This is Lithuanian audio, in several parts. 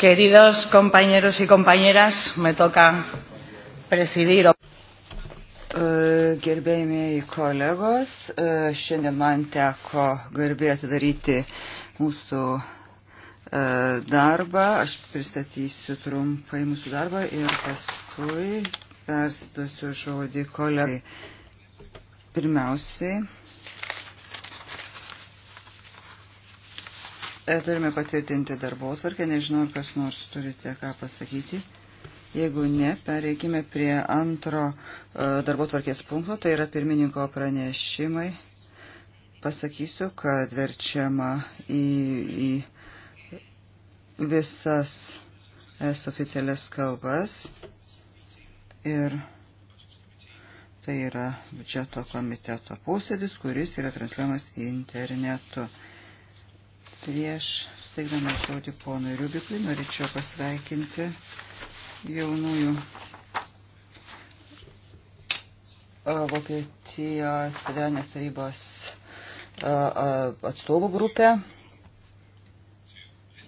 Queridos compañeros y compañeras, me toca presidir. E, Gerbėjimieji kolegos, e, šiandien man teko garbė atidaryti mūsų e, darbą. Aš pristatysiu trumpai mūsų darbą ir paskui perstosiu žodį kolegai. Pirmiausiai E, turime patvirtinti darbo atvarkę, nežinau, ar kas nors turite ką pasakyti. Jeigu ne, pereikime prie antro e, darbo tvarkės punkto, tai yra pirmininko pranešimai. Pasakysiu, kad verčiama į, į visas es oficialias kalbas ir tai yra biudžeto komiteto posėdis, kuris yra transliuojamas internetu. Prieš steigdama žodį ponui Rubikui norėčiau pasveikinti jaunųjų Vokietijos federalinės tarybos atstovų grupę.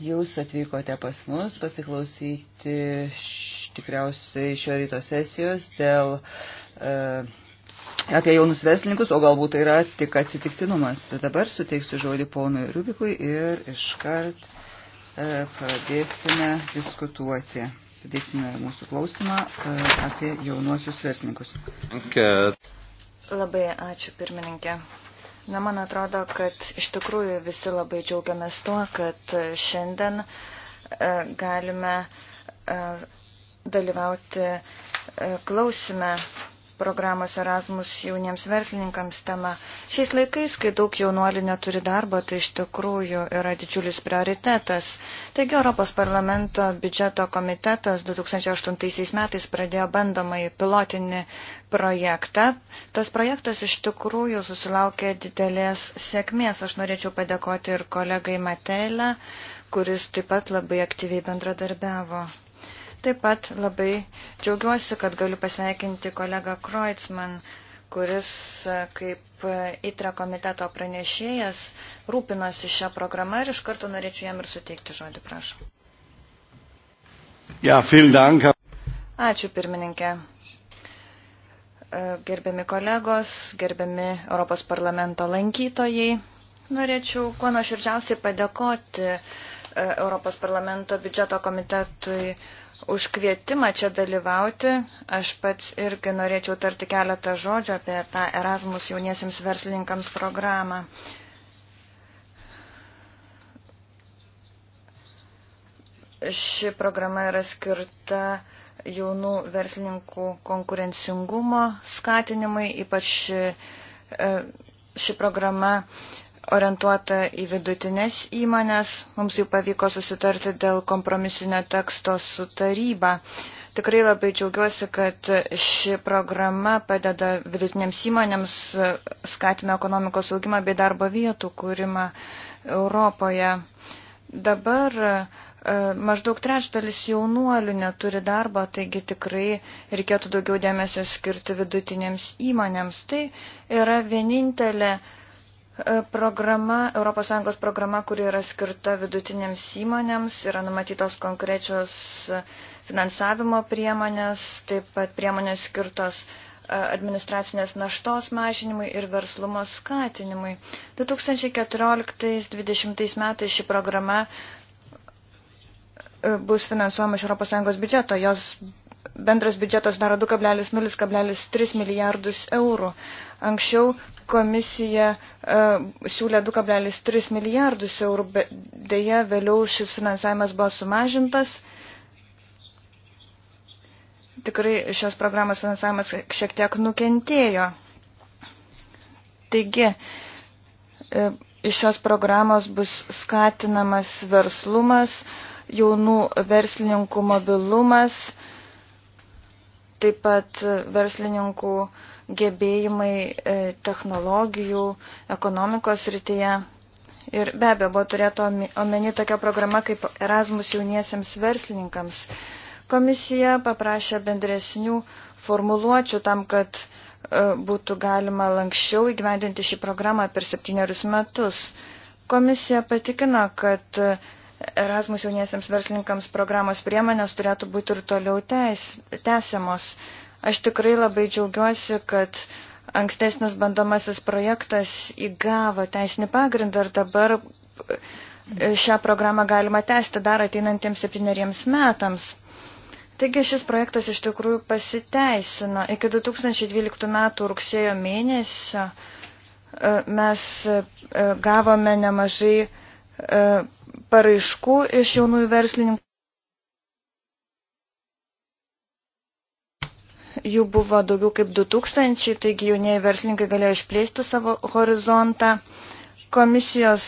Jūs atvykote pas mus pasiklausyti tikriausiai šio ryto sesijos dėl uh, apie jaunus verslininkus, o galbūt tai yra tik atsitiktinumas. Bet dabar suteiksiu žodį ponui Rubikui ir iškart e, pradėsime diskutuoti. Pradėsime mūsų klausimą e, apie jaunuosius verslininkus. Labai ačiū, pirmininkė. Na, man atrodo, kad iš tikrųjų visi labai džiaugiamės tuo, kad šiandien e, galime e, dalyvauti e, klausime programos Erasmus jauniems verslininkams tema. Šiais laikais, kai daug jaunuolių neturi darbo, tai iš tikrųjų yra didžiulis prioritetas. Taigi Europos parlamento biudžeto komitetas 2008 metais pradėjo bandomąjį pilotinį projektą. Tas projektas iš tikrųjų susilaukė didelės sėkmės. Aš norėčiau padėkoti ir kolegai Matelę, kuris taip pat labai aktyviai bendradarbiavo. Taip pat labai džiaugiuosi, kad galiu pasveikinti kolegą Kreutzmann, kuris e, kaip e, ITRE komiteto pranešėjas rūpinosi šią programą ir iš karto norėčiau jam ir suteikti žodį, prašau. Ja, dank. Ačiū pirmininkė. E, gerbiami kolegos, gerbiami Europos parlamento lankytojai, norėčiau kuo nuoširdžiausiai padėkoti Europos parlamento biudžeto komitetui uh, už kvietimą čia dalyvauti. Aš pats irgi norėčiau tarti keletą žodžių apie tą Erasmus jauniesiams verslininkams programą. Ši programa yra skirta jaunų verslininkų konkurencingumo skatinimai, ypač ši, e, ši programa orientuota į vidutinės įmonės. Mums jau pavyko susitarti dėl kompromisinio teksto su taryba. Tikrai labai džiaugiuosi, kad ši programa padeda vidutinėms įmonėms, skatina ekonomikos augimą bei darbo vietų kūrimą Europoje. Dabar e, maždaug trečdalis jaunuolių neturi darbo, taigi tikrai reikėtų daugiau dėmesio skirti vidutinėms įmonėms. Tai yra vienintelė E, programa, ES programa, kuri yra skirta vidutinėms įmonėms, yra numatytos konkrečios finansavimo priemonės, taip pat priemonės skirtos e, administracinės naštos mažinimui ir verslumo skatinimui. 2014-2020 metais ši programa e, bus finansuojama iš ES biudžeto, jos bendras biudžetas daro 2,0,3 milijardus eurų. Anksčiau komisija uh, siūlė 2,3 milijardus eurų, bet dėja vėliau šis finansavimas buvo sumažintas. Tikrai šios programos finansavimas šiek tiek nukentėjo. Taigi, uh, iš šios programos bus skatinamas verslumas, jaunų verslininkų mobilumas, uh, taip pat verslininkų gebėjimai e, technologijų, ekonomikos rytyje. Ir be abejo, buvo turėto omeny tokia programa kaip Erasmus jauniesiems verslininkams. Komisija paprašė bendresnių formuluočių tam, kad e, būtų galima lankščiau įgyvendinti šį programą per septynerius metus. Komisija patikino, kad Erasmus jauniesiams verslininkams programos priemonės turėtų būti ir toliau teis, tęsiamos. Aš tikrai labai džiaugiuosi, kad ankstesnis bandomasis projektas įgavo teisinį pagrindą ir dabar e, šią programą galima tęsti dar ateinantiems septyneriems metams. Taigi šis projektas iš tikrųjų pasiteisino. Iki 2012 metų rugsėjo mėnesio e, mes e, gavome nemažai E, paraiškų iš jaunųjų verslininkų. Jų buvo daugiau kaip 2000, taigi jaunieji verslininkai galėjo išplėsti savo horizontą. Komisijos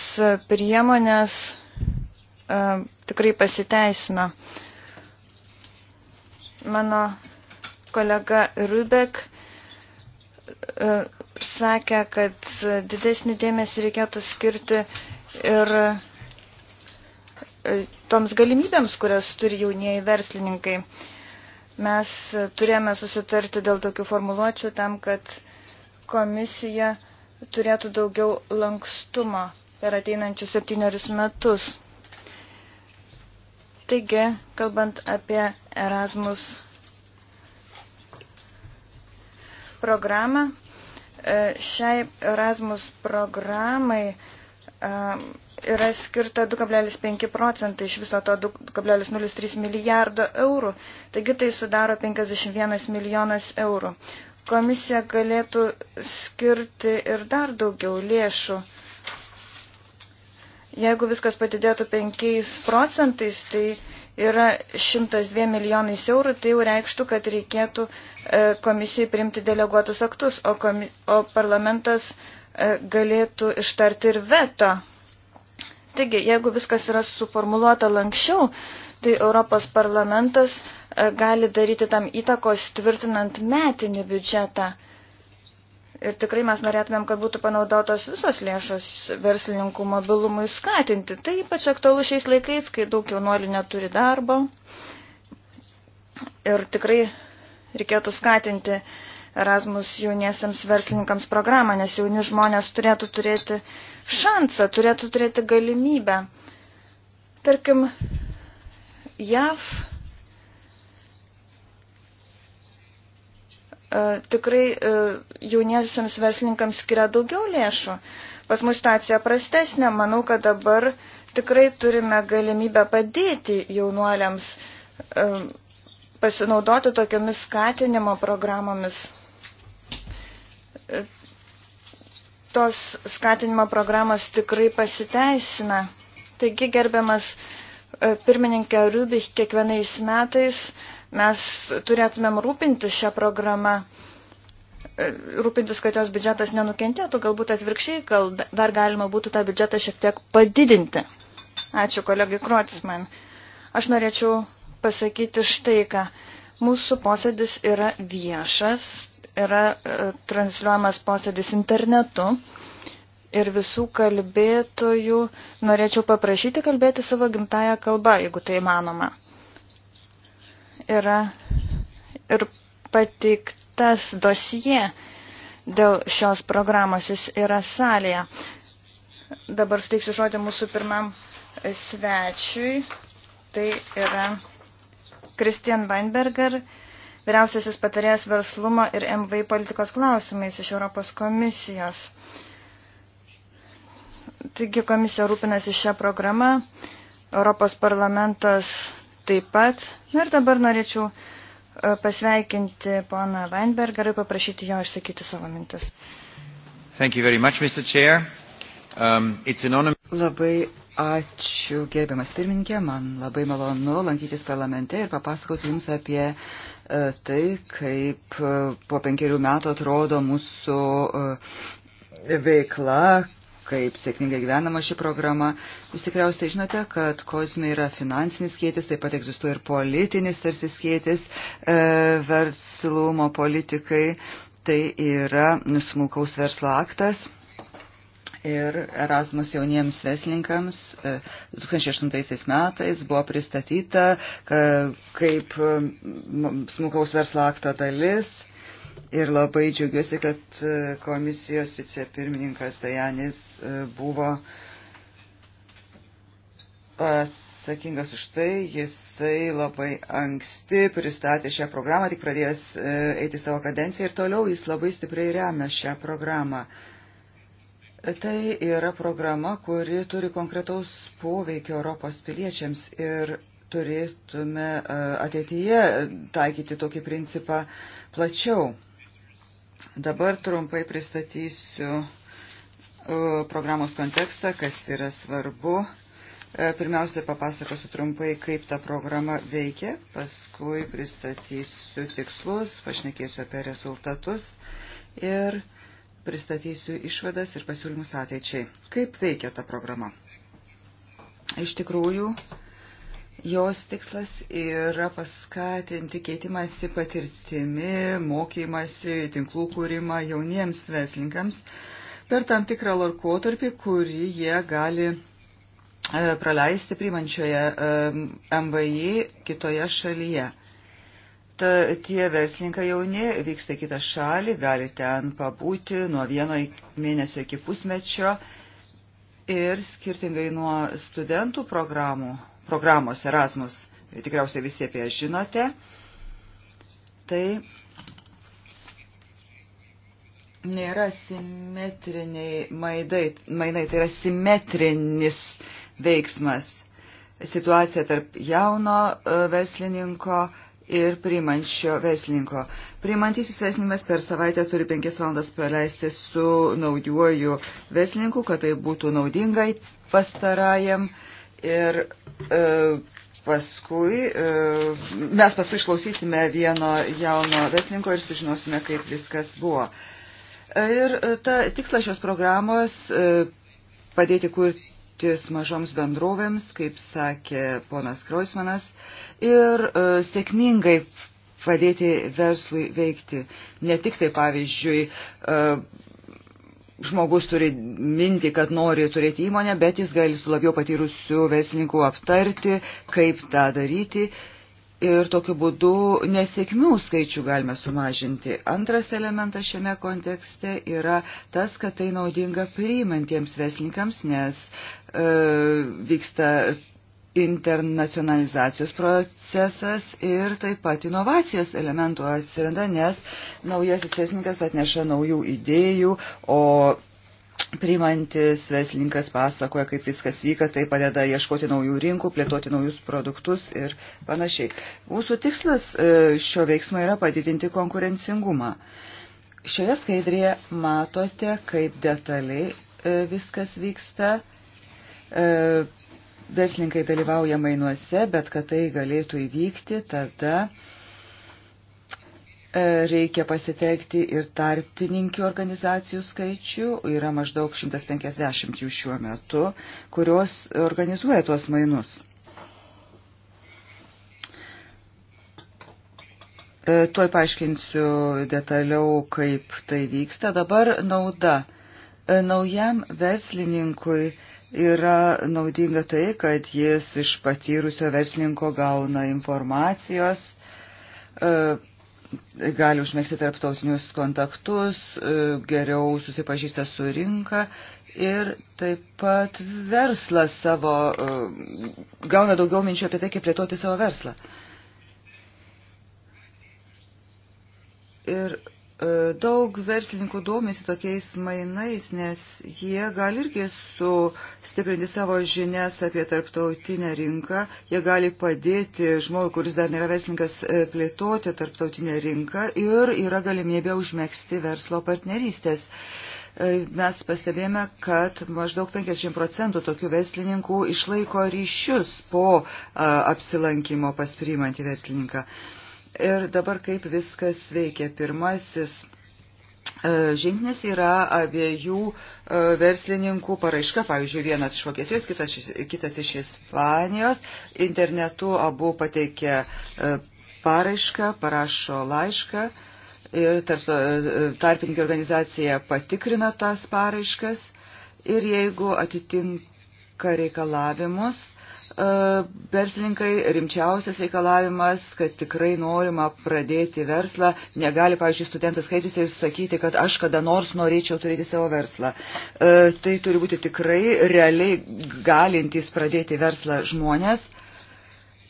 priemonės e, tikrai pasiteisino. Mano kolega Rubek e, sakė, kad didesnį dėmesį reikėtų skirti e, ir e, toms galimybėms, kurias turi jaunieji verslininkai. Mes turėjome susitarti dėl tokių formuluočių tam, kad komisija turėtų daugiau lankstumo per ateinančius septynerius metus. Taigi, kalbant apie Erasmus programą, e, šiai Erasmus programai yra skirta 2,5 procentai iš viso to 2,03 milijardo eurų, taigi tai sudaro 51 milijonas eurų. Komisija galėtų skirti ir dar daugiau lėšų. Jeigu viskas padidėtų 5 procentais, tai yra 102 milijonais eurų, tai jau reikštų, kad reikėtų e, komisijai priimti deleguotus aktus, o, komi, o parlamentas E, galėtų ištarti ir veto. Taigi, jeigu viskas yra suformuluota lankščiau, tai Europos parlamentas e, gali daryti tam įtakos tvirtinant metinį biudžetą. Ir tikrai mes norėtumėm, kad būtų panaudotos visos lėšos verslininkų mobilumui skatinti. Tai ypač aktualu šiais laikais, kai daug jaunuolių neturi darbo. Ir tikrai reikėtų skatinti uh, Erasmus jauniesiams verslininkams programą, nes jauni žmonės turėtų turėti šansą, turėtų turėti galimybę. Tarkim, JAV e, tikrai e, jauniesiams verslininkams skiria daugiau lėšų. Pas mus situacija prastesnė, manau, kad dabar tikrai turime galimybę padėti jaunuoliams e, pasinaudoti tokiamis skatinimo programomis tos skatinimo programos tikrai pasiteisina. Taigi, gerbiamas e, pirmininkė Rubik, kiekvienais metais mes turėtumėm rūpintis šią programą, e, rūpintis, kad jos biudžetas nenukentėtų, galbūt atvirkščiai, gal dar galima būtų tą biudžetą šiek tiek padidinti. Ačiū kolegai Kroatsman. Aš norėčiau pasakyti štai ką. Mūsų posėdis yra viešas, yra e, transliuojamas posėdis internetu. Ir visų kalbėtojų norėčiau paprašyti kalbėti savo gimtają kalbą, jeigu tai manoma. Yra ir pateiktas dosie dėl šios programos, jis yra salėje. Dabar suteiksiu žodį mūsų pirmam svečiui, tai yra Kristian Weinberger, vyriausiasis patarėjas verslumo ir MVI politikos klausimais iš Europos komisijos. Taigi komisija rūpinasi šią programą, Europos parlamentas taip pat. Na ir dabar norėčiau e, pasveikinti poną Weinbergą ir paprašyti jo išsakyti savo mintis. Thank you very much, Mr. Chair. Um, it's an honor... Labai ačiū, gerbiamas pirmininkė, man labai malonu lankytis parlamente ir papasakoti Jums apie uh, E, tai, kaip e, po penkerių metų atrodo mūsų e, veikla, kaip sėkmingai gyvenama ši programa. Jūs tikriausiai žinote, kad kosmė yra finansinis skėtis, taip pat egzistuoja ir politinis tarsi skėtis e, verslumo politikai. Tai yra smulkaus verslo aktas, ir Erasmus jauniems veslinkams 2008 e, metais buvo pristatyta kaip smulkaus verslo akto dalis. Ir labai džiaugiuosi, kad e, komisijos vicepirmininkas Dajanis e, buvo atsakingas už tai. Jisai labai anksti pristatė šią programą, tik pradėjęs eiti savo kadenciją ir toliau jis labai stipriai remia šią programą. Tai yra programa, kuri turi konkretaus poveikio Europos piliečiams ir turėtume e, ateityje taikyti tokį principą plačiau. Dabar trumpai pristatysiu e, programos kontekstą, kas yra svarbu. E, pirmiausia, papasakosiu trumpai, kaip ta programa veikia, paskui pristatysiu tikslus, pašnekėsiu apie rezultatus ir pristatysiu išvadas ir pasiūlymus ateičiai. Kaip veikia ta programa? Iš tikrųjų, Jos tikslas yra paskatinti keitimąsi patirtimi, mokymąsi, tinklų kūrimą jauniems veslininkams per tam tikrą laikotarpį, kurį jie gali e, praleisti primančioje e, MVI kitoje šalyje. Ta, e, tie verslininkai jauni vyksta į kitą šalį, gali ten pabūti nuo vieno mėnesio iki pusmečio ir skirtingai nuo studentų programų, programos Erasmus, tikriausiai visi apie ją žinote, tai nėra simetriniai maidai, mainai, tai yra simetrinis veiksmas. Situacija tarp jauno e, verslininko, ir priimančio verslinko. Priimantysis verslininkas per savaitę turi 5 valandas praleisti su naujuoju verslinku, kad tai būtų naudingai pastarajam. Ir e, paskui, e, mes paskui išklausysime vieno jauno verslininko ir sužinosime, kaip viskas buvo. E, ir e, ta tikslas šios programos e, padėti kurti kliūtis mažoms bendrovėms, kaip sakė ponas Krausmanas, ir e, sėkmingai padėti verslui veikti. Ne tik tai, pavyzdžiui, e, žmogus turi mintį, kad nori turėti įmonę, bet jis gali su labiau patyrusiu verslininku aptarti, kaip tą daryti ir tokiu būdu nesėkmių skaičių galime sumažinti. Antras elementas šiame kontekste yra tas, kad tai naudinga priimantiems veslininkams, nes e, vyksta internacionalizacijos procesas ir taip pat inovacijos elementų atsiranda, nes naujasis verslininkas atneša naujų idėjų, o Primantis verslininkas pasakoja, kaip viskas vyka, tai padeda ieškoti naujų rinkų, plėtoti naujus produktus ir panašiai. Mūsų tikslas e, šio veiksmo yra padidinti konkurencingumą. Šioje skaidrėje matote, kaip detaliai e, viskas vyksta. E, verslininkai dalyvauja mainuose, bet kad tai galėtų įvykti, tada E, reikia pasitekti ir tarpininkių organizacijų skaičių, yra maždaug 150 jų šiuo metu, kurios organizuoja tuos mainus. E, tuoj paaiškinsiu detaliau, kaip tai vyksta. Dabar nauda. E, naujam verslininkui yra naudinga tai, kad jis iš patyrusio verslininko gauna informacijos, gali užmėgsti tarptautinius kontaktus, e, geriau susipažįsta su rinka ir taip pat verslas savo, e, gauna daugiau minčių apie tai, kaip plėtoti savo verslą. Ir E, daug verslininkų domisi tokiais mainais, nes jie gali irgi sustiprinti savo žinias apie tarptautinę rinką, jie gali padėti žmogui, kuris dar nėra verslininkas, e, plėtoti tarptautinę rinką ir yra galimybė užmėgsti verslo partnerystės. E, mes pastebėjome, kad maždaug 50 procentų tokių verslininkų išlaiko ryšius po apsilankimo pas priimantį verslininką. Ir dabar kaip viskas veikia. Pirmasis e, žingsnis yra abiejų e, verslininkų paraiška, pavyzdžiui, vienas iš Vokietijos, kitas, kitas iš Ispanijos. Internetu abu pateikia e, paraišką, parašo laišką ir tarp, tarpininkų organizacija patikrina tas paraiškas ir jeigu atitinka reikalavimus, E, verslininkai rimčiausias reikalavimas, kad tikrai norima pradėti verslą. Negali, pavyzdžiui, studentas kreiptis ir sakyti, kad aš kada nors norėčiau turėti savo verslą. E, tai turi būti tikrai realiai galintys pradėti verslą žmonės.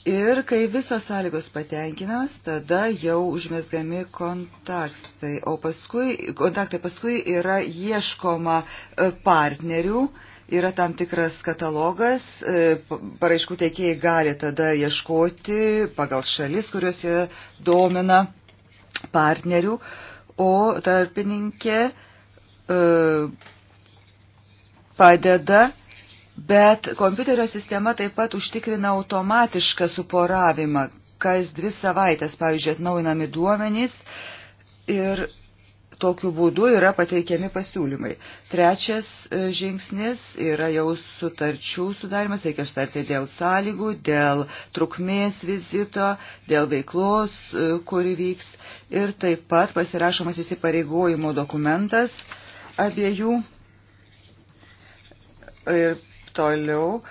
Ir kai visos sąlygos patenkinamas, tada jau užmesgami kontaktai, o paskui, kontaktai paskui yra ieškoma e, partnerių, uh, yra tam tikras katalogas, e, paraiškų teikėjai gali tada ieškoti pagal šalis, kurios jie domina partnerių, o tarpininkė e, padeda, bet kompiuterio sistema taip pat užtikrina automatišką suporavimą, kas dvi savaitės, pavyzdžiui, atnaujinami duomenys ir tokiu būdu yra pateikiami pasiūlymai. Trečias e, žingsnis yra jau sutarčių sudarimas, reikia sutarti dėl sąlygų, dėl trukmės vizito, dėl veiklos, e, kuri vyks ir taip pat pasirašomas įsipareigojimo dokumentas abiejų. Ir toliau e,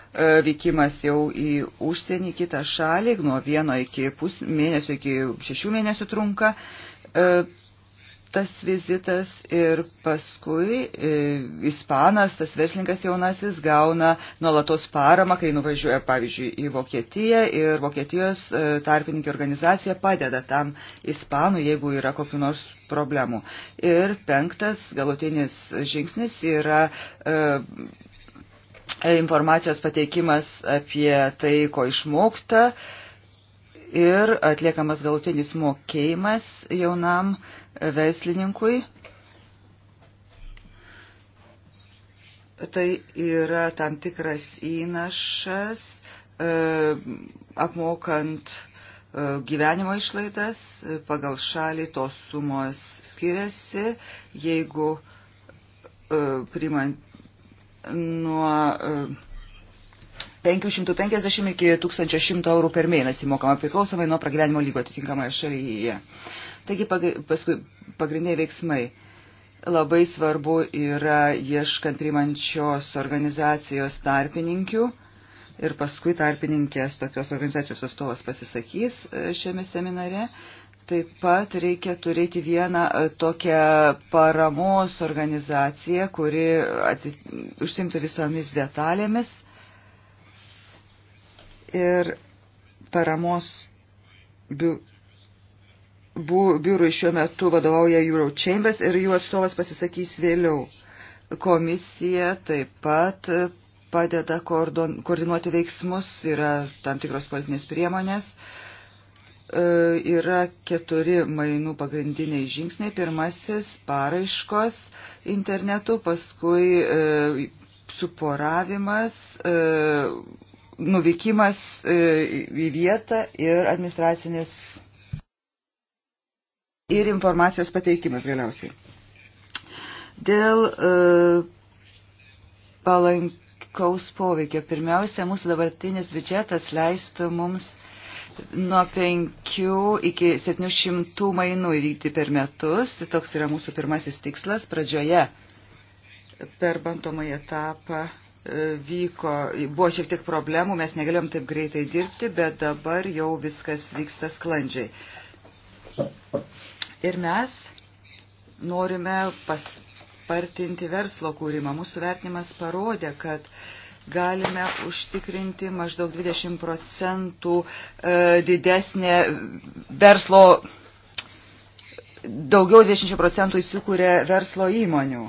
vykimas jau į užsienį kitą šalį, nuo vieno iki pusmėnesio, iki šešių mėnesių trunka tas vizitas ir paskui e, ispanas, tas verslininkas jaunasis, gauna nuolatos paramą, kai nuvažiuoja, pavyzdžiui, į Vokietiją ir Vokietijos e, tarpininkė organizacija padeda tam ispanų, jeigu yra kokiu nors problemų. Ir penktas galutinis žingsnis yra. E, informacijos pateikimas apie tai, ko išmokta ir atliekamas galutinis mokėjimas jaunam uh, verslininkui. Tai yra tam tikras įnašas e, apmokant e, gyvenimo išlaidas, e, pagal šalį tos sumos skiriasi, jeigu primant nuo 550 iki 1100 eurų per mėnesį mokama priklausomai nuo pragyvenimo lygo atitinkamoje šalyje. Ja. Taigi paskui pagrindiniai veiksmai. Labai svarbu yra ieškant primančios organizacijos tarpininkių ir paskui tarpininkės tokios organizacijos atstovas pasisakys e, šiame seminare. Taip pat reikia turėti vieną e, tokią paramos organizaciją, kuri atit... užsimtų visomis detalėmis. Ir paramos biu biurui šiuo metu vadovauja Eurochambers ir jų atstovas pasisakys vėliau. Komisija taip pat padeda koordinuoti veiksmus, yra tam tikros politinės priemonės. E, yra keturi mainų pagrindiniai žingsniai. Pirmasis - paraiškos internetu, paskui e, suporavimas, e, nuvykimas į vietą ir administracinės ir informacijos pateikimas galiausiai. Dėl e, palankaus poveikio. Pirmiausia, mūsų dabartinis biudžetas leistų mums nuo 5 iki 700 mainų įvykti per metus. Tai toks yra mūsų pirmasis tikslas. Pradžioje per bandomąjį etapą e, vyko, buvo šiek tiek problemų, mes negalėjom taip greitai dirbti, bet dabar jau viskas vyksta sklandžiai. Ir mes norime paspartinti verslo kūrimą. Mūsų vertinimas parodė, kad galime užtikrinti maždaug 20 procentų e, didesnė verslo, daugiau 20 procentų įsikūrė verslo įmonių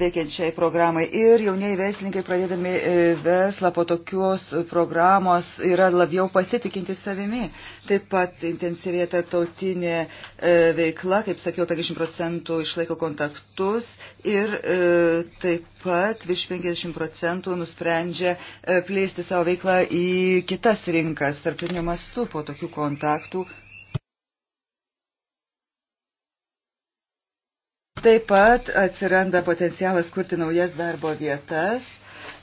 veikiančiai programai. Ir jaunieji verslininkai, pradėdami e, verslą po tokios programos, yra labiau pasitikinti savimi. Taip pat intensyvėja tarptautinė e, veikla, kaip sakiau, 50 procentų išlaiko kontaktus ir e, taip pat virš 50 procentų nusprendžia plėsti savo veiklą į kitas rinkas, tarptautinio mastu po tokių kontaktų Taip pat atsiranda potencialas kurti naujas darbo vietas.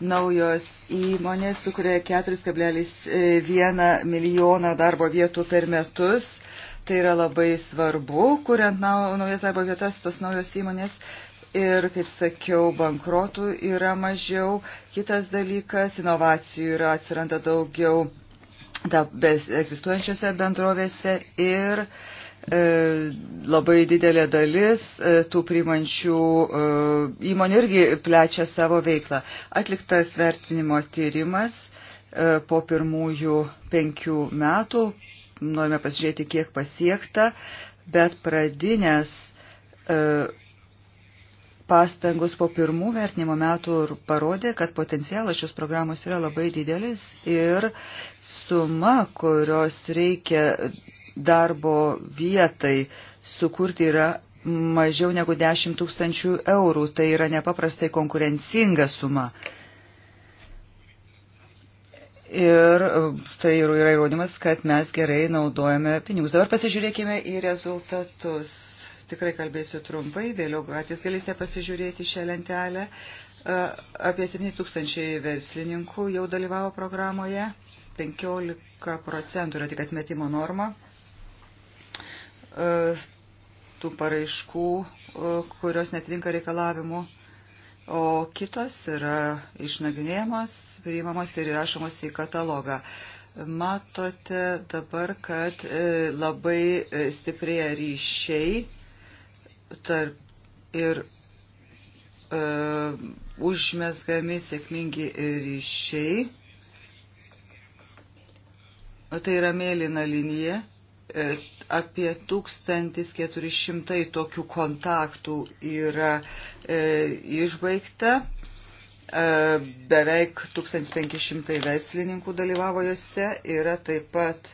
Naujos įmonės sukuria 4,1 milijoną darbo vietų per metus. Tai yra labai svarbu, kuriant naujas darbo vietas, tos naujos įmonės. Ir, kaip sakiau, bankrotų yra mažiau. Kitas dalykas, inovacijų yra atsiranda daugiau egzistuojančiose bendrovėse ir uh, E, labai didelė dalis e, tų primančių e, įmonių irgi plečia savo veiklą. Atliktas vertinimo tyrimas po pirmųjų penkių metų, norime pasižiūrėti, kiek pasiekta, bet pradinės pastangus po pirmų vertinimo metų parodė, kad potencialas šios programos yra labai didelis ir suma, kurios reikia darbo vietai sukurti yra mažiau negu 10 tūkstančių eurų. Tai yra nepaprastai konkurencinga suma. Ir tai yra įrodymas, kad mes gerai naudojame pinigus. Dabar pasižiūrėkime į rezultatus. Tikrai kalbėsiu trumpai, vėliau patys galėsite pasižiūrėti šią lentelę. Apie 7 tūkstančiai verslininkų jau dalyvavo programoje, 15 procentų yra tik atmetimo norma. E, tų paraiškų, e, kurios netinka reikalavimu, o kitos yra išnagrinėjamos, priimamos ir įrašomos į katalogą. Matote dabar, kad e, labai stiprėja ryšiai tarp ir e, užmesgami sėkmingi ryšiai. O tai yra mėlyna linija. E, apie 1400 tokių kontaktų yra e, išbaigta. E, beveik 1500 verslininkų dalyvavo juose. Yra taip pat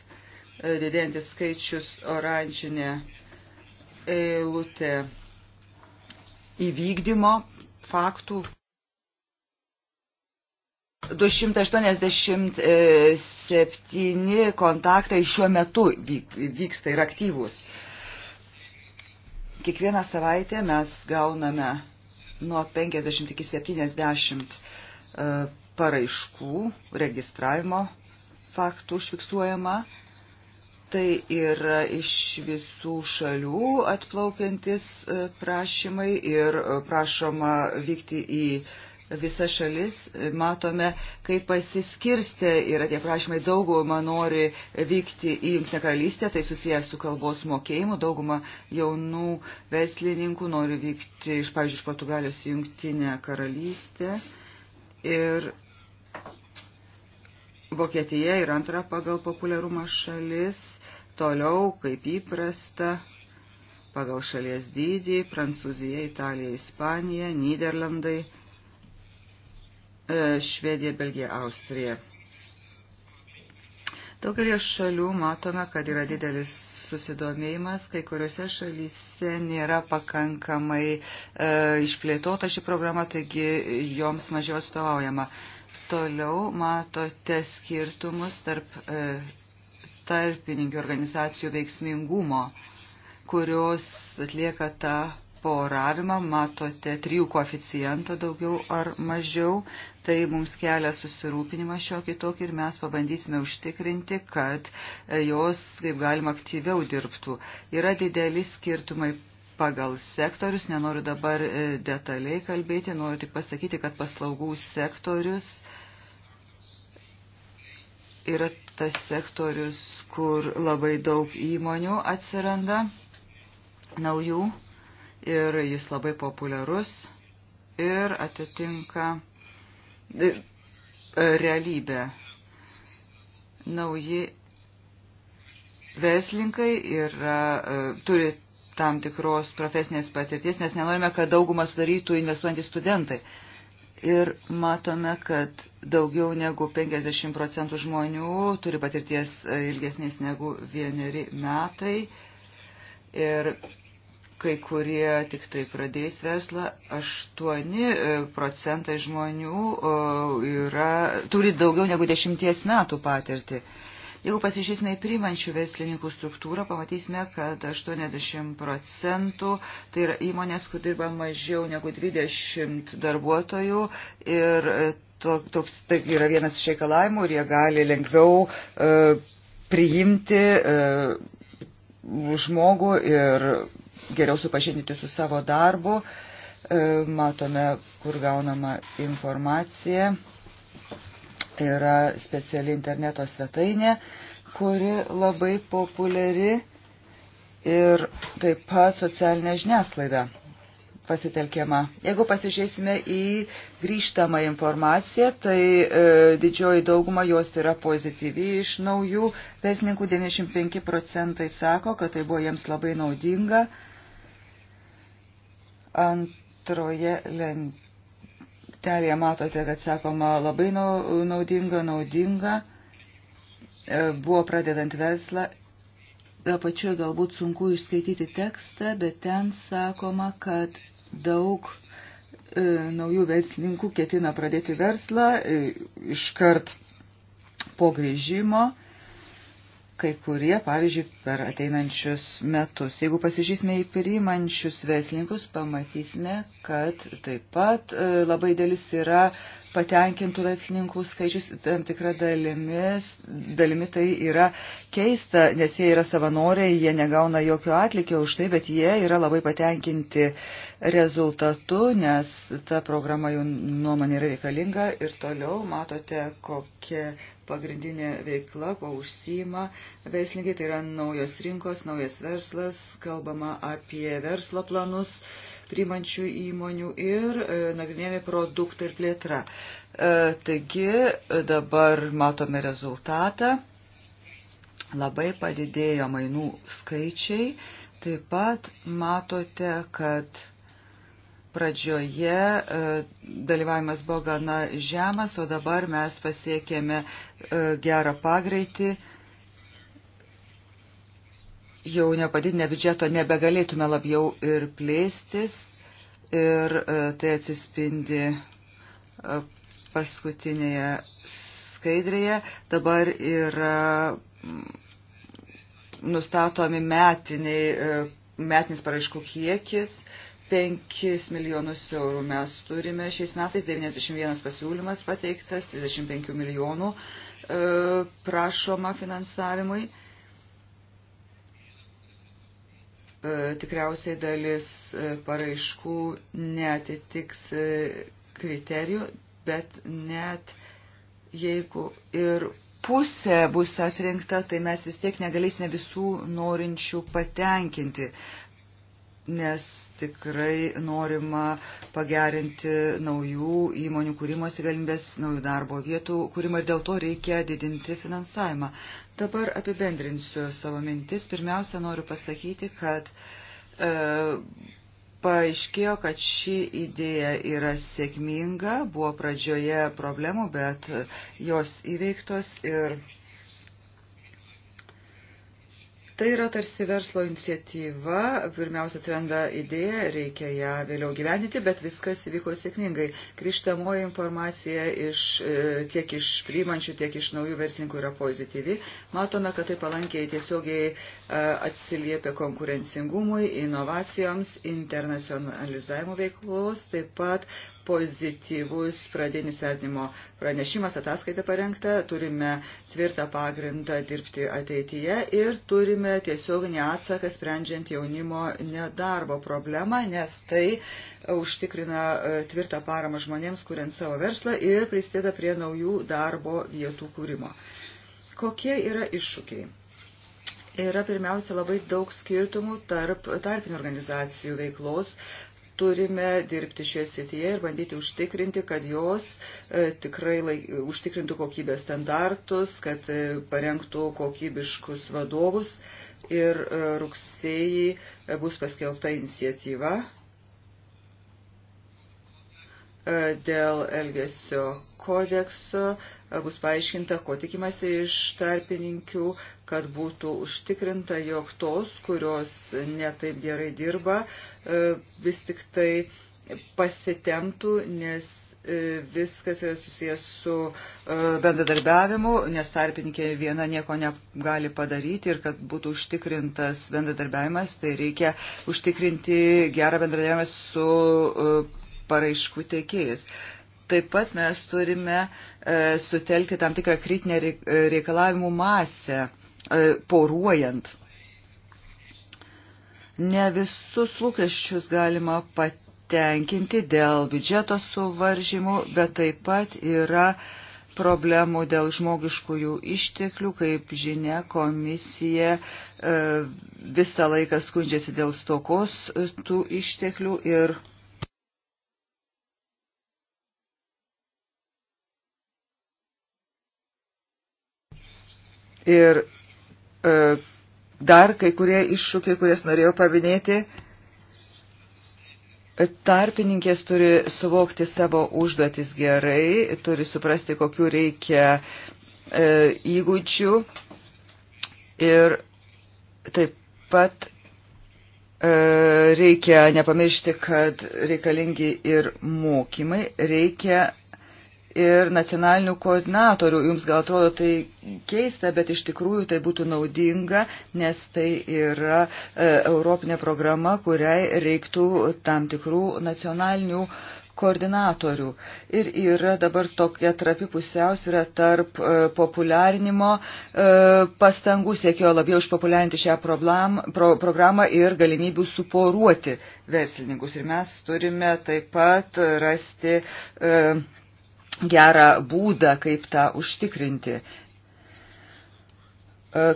didėjantis skaičius oranžinė eilutė įvykdymo faktų 287 e, kontaktai šiuo metu vyksta ir aktyvūs. Kiekvieną savaitę mes gauname nuo 50 iki 70 e, paraiškų registravimo faktų užfiksuojama. Tai yra iš visų šalių atplaukiantis e, prašymai ir prašoma vykti į visas šalis, matome, kaip pasiskirsti yra tie prašymai, dauguma nori vykti į Junktinę karalystę, tai susijęs su kalbos mokėjimu, dauguma jaunų verslininkų nori vykti iš, pavyzdžiui, iš Portugalijos į Junktinę karalystę. Ir Vokietija yra antra pagal populiarumą šalis, toliau, kaip įprasta, pagal šalies dydį, Prancūzija, Italija, Ispanija, Niderlandai – E, Švedija, Belgija, Austrija. Daugelį šalių matome, kad yra didelis susidomėjimas, kai kuriuose šalyse nėra pakankamai e, išplėtota ši programa, taigi joms mažiau atstovaujama. Toliau matote skirtumus tarp e, tarpininkų organizacijų veiksmingumo, kurios atlieka tą poravimą, matote trijų koeficientą daugiau ar mažiau, tai mums kelia susirūpinimą šiokį tokį ir mes pabandysime užtikrinti, kad e, jos kaip galima aktyviau dirbtų. Yra dideli skirtumai pagal sektorius, nenoriu dabar e, detaliai kalbėti, noriu tik pasakyti, kad paslaugų sektorius yra tas sektorius, kur labai daug įmonių atsiranda naujų ir jis labai populiarus ir atitinka e, realybę. Nauji verslinkai yra, e, turi tam tikros profesinės patirties, nes nenorime, kad daugumą sudarytų investuojantys studentai. Ir matome, kad daugiau negu 50 procentų žmonių turi patirties e, ilgesnės negu vieneri metai. Ir kai kurie tik tai pradės verslą, 8 e, procentai žmonių e, yra, turi daugiau negu 10 metų patirtį. Jeigu pasižiūrėsime į priimančių verslininkų struktūrą, pamatysime, kad 80 procentų tai yra įmonės, kur dirba mažiau negu 20 darbuotojų ir e, to, toks tai yra vienas iš reikalavimų ir jie gali lengviau e, priimti e, žmogų ir geriau supažindinti su savo darbu. E, matome, kur gaunama informacija. Yra speciali interneto svetainė, kuri labai populiari ir taip pat socialinė žiniasklaida pasitelkiama. Jeigu pasižiūrėsime į grįžtamą informaciją, tai e, didžioji dauguma jos yra pozityvi. Iš naujų pesninkų 95 procentai sako, kad tai buvo jiems labai naudinga. Antroje lentelėje matote, kad sakoma labai naudinga, naudinga. E, buvo pradedant verslą Be pačiu galbūt sunku išskaityti tekstą, bet ten sakoma, kad daug e, naujų verslininkų ketina pradėti verslą e, iškart po grįžimo, kai kurie, pavyzdžiui, per ateinančius metus. Jeigu pasižiūrėsime į priimančius verslininkus, pamatysime, kad taip pat e, labai dėlis yra patenkintų verslininkų skaičius tam tikra dalimis, dalimi tai yra keista, nes jie yra savanoriai, jie negauna jokio atlikio už tai, bet jie yra labai patenkinti rezultatu, nes ta programa jų nuomonė yra reikalinga ir toliau matote, kokia pagrindinė veikla, kuo užsima verslininkai, tai yra naujos rinkos, naujas verslas, kalbama apie verslo planus primančių įmonių ir e, nagrinėjami produktai ir plėtra. E, taigi e, dabar matome rezultatą. Labai padidėjo mainų skaičiai. Taip pat matote, kad pradžioje dalyvavimas buvo gana žemas, o dabar mes pasiekėme gerą pagreitį jau nepadidinę biudžeto nebegalėtume labiau ir plėstis ir e, tai atsispindi e, paskutinėje skaidrėje. Dabar yra mm, nustatomi metiniai, e, metinis paraiškų kiekis. 5 milijonus eurų mes turime šiais metais, 91 pasiūlymas pateiktas, 35 milijonų prašoma finansavimui. E, tikriausiai dalis e, paraiškų netitiks e, kriterijų, bet net jeigu ir pusė bus atrinkta, tai mes vis tiek negalėsime visų norinčių patenkinti nes tikrai norima pagerinti naujų įmonių kūrimosi galimybės, naujų darbo vietų kūrimą ir dėl to reikia didinti finansavimą. Dabar apibendrinsiu savo mintis. Pirmiausia, noriu pasakyti, kad e, paaiškėjo, kad ši idėja yra sėkminga, buvo pradžioje problemų, bet jos įveiktos ir. E, Tai yra tarsi verslo iniciatyva, pirmiausia atsiranda idėja, reikia ją vėliau gyvendyti, bet viskas įvyko sėkmingai. Grįžtamoji informacija iš, e, tiek iš priimančių, tiek iš naujų verslininkų yra pozityvi. Matome, kad tai palankiai tiesiogiai e, atsiliepia konkurencingumui, inovacijoms, internacionalizavimo veiklos, taip pat pozityvus pradinis vertinimo pranešimas, ataskaita parengta, turime tvirtą pagrindą dirbti ateityje ir turime tiesioginį atsaką sprendžiant jaunimo nedarbo problemą, nes tai e, užtikrina e, tvirtą paramą žmonėms, kuriant savo verslą ir prisideda prie naujų darbo vietų kūrimo. Kokie yra iššūkiai? yra pirmiausia labai daug skirtumų tarp tarpinių organizacijų veiklos, turime dirbti šioje srityje ir bandyti užtikrinti, kad jos e, tikrai laik, užtikrintų kokybės standartus, kad e, parengtų kokybiškus vadovus. Ir e, rugsėjai bus paskelbta iniciatyva E, dėl elgesio kodekso e, bus paaiškinta, ko tikimasi iš tarpininkių, kad būtų užtikrinta, jog tos, kurios netaip gerai dirba, e, vis tik tai pasitemtų, nes viskas yra susijęs su bendradarbiavimu, nes tarpininkė viena nieko negali padaryti ir kad būtų užtikrintas bendradarbiavimas, tai reikia užtikrinti gerą bendradarbiavimą su paraiškų teikėjas. Taip pat mes turime e, sutelkti tam tikrą kritinę e, reikalavimų masę e, poruojant. Ne visus lūkesčius galima patenkinti dėl biudžeto suvaržymų, bet taip pat yra problemų dėl žmogiškųjų išteklių, kaip žinia, komisija e, visą laiką skundžiasi dėl stokos e, tų išteklių ir Ir e, dar kai kurie iššūkiai, kurias norėjau paminėti, tarpininkės turi suvokti savo užduotis gerai, turi suprasti, kokiu reikia e, įgūdžių ir taip pat e, reikia nepamiršti, kad reikalingi ir mokymai, reikia ir nacionalinių koordinatorių. Jums gal atrodo tai keista, bet iš tikrųjų tai būtų naudinga, nes tai yra e, Europinė programa, kuriai reiktų tam tikrų nacionalinių koordinatorių. Ir yra dabar tokia trapi pusiausvyrė tarp e, populiarinimo e, pastangų, siekio labiau išpopuliarinti šią problem, pro, programą ir galimybių suporuoti verslininkus. Ir mes turime taip pat rasti e, gerą būdą, kaip tą užtikrinti. E,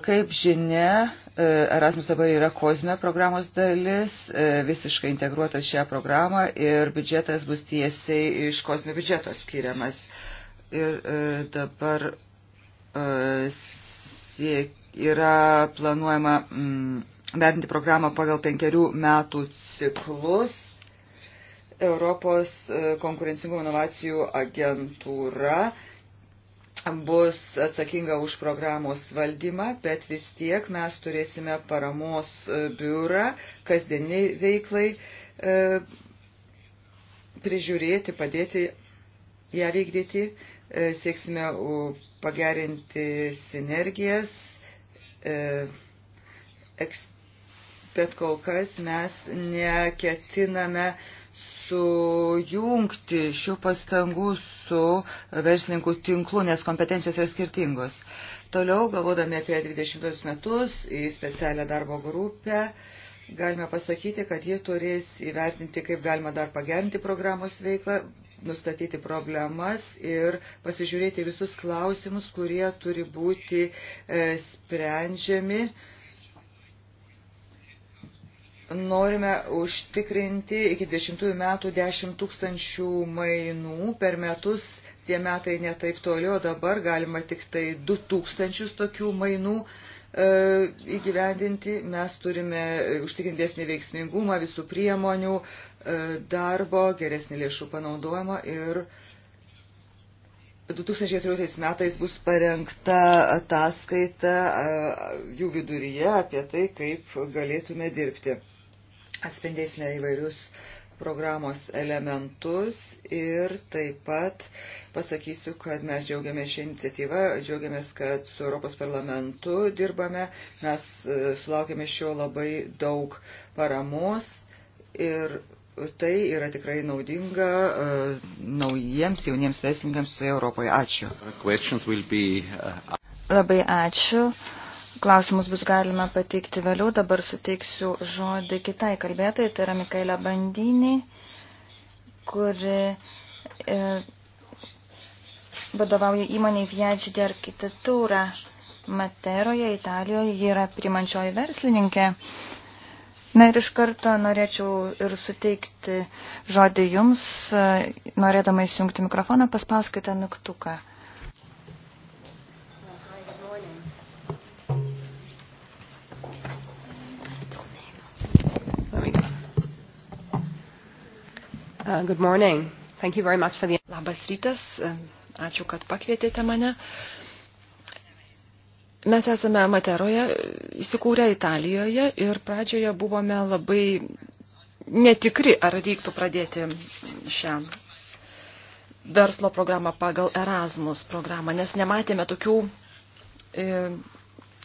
kaip žinia, e, Erasmus dabar yra Kozme programos dalis, e, visiškai integruotas šią programą ir biudžetas bus tiesiai iš Kozme biudžeto skiriamas. Ir dabar yra planuojama mm, vertinti programą pagal penkerių metų ciklus Europos e, konkurencingumo inovacijų agentūra bus atsakinga už programos valdymą, bet vis tiek mes turėsime paramos e, biurą kasdieniai veiklai e, prižiūrėti, padėti ją vykdyti, sieksime pagerinti sinergijas, bet kol kas mes neketiname uh, sujungti šių pastangų su verslininkų tinklu, nes kompetencijos yra skirtingos. Toliau, galvodami apie 20 metus į specialią darbo grupę, galime pasakyti, kad jie turės įvertinti, kaip galima dar pagerinti programos veiklą, nustatyti problemas ir pasižiūrėti visus klausimus, kurie turi būti e, sprendžiami. E, norime užtikrinti iki 10 metų 10 tūkstančių mainų per metus. Tie metai netaip toliau, dabar galima tik tai 2 tūkstančius tokių mainų e, įgyvendinti. Mes turime užtikrintesnį veiksmingumą visų priemonių, e, darbo, geresnį lėšų panaudojimą ir 2014 metais bus parengta ataskaita e, jų viduryje apie tai, kaip galėtume dirbti. Atspindėsime įvairius programos elementus ir taip pat pasakysiu, kad mes džiaugiamės šią iniciatyvą, džiaugiamės, kad su Europos parlamentu dirbame, mes e, sulaukėme šio labai daug paramos ir tai yra tikrai naudinga e, naujiems jauniems teisininkams visoje Europoje. Ačiū. Uh, labai ačiū. Klausimus bus galima pateikti vėliau. Dabar suteiksiu žodį kitai kalbėtojai, tai yra Mikaela Bandinį, kuri e, vadovauja įmoniai Viagidi architektūrą Materoje, Italijoje. Ji yra primančioji verslininkė. Na ir iš karto norėčiau ir suteikti žodį jums, e, norėdama įsijungti mikrofoną, paspauskite mygtuką. Uh, good morning. Thank you very much for the... Labas rytas, ačiū, kad pakvietėte mane. Mes esame Materoje, įsikūrę Italijoje ir pradžioje buvome labai netikri, ar reiktų pradėti šią verslo programą pagal Erasmus programą, nes nematėme tokių e,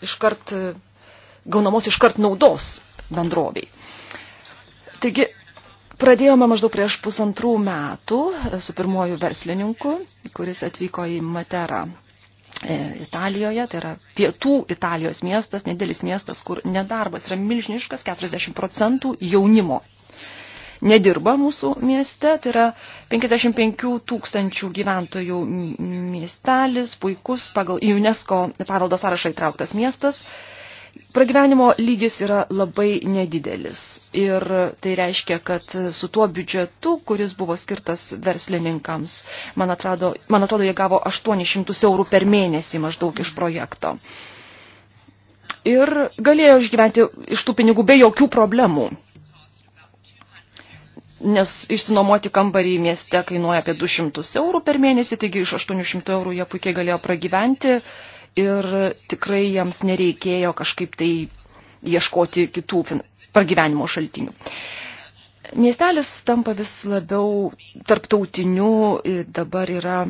iškart, gaunamos iškart naudos bendroviai. Taigi, Pradėjome maždaug prieš pusantrų metų e, su pirmoju verslininku, kuris atvyko į Materą e, Italijoje, tai yra pietų Italijos miestas, nedėlis miestas, kur nedarbas yra milžiniškas, 40 procentų jaunimo nedirba mūsų mieste, tai yra 55 tūkstančių gyventojų miestelis, puikus pagal UNESCO paveldo sąrašą įtrauktas miestas. Pragyvenimo lygis yra labai nedidelis ir tai reiškia, kad su tuo biudžetu, kuris buvo skirtas verslininkams, man atrodo, man atrodo jie gavo 800 eurų per mėnesį maždaug iš projekto. Ir galėjo išgyventi iš tų pinigų be jokių problemų, nes išsinuomoti kambarį mieste kainuoja apie 200 eurų per mėnesį, taigi iš 800 eurų jie puikiai galėjo pragyventi. Uh, ir tikrai jiems nereikėjo kažkaip tai ieškoti kitų pragyvenimo šaltinių. Miestelis tampa vis labiau tarptautiniu, dabar yra e,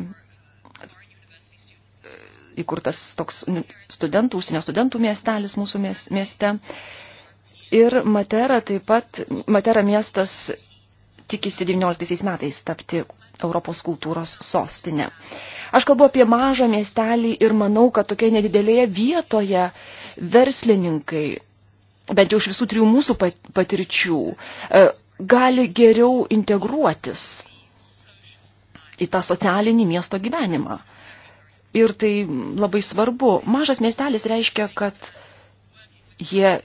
įkurtas toks studentų, užsienio studentų miestelis mūsų mieste. Ir Matera taip pat, Matera miestas tikisi 19 metais tapti Europos kultūros sostinė. Aš kalbu apie mažą miestelį ir manau, kad tokioje nedidelėje vietoje verslininkai, bent jau iš visų trijų mūsų patirčių, e, gali geriau integruotis į tą socialinį miesto gyvenimą. Ir tai labai svarbu. Mažas miestelis reiškia, kad jie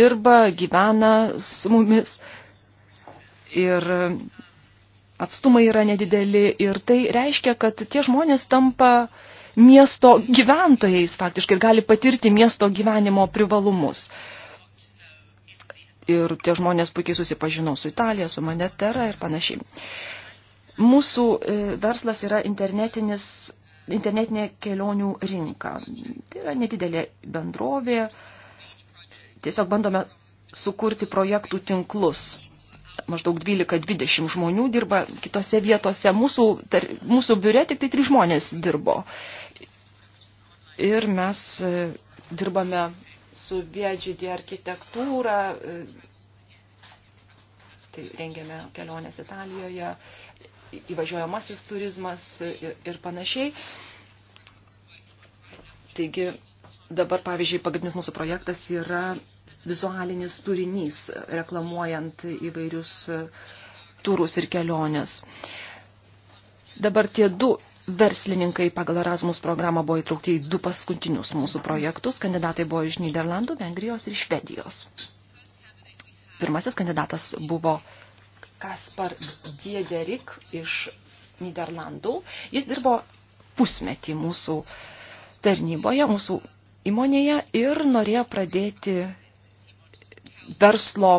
dirba, gyvena su mumis, ir atstumai yra nedideli ir tai reiškia, kad tie žmonės tampa miesto gyventojais faktiškai ir gali patirti miesto gyvenimo privalumus. Ir tie žmonės puikiai susipažino su Italija, su Manetera ir panašiai. Mūsų e, verslas yra internetinis, internetinė kelionių rinka. Tai yra nedidelė bendrovė. Tiesiog bandome sukurti projektų tinklus maždaug 12-20 žmonių dirba kitose vietose. Mūsų, tar, mūsų biure tik tai 3 žmonės dirbo. Ir mes e, dirbame su VGD architektūra, e, tai rengiame kelionės Italijoje, įvažiuojamasis turizmas ir, ir panašiai. Taigi dabar, pavyzdžiui, pagrindinis mūsų projektas yra vizualinis turinys, reklamuojant įvairius e, turus ir keliones. Dabar tie du verslininkai pagal Erasmus programą buvo įtraukti į du paskutinius mūsų projektus. Kandidatai buvo iš Niderlandų, Vengrijos ir Švedijos. Pirmasis kandidatas buvo Kaspar Diederik iš Niderlandų. Jis dirbo pusmetį mūsų tarnyboje, mūsų įmonėje ir norėjo pradėti verslo,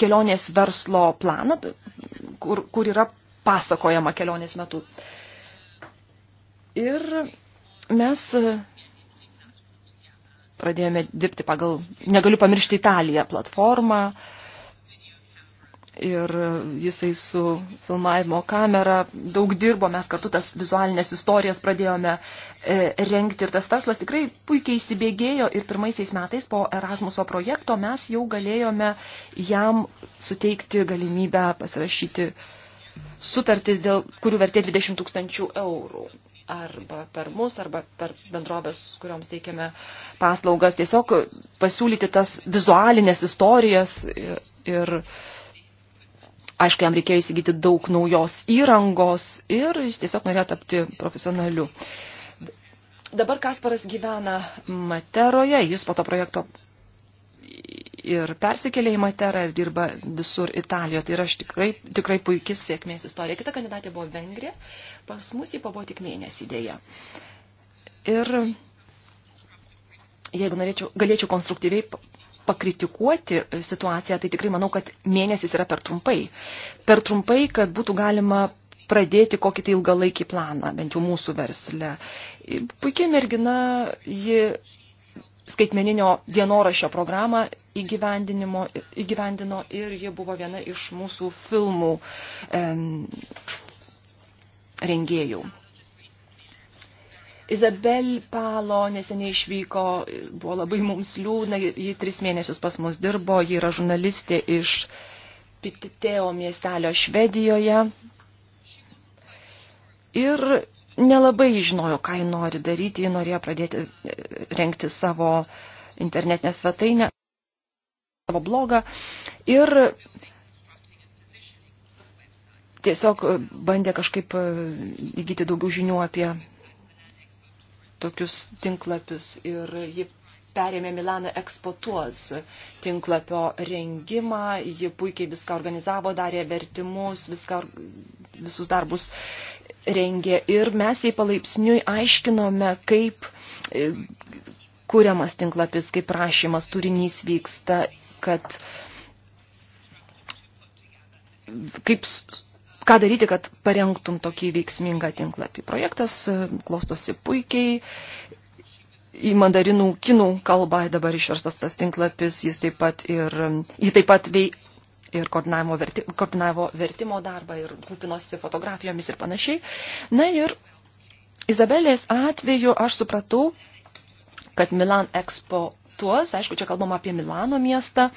kelionės verslo planą, kur, kur yra pasakojama kelionės metu. Ir mes e, pradėjome dirbti pagal, negaliu pamiršti Italiją platformą, uh, ir jisai su filmavimo kamera daug dirbo, mes kartu tas vizualinės istorijas pradėjome e, renkti ir tas verslas tikrai puikiai įsibėgėjo ir pirmaisiais metais po Erasmuso projekto mes jau galėjome jam suteikti galimybę pasirašyti sutartis, dėl kurių vertė 20 tūkstančių eurų arba per mus, arba per bendrovės, kurioms teikiame paslaugas, tiesiog pasiūlyti tas vizualinės istorijas ir, ir Aišku, jam reikėjo įsigyti daug naujos įrangos ir jis tiesiog norėjo tapti profesionaliu. Dabar Kasparas gyvena Materoje, jis po to projekto ir persikėlė į Materą ir dirba visur Italijoje. Tai yra tikrai, tikrai puikis sėkmės istorija. Kita kandidatė buvo Vengrija, pas mus jį pabuvo tik mėnesį dėja. Ir jeigu norėčiau, galėčiau konstruktyviai pakritikuoti situaciją, tai tikrai manau, kad mėnesis yra per trumpai. Per trumpai, kad būtų galima pradėti kokį tai ilgalaikį planą, bent jau mūsų versle. Puikiai mergina, ji skaitmeninio dienorašio programą įgyvendino ir ji buvo viena iš mūsų filmų em, rengėjų. Izabel Palo neseniai išvyko, buvo labai mums liūdna, ji tris mėnesius pas mus dirbo, ji yra žurnalistė iš Pititeo miestelio Švedijoje. Ir nelabai žinojo, ką ji nori daryti, ji norėjo pradėti e, renkti savo internetinę svetainę, savo blogą. Ir tiesiog bandė kažkaip e, įgyti daugiau žinių apie tokius tinklapius ir ji perėmė Milaną Expotuos tinklapio rengimą, ji puikiai viską organizavo, darė vertimus, viską, visus darbus rengė ir mes jai palaipsniui aiškinome, kaip e, kuriamas tinklapis, kaip rašymas, turinys vyksta, kad kaip ką daryti, kad parengtum tokį veiksmingą tinklapį. Projektas e, klostosi puikiai. Į mandarinų kinų kalbą dabar išverstas tas tinklapis, jis taip pat ir, e, jį taip pat vei, ir koordinavimo, verti, koordinavo vertimo darbą ir rūpinosi fotografijomis ir panašiai. Na ir Izabelės atveju aš supratau, kad Milan Expo projektus, aišku, čia kalbam apie Milano miestą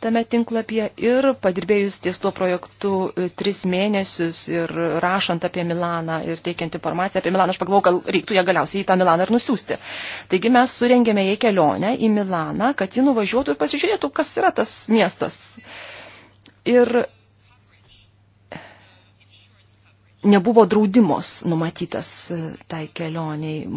tame tinklapyje ir padirbėjus ties tuo projektu e, tris mėnesius ir rašant apie Milaną ir teikiant informaciją apie Milaną, aš pagalvojau, gal reiktų ją galiausiai į tą Milaną ir nusiųsti. Taigi mes surengėme jai kelionę į Milaną, kad ji nuvažiuotų ir pasižiūrėtų, kas yra tas miestas. Ir nebuvo draudimos numatytas e, tai kelioniai.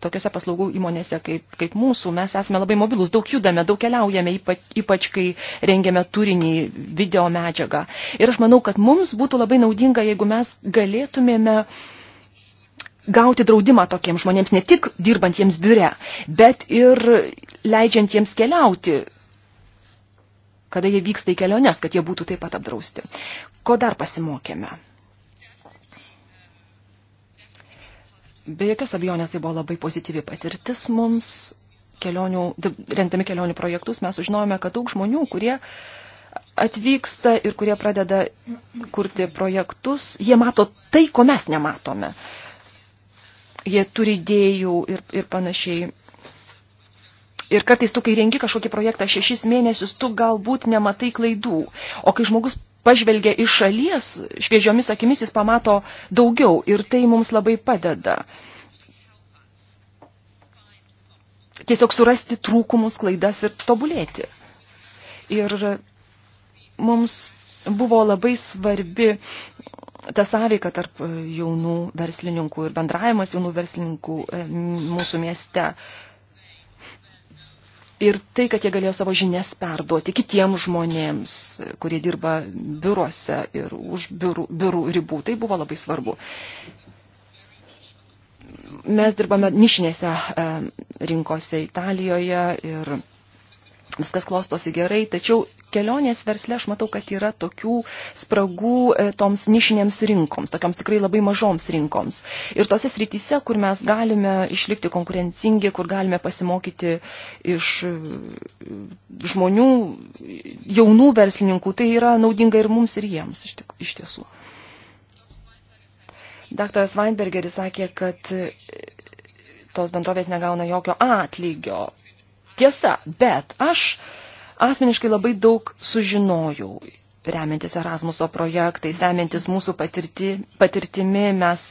Tokiose paslaugų įmonėse kaip, kaip mūsų mes esame labai mobilus, daug judame, daug keliaujame, ypač, ypač kai rengiame turinį, video medžiagą. Ir aš manau, kad mums būtų labai naudinga, jeigu mes galėtumėme gauti draudimą tokiems žmonėms, ne tik dirbantiems biure, bet ir leidžiantiems keliauti kada jie vyksta į keliones, kad jie būtų taip pat apdrausti. Ko dar pasimokėme? Be jokios abejonės tai buvo labai pozityvi patirtis mums. Kelionių, rentami kelionių projektus mes sužinojome, kad daug žmonių, kurie atvyksta ir kurie pradeda kurti projektus, jie mato tai, ko mes nematome. Jie turi idėjų ir, ir panašiai. Ir kartais tu, kai rengi kažkokį projektą šešis mėnesius, tu galbūt nematai klaidų. O kai žmogus pažvelgia iš šalies, šviežiomis akimis jis pamato daugiau ir tai mums labai padeda. Tiesiog surasti trūkumus, klaidas ir tobulėti. Ir mums buvo labai svarbi ta sąveika tarp jaunų verslininkų ir bendravimas jaunų verslininkų e, mūsų mieste ir tai, kad jie galėjo savo žinias perduoti kitiems žmonėms, kurie dirba biuruose ir už biurų, biurų ribų. Tai buvo labai svarbu. Mes dirbame nišinėse e, rinkose Italijoje ir viskas klostosi gerai, tačiau kelionės versle aš matau, kad yra tokių spragų e, toms nišinėms rinkoms, tokiams tikrai labai mažoms rinkoms. Ir tose srityse, kur mes galime išlikti konkurencingi, kur galime pasimokyti iš e, žmonių, jaunų verslininkų, tai yra naudinga ir mums, ir jiems iš tiesų. Daktaras Weinbergeris sakė, kad e, tos bendrovės negauna jokio atlygio tiesa, bet aš asmeniškai labai daug sužinojau. Remiantis Erasmuso projektais, remiantis mūsų patirti, patirtimi, mes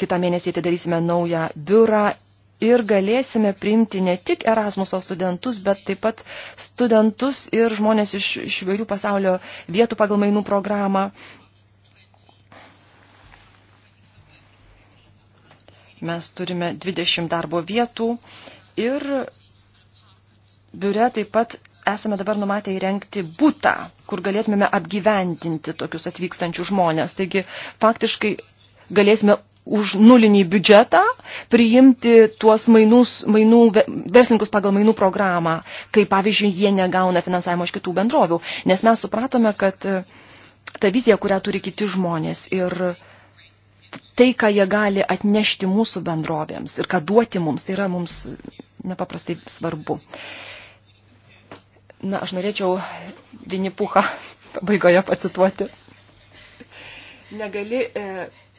kitą mėnesį atidarysime naują biurą ir galėsime priimti ne tik Erasmuso studentus, bet taip pat studentus ir žmonės iš, iš vairių pasaulio vietų pagal mainų programą. Mes turime 20 darbo vietų Ir biure taip pat esame dabar numatę įrengti būtą, kur galėtumėme apgyventinti tokius atvykstančius žmonės. Taigi faktiškai galėsime už nulinį biudžetą priimti tuos mainus, mainų, verslininkus pagal mainų programą, kai pavyzdžiui jie negauna finansavimo iš kitų bendrovių. Nes mes supratome, kad ta vizija, kurią turi kiti žmonės ir uh, tai, ką jie gali atnešti mūsų bendrovėms ir ką duoti mums, tai yra mums nepaprastai svarbu. Na, aš norėčiau Vinipuchą pabaigoje pacituoti. Negali e,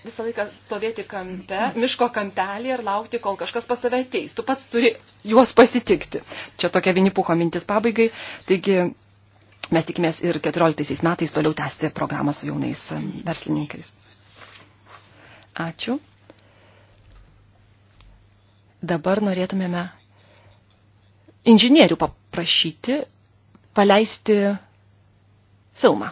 visą laiką stovėti kampe, miško kampelį ir laukti, kol kažkas pas tave ateis. Tu pats turi juos pasitikti. Čia tokia Vinipucho mintis pabaigai. Taigi mes tikimės ir 14 metais toliau tęsti programą su jaunais e, verslininkais. Ačiū. Dabar norėtumėme inžinierių paprašyti paleisti filmą.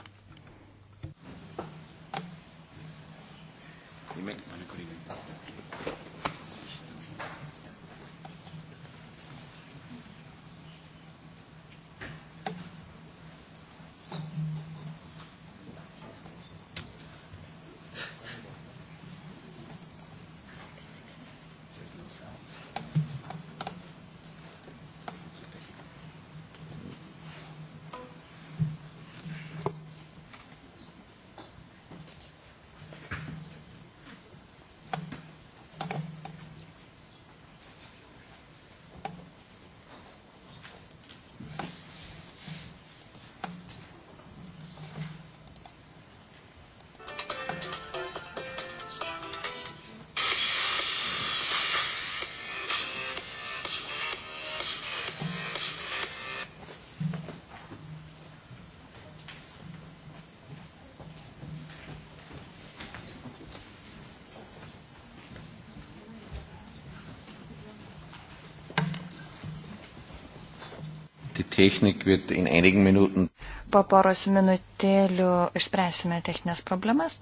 Po poros minutėlių išspręsime techninės problemas.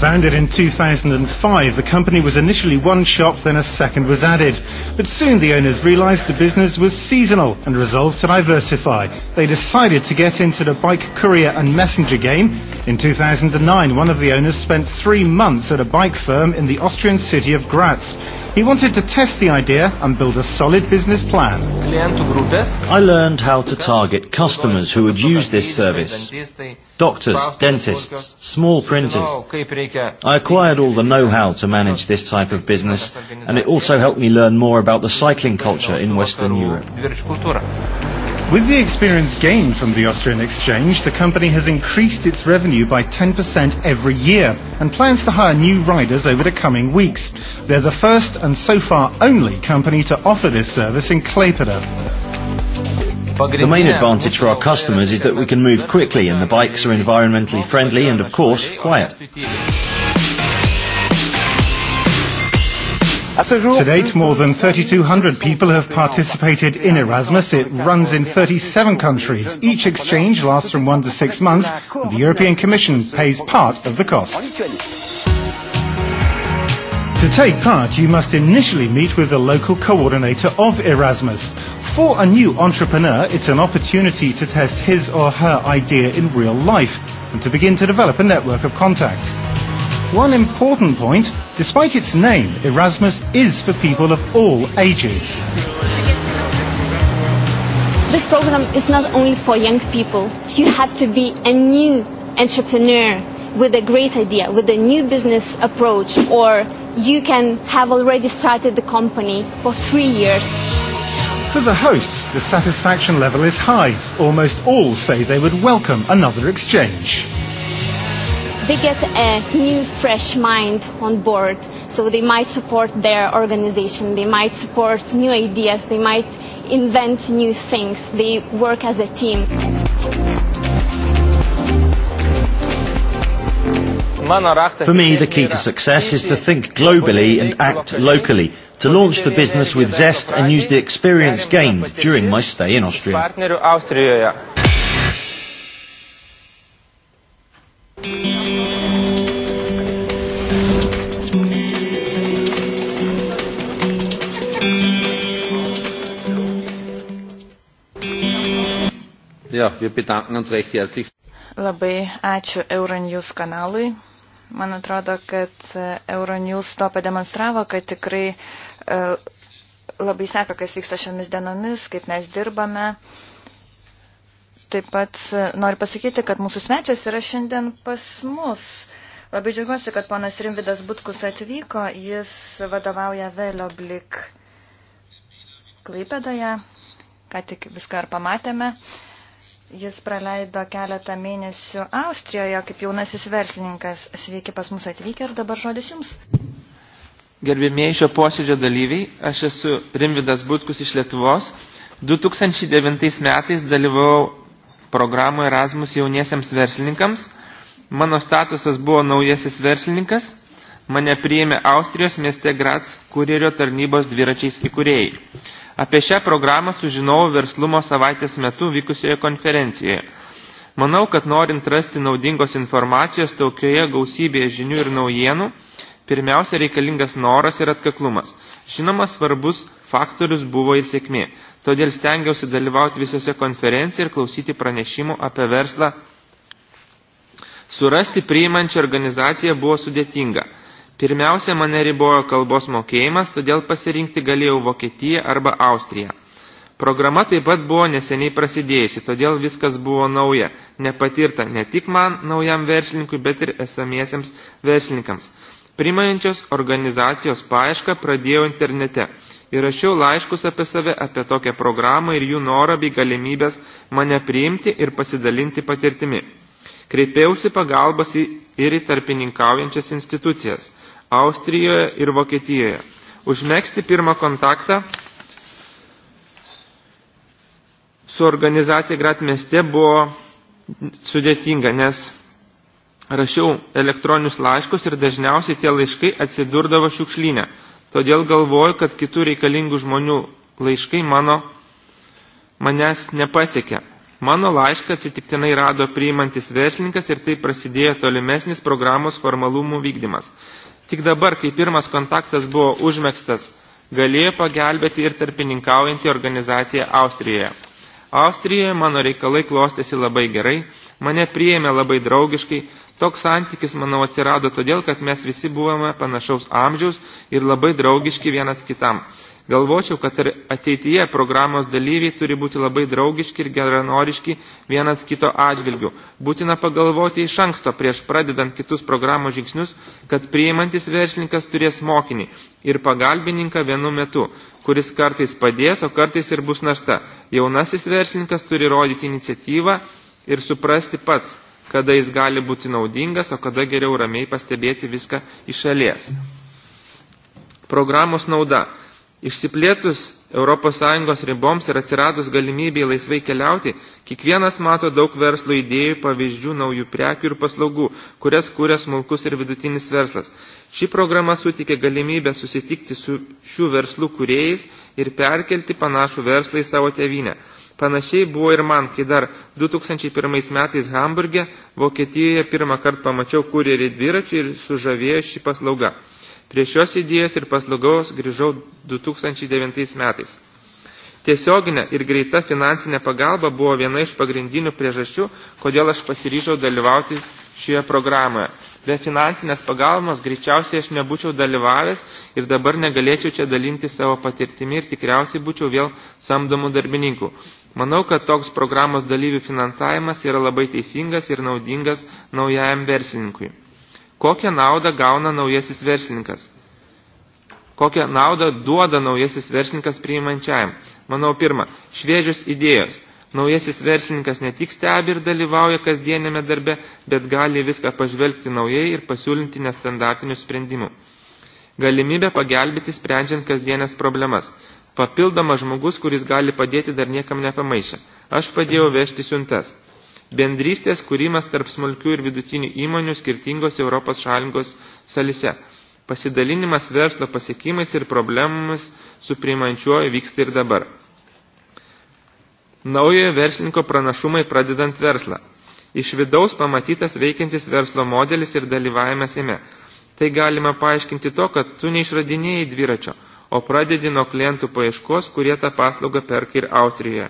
Founded in 2005, the company was initially one shop, then a second was added. But soon the owners realized the business was seasonal and resolved to diversify. They decided to get into the bike courier and messenger game. In 2009, one of the owners spent three months at a bike firm in the Austrian city of Graz. He wanted to test the idea and build a solid business plan. I learned how to target customers who would use this service doctors, dentists, small printers. Oh, I acquired all the know-how to manage this type of business, and it also helped me learn more about the cycling culture in Western Europe. With the experience gained from the Austrian exchange, the company has increased its revenue by 10% every year and plans to hire new riders over the coming weeks. They're the first and so far only company to offer this service in Klaipeda. The main advantage for our customers is that we can move quickly and the bikes are environmentally friendly and, of course, quiet. To date, more than 3,200 people have participated in Erasmus. It runs in 37 countries. Each exchange lasts from one to six months, and the European Commission pays part of the cost. To take part, you must initially meet with the local coordinator of Erasmus. For a new entrepreneur, it's an opportunity to test his or her idea in real life and to begin to develop a network of contacts. One important point, despite its name, Erasmus is for people of all ages. This program is not only for young people. You have to be a new entrepreneur with a great idea, with a new business approach, or you can have already started the company for three years. For the hosts, the satisfaction level is high. Almost all say they would welcome another exchange. They get a new, fresh mind on board, so they might support their organization, they might support new ideas, they might invent new things, they work as a team. For me, the key to success is to think globally and act locally, to launch the business with zest and use the experience gained during my stay in Austria. Ja, wir bedanken uns recht herzlich. Labai ačiū Euronews kanalui Man atrodo, kad e, Euronews to pademonstravo, kad tikrai e, labai seka, kas vyksta šiomis dienomis, kaip mes dirbame. Taip pat e, noriu pasakyti, kad mūsų svečias yra šiandien pas mus. Labai džiaugiuosi, kad ponas Rimvidas Butkus atvyko. Jis vadovauja Velio Blik Klaipėdoje. Ką tik viską ir pamatėme. Uh, Jis praleido keletą mėnesių Austrijoje kaip jaunasis verslininkas. Sveiki pas mus atvykę ir dabar žodis jums. Gerbėmėjai šio posėdžio dalyviai, aš esu Rimvidas Butkus iš Lietuvos. 2009 metais dalyvau programoje Erasmus jauniesiams verslininkams. Mano statusas buvo naujasis verslininkas. Mane priėmė Austrijos mieste Grats kurierio tarnybos dviračiais įkūrėjai. Apie šią programą sužinojau verslumo savaitės metu vykusioje konferencijoje. Manau, kad norint rasti naudingos informacijos tokioje gausybėje žinių ir naujienų, pirmiausia reikalingas noras ir atkaklumas. Žinoma, svarbus faktorius buvo ir sėkmė. Todėl stengiausi dalyvauti visose konferencijose ir klausyti pranešimų apie verslą. Surasti priimančią organizaciją buvo sudėtinga. Pirmiausia, mane ribojo kalbos mokėjimas, todėl pasirinkti galėjau Vokietiją arba Austriją. Programa taip pat buvo neseniai prasidėjusi, todėl viskas buvo nauja, nepatirta ne tik man, naujam verslininkui, bet ir esamiesiems verslininkams. Primančios organizacijos paiešką pradėjau internete. Įrašiau laiškus apie save, apie tokią programą ir jų norą bei galimybės mane priimti ir pasidalinti patirtimi. Kreipiausi pagalbas ir į tarpininkaujančias institucijas. Austrijoje ir Vokietijoje. Užmėgsti pirmą kontaktą su organizacija Grat mieste buvo sudėtinga, nes rašiau elektroninius laiškus ir dažniausiai tie laiškai atsidurdavo šiukšlyne. Todėl galvoju, kad kitų reikalingų žmonių laiškai mano, manęs nepasiekė. Mano laišką atsitiktinai rado priimantis verslininkas ir tai prasidėjo tolimesnis programos formalumų vykdymas. Tik dabar, kai pirmas kontaktas buvo užmėgstas, galėjo pagelbėti ir tarpininkaujantį organizaciją Austrijoje. Austrijoje mano reikalai klostėsi labai gerai, mane priėmė labai draugiškai, toks santykis, manau, atsirado todėl, kad mes visi buvome panašaus amžiaus ir labai draugiški vienas kitam. Galvočiau, kad ir ateityje programos dalyviai turi būti labai draugiški ir geranoriški vienas kito atžvilgių. Būtina pagalvoti iš anksto prieš pradedant kitus programos žingsnius, kad priimantis verslininkas turės mokinį ir pagalbininką vienu metu, kuris kartais padės, o kartais ir bus našta. Jaunasis verslininkas turi rodyti iniciatyvą ir suprasti pats, kada jis gali būti naudingas, o kada geriau ramiai pastebėti viską iš šalies. Programos nauda. Išsiplėtus ES riboms ir atsiradus galimybėj laisvai keliauti, kiekvienas mato daug verslo idėjų, pavyzdžių, naujų prekių ir paslaugų, kurias kūrė smulkus ir vidutinis verslas. Ši programa sutikė galimybę susitikti su šių verslų kūrėjais ir perkelti panašų verslą į savo tėvynę. Panašiai buvo ir man, kai dar 2001 metais Hamburge, Vokietijoje pirmą kartą pamačiau kurjerį dviračių ir sužavėjo šį paslaugą. Prie šios idėjos ir paslaugos grįžau 2009 metais. Tiesioginė ir greita finansinė pagalba buvo viena iš pagrindinių priežasčių, kodėl aš pasiryžau dalyvauti šioje programoje. Be finansinės pagalbos greičiausiai aš nebūčiau dalyvavęs ir dabar negalėčiau čia dalinti savo patirtimi ir tikriausiai būčiau vėl samdomų darbininkų. Manau, kad toks programos dalyvių finansavimas yra labai teisingas ir naudingas naujajam verslininkui kokią naudą gauna naujasis verslininkas, kokią naudą duoda naujasis verslininkas priimančiajam. Manau, pirma, šviežios idėjos. Naujasis verslininkas ne tik stebi ir dalyvauja kasdienėme darbe, bet gali viską pažvelgti naujai ir pasiūlinti nestandartinių sprendimų. Galimybė pagelbėti sprendžiant kasdienės problemas. Papildomas žmogus, kuris gali padėti dar niekam nepamaišę. Aš padėjau vežti siuntas bendrystės kūrimas tarp smulkių ir vidutinių įmonių skirtingos Europos šalingos salise. Pasidalinimas verslo pasiekimais ir problemomis su priimančiuoju vyksta ir dabar. Naujojo verslininko pranašumai pradedant verslą. Iš vidaus pamatytas veikiantis verslo modelis ir dalyvavimas jame. Tai galima paaiškinti to, kad tu neišradinėjai dviračio, o pradedi nuo klientų paieškos, kurie tą paslaugą perka ir Austrijoje.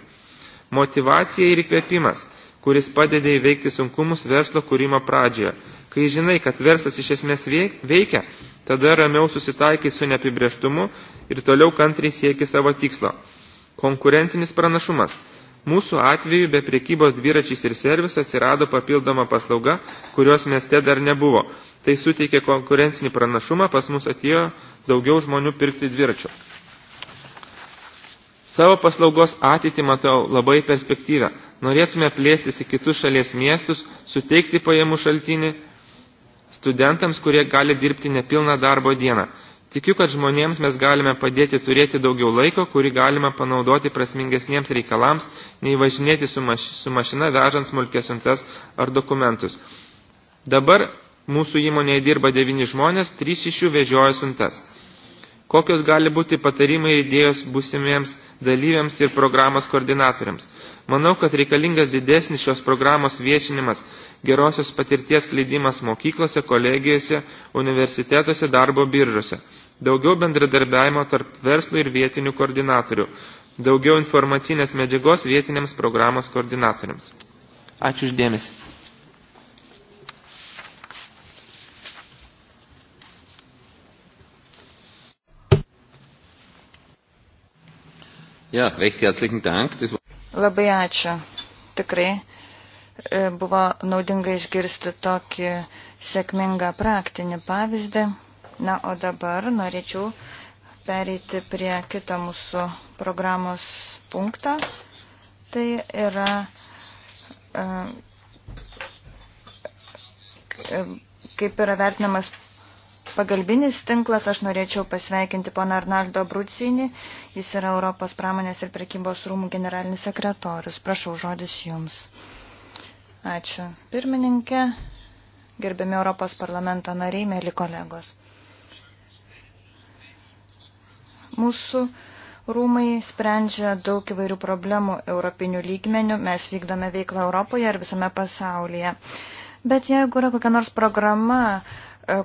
Motivacija ir įkvėpimas – kuris padeda įveikti sunkumus verslo kūrimo pradžioje. Kai žinai, kad verslas iš esmės veikia, tada ramiau susitaikai su neapibrieštumu ir toliau kantriai sieki savo tikslo. Konkurencinis pranašumas. Mūsų atveju be priekybos dviračiais ir serviso atsirado papildoma paslauga, kurios mieste dar nebuvo. Tai suteikė konkurencinį pranašumą, pas mus atėjo daugiau žmonių pirkti dviračių. Savo paslaugos ateitį matau labai perspektyvę. Norėtume plėstis į kitus šalies miestus, suteikti pajamų šaltinį studentams, kurie gali dirbti nepilną darbo dieną. Tikiu, kad žmonėms mes galime padėti turėti daugiau laiko, kurį galima panaudoti prasmingesniems reikalams, nei važinėti su, maš su mašina vežant smulkės siuntas ar dokumentus. Dabar mūsų įmonėje dirba devyni žmonės, trys iš jų vežioja siuntas kokios gali būti patarimai ir idėjos būsimiems dalyviams ir programos koordinatoriams. Manau, kad reikalingas didesnis šios programos viešinimas, gerosios patirties kleidimas mokyklose, kolegijose, universitetuose, darbo biržose, daugiau bendradarbiavimo tarp verslo ir vietinių koordinatorių, daugiau informacinės medžiagos vietiniams programos koordinatoriams. Ačiū uždėmesi. Ja, recht herzlichen Dank. Das... Labai ačiū. Tikrai e, buvo naudinga išgirsti tokį sėkmingą praktinį pavyzdį. Na, o dabar norėčiau pereiti prie kito mūsų programos punktą. Tai yra e, e, kaip yra vertinamas pagalbinis tinklas. Aš norėčiau pasveikinti poną Arnaldo Brucinį. Jis yra Europos pramonės ir prekybos rūmų generalinis sekretorius. Prašau, žodis jums. Ačiū. Pirmininkė, gerbiami Europos parlamento nariai, mėly kolegos. Mūsų rūmai sprendžia daug įvairių problemų europinių lygmenių, mes vykdome veiklą Europoje ir visame pasaulyje. Bet jeigu yra kokia nors programa,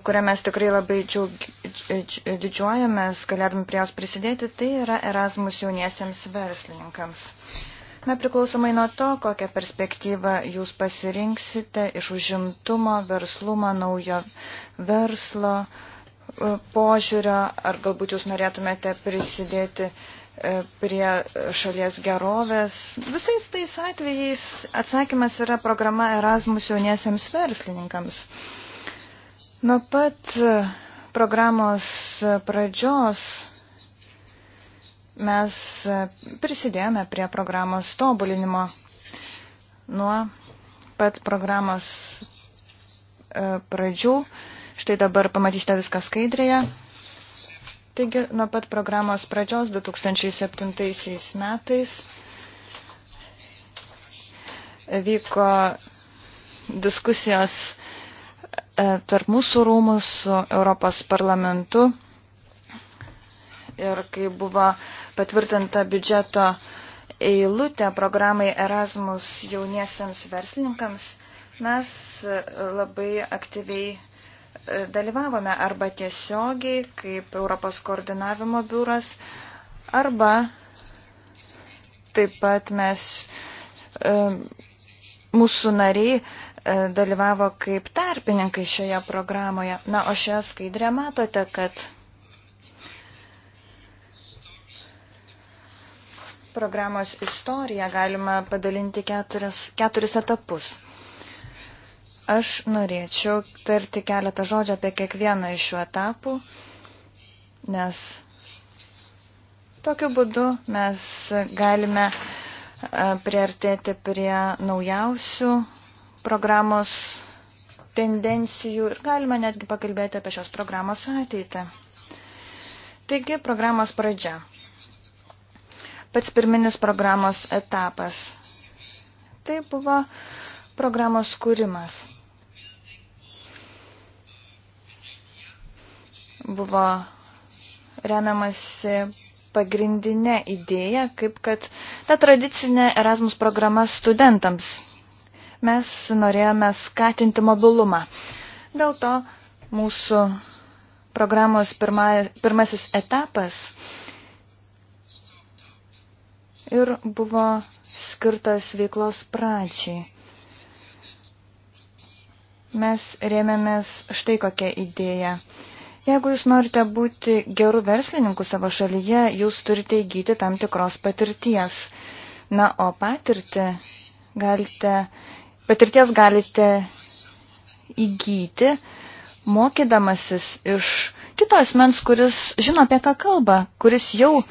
kurią mes tikrai labai džiaug, didžiuojamės, galėdami prie jos prisidėti, tai yra Erasmus jauniesiems verslininkams. Na, priklausomai nuo to, kokią perspektyvą jūs pasirinksite iš užimtumo, verslumo, naujo verslo e, požiūrio, ar galbūt jūs norėtumėte prisidėti e, prie šalies gerovės. Visais tais atvejais atsakymas yra programa Erasmus jauniesiems verslininkams. Nuo pat e, programos pradžios mes e, prisidėjome prie programos tobulinimo. Nuo pat programos e, pradžių, štai dabar pamatysite viską skaidrėje. Taigi, nuo pat programos pradžios 2007 metais vyko diskusijos E, tarp mūsų rūmų su Europos parlamentu ir kai buvo patvirtinta biudžeto eilutė programai Erasmus jauniesiams verslininkams, mes labai aktyviai e, dalyvavome arba tiesiogiai kaip Europos koordinavimo biuras, arba taip pat mes, e, mūsų nariai, E, dalyvavo kaip tarpininkai šioje programoje. Na, o šią skaidrę matote, kad programos istoriją galima padalinti keturis, keturis etapus. Aš norėčiau tarti keletą žodžių apie kiekvieną iš šių etapų, nes tokiu būdu mes galime e, priartėti prie naujausių programos tendencijų ir galima netgi pakalbėti apie šios programos ateitį. Taigi, programos pradžia. Pats pirminis programos etapas. Tai buvo programos kūrimas. Buvo remiamasi pagrindinė idėja, kaip kad ta tradicinė Erasmus programa studentams mes norėjome skatinti mobilumą. Dėl to mūsų programos pirma, pirmasis etapas ir buvo skirtas veiklos pradžiai. Mes rėmėmės štai kokią idėją. Jeigu jūs norite būti gerų verslininkų savo šalyje, jūs turite įgyti tam tikros patirties. Na, o patirtį galite patirties galite įgyti, mokydamasis iš kito asmens, kuris žino apie ką kalba, kuris jau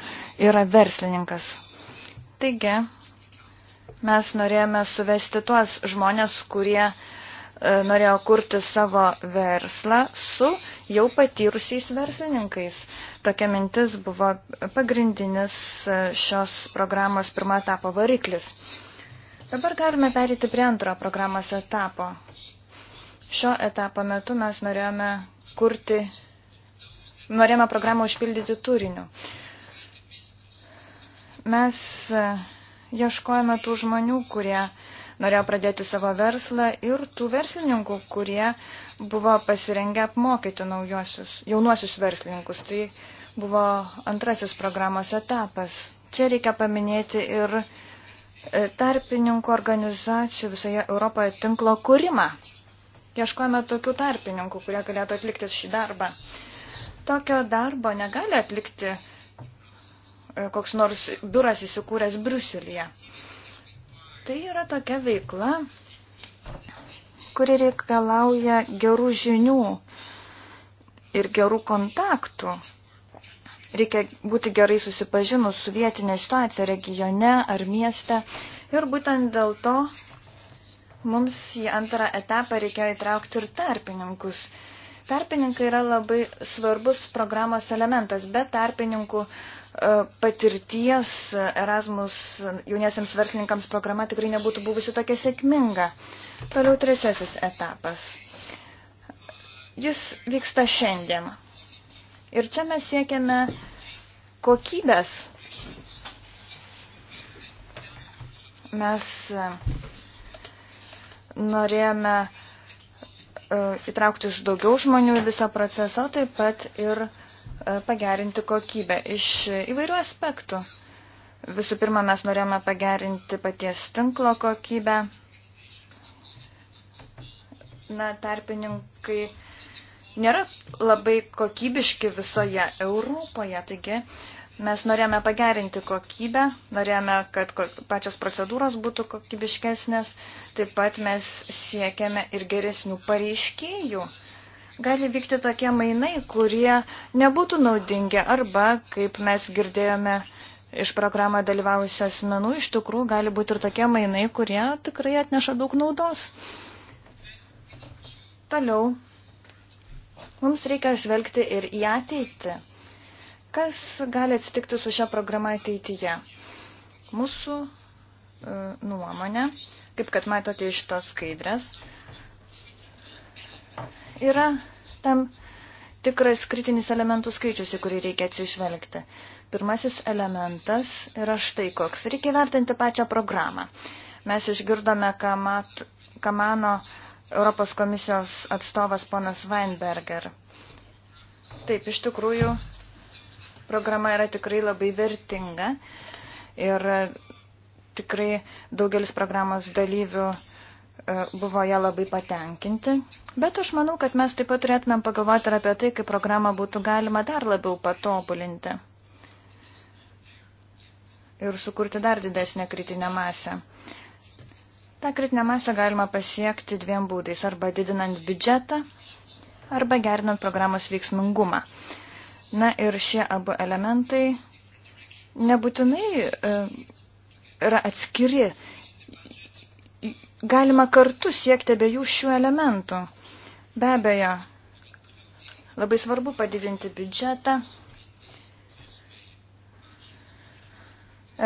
yra verslininkas. Taigi, mes norėjome suvesti tuos žmonės, kurie e, norėjo kurti savo verslą su jau patyrusiais verslininkais. Tokia mintis buvo pagrindinis e, šios programos pirmo etapo variklis. Dabar galime perėti prie antro programos etapo. Šio etapo metu mes norėjome kurti, norėjome programą užpildyti turiniu. Mes e, ieškojame tų žmonių, kurie norėjo pradėti savo verslą ir tų verslininkų, kurie buvo pasirengę apmokyti naujuosius, jaunuosius verslininkus. Tai buvo antrasis programos etapas. Čia reikia paminėti ir E, tarpininkų organizacijų visoje Europoje tinklo kūrimą. Ieškojame tokių tarpininkų, kurie galėtų atlikti šį darbą. Tokio darbo negali atlikti e, koks nors biuras įsikūręs Briuselėje. Tai yra tokia veikla, kuri reikalauja gerų žinių ir gerų kontaktų Reikia būti gerai susipažinus su vietinė situacija regione ar mieste. Ir būtent dėl to mums į antrą etapą reikėjo įtraukti ir tarpininkus. Tarpininkai yra labai svarbus programos elementas, bet tarpininkų e, patirties Erasmus jauniesiams verslininkams programa tikrai nebūtų buvusi tokia sėkminga. Toliau trečiasis etapas. Jis vyksta šiandien. Ir čia mes siekiame kokybės. Mes e, norėjome e, įtraukti iš daugiau žmonių į visą procesą, taip pat ir e, pagerinti kokybę iš įvairių aspektų. Visų pirma, mes norėjome pagerinti paties tinklo kokybę. Na, tarpininkai uh, nėra labai kokybiški visoje Europoje. Taigi mes norėjome pagerinti kokybę, norėjome, kad pačios procedūros būtų kokybiškesnės, taip pat mes siekiame ir geresnių pareiškėjų. Gali vykti tokie mainai, kurie nebūtų naudingi arba, kaip mes girdėjome iš programą dalyvavusių asmenų, iš tikrųjų gali būti ir tokie mainai, kurie tikrai atneša daug naudos. Toliau Mums reikia žvelgti ir į ateitį. Kas gali atsitikti su šia programa ateityje? Mūsų e, nuomonė, kaip kad matote iš tos skaidrės, yra tam tikras kritinis elementų skaičius, į kurį reikia atsižvelgti. Pirmasis elementas yra štai koks. Reikia vertinti pačią programą. Mes išgirdome, ką, mat, ką mano Europos komisijos atstovas ponas Weinberger. Taip, iš tikrųjų, programa yra tikrai labai vertinga ir e, tikrai daugelis programos dalyvių e, buvo ją labai patenkinti. Bet aš manau, kad mes taip pat turėtumėm pagalvoti ir apie tai, kaip programą būtų galima dar labiau patobulinti ir sukurti dar didesnę kritinę masę. Ta kritinė masė galima pasiekti dviem būdais – arba didinant biudžetą, arba gerinant programos veiksmingumą. Na ir šie abu elementai nebūtinai e, yra atskiri. Galima kartu siekti abiejų šių elementų. Be abejo, labai svarbu padidinti biudžetą.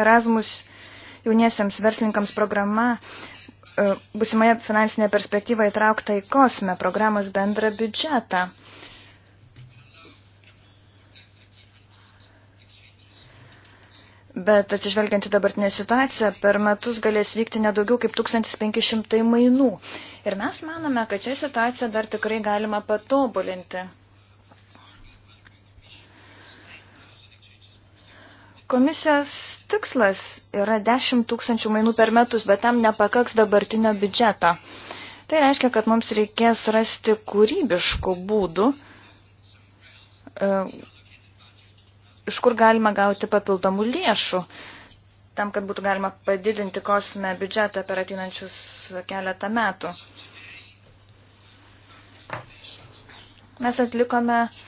Erasmus jauniesiams verslininkams programa E, busimoje finansinėje perspektyvoje įtraukta į kosme programos bendrą biudžetą. Bet atsižvelgiant į dabartinę situaciją, per metus galės vykti nedaugiau kaip 1500 mainų. Ir mes manome, kad čia situaciją dar tikrai galima patobulinti. Komisijos tikslas yra 10 tūkstančių mainų per metus, bet tam nepakaks dabartinio biudžeto. Tai reiškia, kad mums reikės rasti kūrybiškų būdų, e, iš kur galima gauti papildomų lėšų, tam, kad būtų galima padidinti kosminę biudžetą per ateinančius keletą metų. Mes atlikome uh,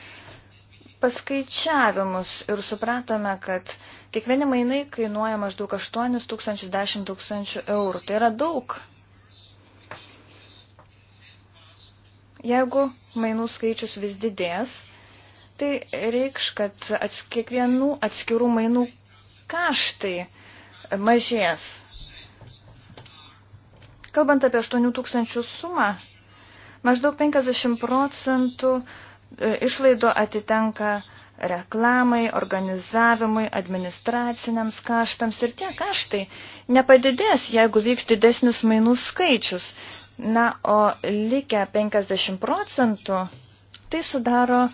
paskaičiavimus ir supratome, kad kiekvieni mainai kainuoja maždaug 8 tūkstančius, 10 tūkstančių eurų. Tai yra daug. Jeigu mainų skaičius vis didės, tai reikš, kad ats, kiekvienų atskirų mainų kaštai mažės. Kalbant apie 8 tūkstančių sumą, maždaug 50 procentų uh, E, išlaidų atitenka reklamai, organizavimui, administraciniams kaštams ir tie kaštai nepadidės, jeigu vyks didesnis mainų skaičius. Na, o likę 50 procentų tai sudaro e,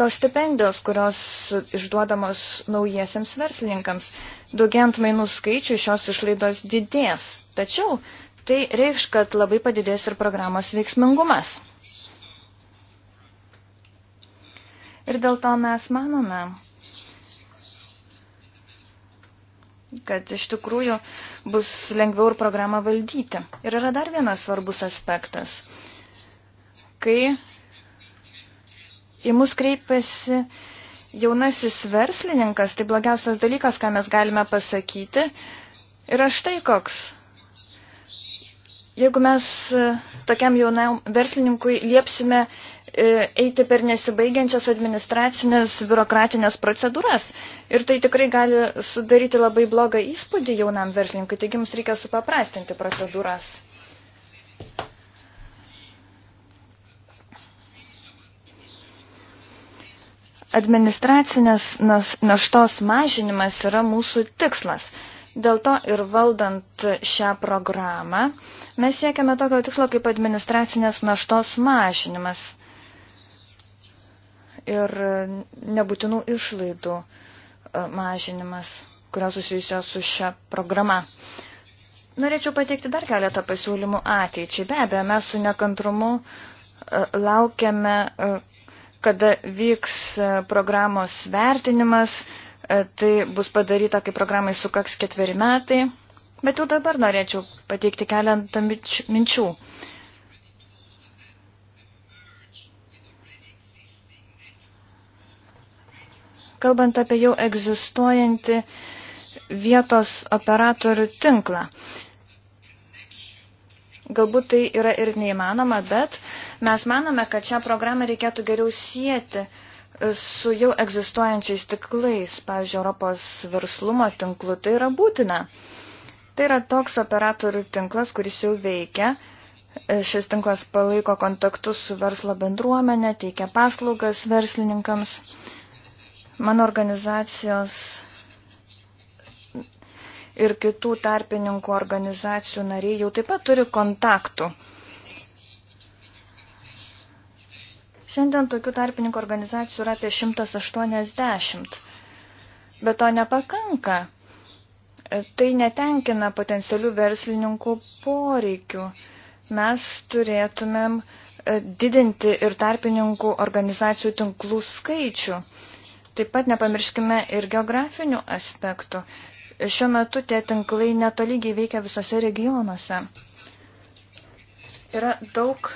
tos stipendijos, kurios išduodamos naujiesiams verslininkams. Daugiant mainų skaičių šios išlaidos didės, tačiau tai reikš, kad labai padidės ir programos veiksmingumas. Ir dėl to mes manome, kad iš tikrųjų bus lengviau ir programą valdyti. Ir yra dar vienas svarbus aspektas. Kai į mus kreipiasi jaunasis verslininkas, tai blogiausias dalykas, ką mes galime pasakyti, yra štai koks. Jeigu mes tokiam jaunam verslininkui liepsime E, eiti per nesibaigiančias administracinės biurokratinės procedūras. Ir tai tikrai gali sudaryti labai blogą įspūdį jaunam verslininkui, taigi jums reikia supaprastinti procedūras. Administracinės naštos mažinimas yra mūsų tikslas. Dėl to ir valdant šią programą mes siekiame tokio tikslo kaip administracinės naštos mažinimas ir nebūtinų išlaidų e, mažinimas, kurios susijusios su šia programa. Norėčiau pateikti dar keletą pasiūlymų ateičiai. Be abejo, mes su nekantrumu e, laukiame, e, kada vyks programos vertinimas. Tai bus padaryta, kai programai sukaks ketveri metai. Bet jau dabar norėčiau pateikti keletą minčių. minčių. kalbant apie jau egzistuojantį vietos operatorių tinklą. Galbūt tai yra ir neįmanoma, bet mes manome, kad šią programą reikėtų geriau sieti e, su jau egzistuojančiais tiklais, pavyzdžiui, Europos verslumo tinklu. Tai yra būtina. Tai yra toks operatorių tinklas, kuris jau veikia. E, Šis tinklas palaiko kontaktus su verslo bendruomenė, teikia paslaugas verslininkams. Mano organizacijos ir kitų tarpininkų organizacijų nariai jau taip pat turi kontaktų. Šiandien tokių tarpininkų organizacijų yra apie 180. Bet to nepakanka. Tai netenkina potencialių verslininkų poreikių. Mes turėtumėm e, didinti ir tarpininkų organizacijų tinklų skaičių. Taip pat nepamirškime ir geografinių aspektų. Šiuo metu tie tinklai netolygiai veikia visose regionuose. Yra daug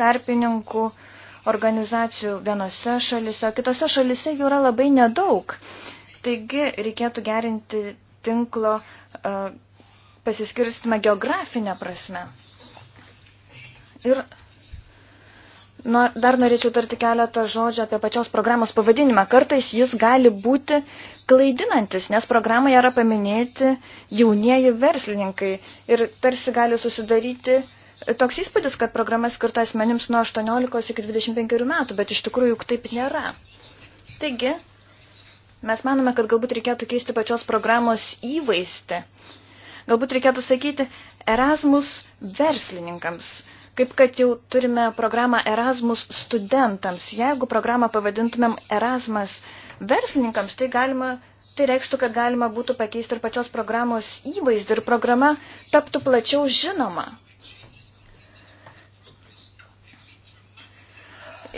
tarpininkų organizacijų vienose šalise, o kitose šalise jų yra labai nedaug. Taigi reikėtų gerinti tinklo uh, e, pasiskirstimą geografinę prasme. Ir Nu, dar norėčiau tarti keletą žodžių apie pačios programos pavadinimą. Kartais jis gali būti klaidinantis, nes programoje yra paminėti jaunieji verslininkai ir tarsi gali susidaryti toks įspūdis, kad programa skirta asmenims nuo 18 iki 25 metų, bet iš tikrųjų juk taip nėra. Taigi, mes manome, kad galbūt reikėtų keisti pačios programos įvaizdį. Galbūt reikėtų sakyti Erasmus verslininkams Kaip kad jau turime programą Erasmus studentams. Jeigu programą pavadintumėm Erasmus verslininkams, tai galima tai reikštų, kad galima būtų pakeisti ir pačios programos įvaizdį ir programa taptų plačiau žinoma.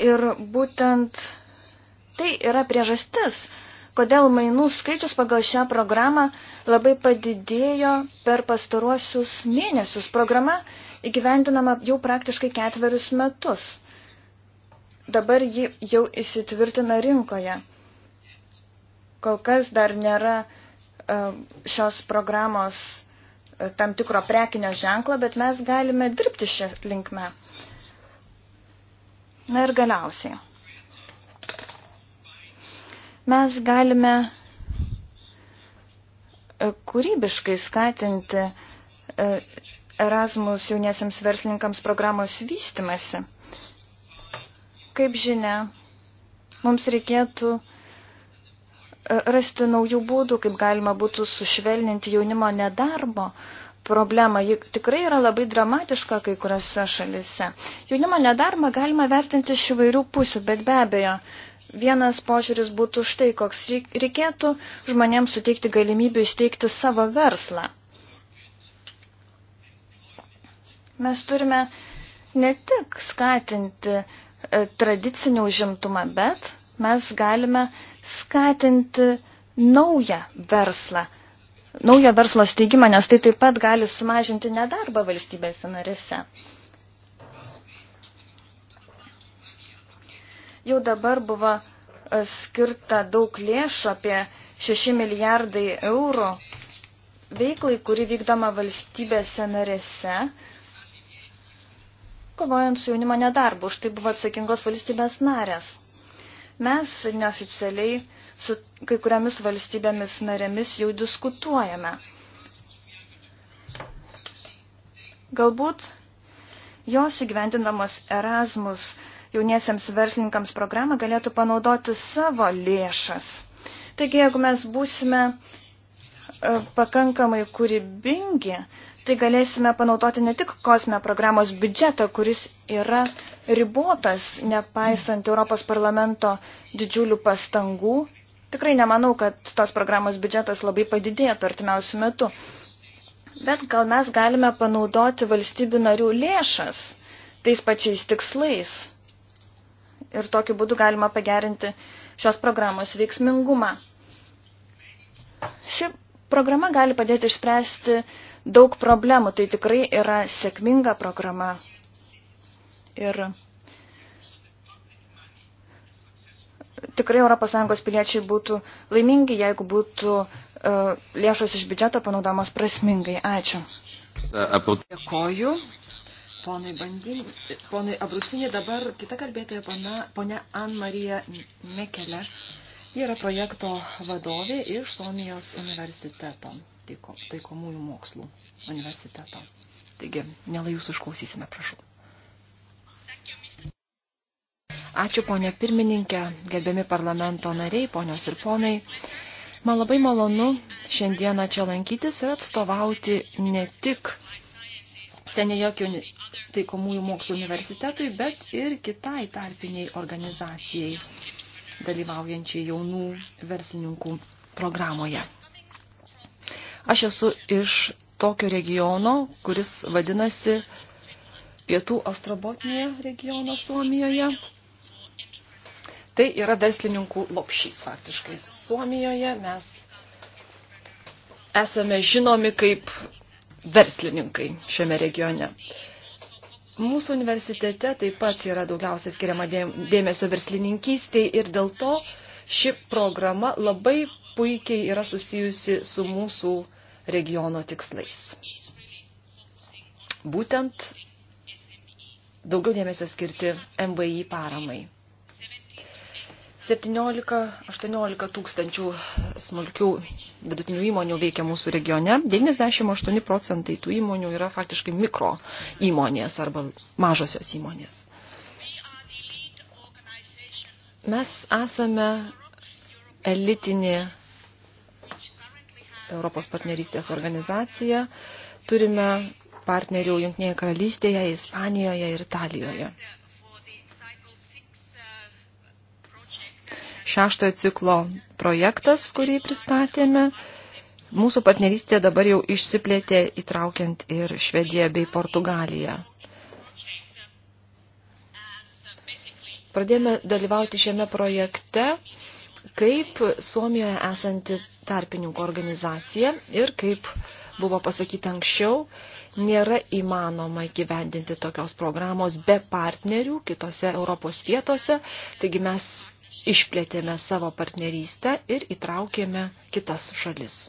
Ir būtent tai yra priežastis, kodėl mainų skaičius pagal šią programą labai padidėjo per pastaruosius mėnesius. Programa įgyventinama jau praktiškai ketverius metus. Dabar ji jau įsitvirtina rinkoje. Kol kas dar nėra e, šios programos e, tam tikro prekinio ženklo, bet mes galime dirbti šią linkmę. Na ir galiausiai. Mes galime e, kūrybiškai skatinti Erasmus jauniesiams verslininkams programos vystimasi. Kaip žinia, mums reikėtų e, rasti naujų būdų, kaip galima būtų sušvelninti jaunimo nedarbo problemą. Ji tikrai yra labai dramatiška kai kuriuose šalise. Jaunimo nedarbą galima vertinti iš įvairių pusių, bet be abejo, vienas požiūris būtų štai, koks reikėtų žmonėms suteikti galimybių įsteigti savo verslą. Mes turime ne tik skatinti e, tradicinį užimtumą, bet mes galime skatinti naują verslą, naujo verslo steigimą, nes tai taip pat gali sumažinti nedarbą valstybėse narėse. Jau dabar buvo e, skirta daug lėšų, apie 6 milijardai eurų veiklai, kuri vykdoma valstybėse narėse, kovojant su jaunimo nedarbu. Už tai buvo atsakingos valstybės narės. Mes neoficialiai su kai kuriamis valstybėmis narėmis jau diskutuojame. Galbūt jos įgyvendinamos Erasmus jauniesiams verslininkams programą galėtų panaudoti savo lėšas. Taigi, jeigu mes būsime E, pakankamai kūrybingi, tai galėsime panaudoti ne tik kosme programos biudžetą, kuris yra ribotas, nepaisant Europos parlamento didžiulių pastangų. Tikrai nemanau, kad tos programos biudžetas labai padidėtų artimiausių metų. Bet gal mes galime panaudoti valstybių narių lėšas tais pačiais tikslais. Ir tokiu būdu galima pagerinti šios programos veiksmingumą. Ši Programa gali padėti išspręsti daug problemų, tai tikrai yra sėkminga programa. Ir tikrai ES piliečiai būtų laimingi, jeigu būtų uh, lėšos iš biudžeto panaudomas prasmingai. Ačiū. Dėkoju. Ponai, bandin, ponai Abrucinė, dabar kita kalbėtoja, ponia Ann Marija Mekelė. Ji yra projekto vadovė iš Suomijos universiteto, taiko, taikomųjų mokslų universiteto. Taigi, nelai jūs išklausysime, prašau. Ačiū, ponė pirmininkė, gerbiami parlamento nariai, ponios ir ponai. Man labai malonu šiandieną čia lankytis ir atstovauti ne tik Senejokio taikomųjų mokslo universitetui, bet ir kitai tarpiniai organizacijai dalyvaujančiai jaunų verslininkų programoje. Aš esu iš tokio regiono, kuris vadinasi Pietų Ostrobotnėje regiono Suomijoje. Tai yra verslininkų lopšys faktiškai. Suomijoje mes esame žinomi kaip verslininkai šiame regione. Mūsų universitete taip pat yra daugiausiai skiriama dėmesio verslininkystiai ir dėl to ši programa labai puikiai yra susijusi su mūsų regiono tikslais. Būtent daugiau dėmesio skirti MVI paramai. 17-18 tūkstančių smulkių vidutinių įmonių veikia mūsų regione. 98 procentai tų įmonių yra faktiškai mikro įmonės arba mažosios įmonės. Mes esame elitinė Europos partnerystės organizacija. Turime partnerių Junktinėje karalystėje, Ispanijoje ir Italijoje. šeštojo ciklo projektas, kurį pristatėme. Mūsų partnerystė dabar jau išsiplėtė įtraukiant ir Švediją bei Portugaliją. Pradėjome dalyvauti šiame projekte kaip Suomijoje esanti tarpininkų organizacija ir kaip buvo pasakyta anksčiau, nėra įmanoma gyvendinti tokios programos be partnerių kitose Europos vietose. Taigi mes išplėtėme savo partnerystę ir įtraukėme kitas šalis.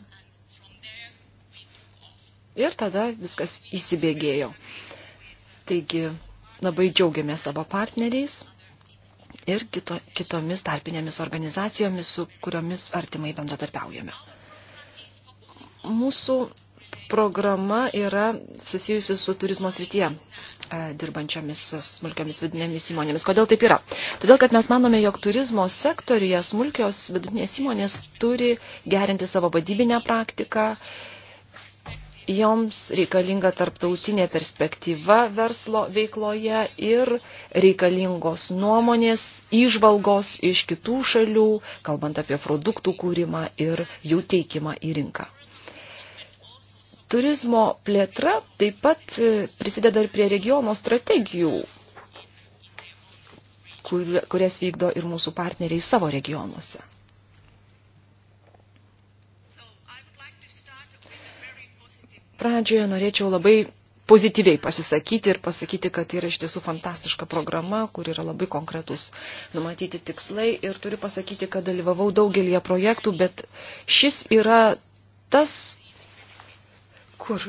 Ir tada viskas įsibėgėjo. Taigi labai džiaugiamės savo partneriais ir kito, kitomis tarpinėmis organizacijomis, su kuriomis artimai bendradarbiaujame. Mūsų programa yra susijusi su turizmo srityje E, dirbančiomis smulkiomis vidinėmis įmonėmis. Kodėl taip yra? Todėl, kad mes manome, jog turizmo sektoriuje smulkios vidutinės įmonės turi gerinti savo vadybinę praktiką, joms reikalinga tarptautinė perspektyva verslo veikloje ir reikalingos nuomonės, išvalgos iš kitų šalių, kalbant apie produktų kūrimą ir jų teikimą į rinką. Turizmo plėtra taip pat e, prisideda ir prie regiono strategijų, kur, kurias vykdo ir mūsų partneriai savo regionuose. Pradžioje norėčiau labai pozityviai pasisakyti ir pasakyti, kad tai yra iš tiesų fantastiška programa, kur yra labai konkretus numatyti tikslai ir turiu pasakyti, kad dalyvavau daugelį projektų, bet šis yra tas Kur?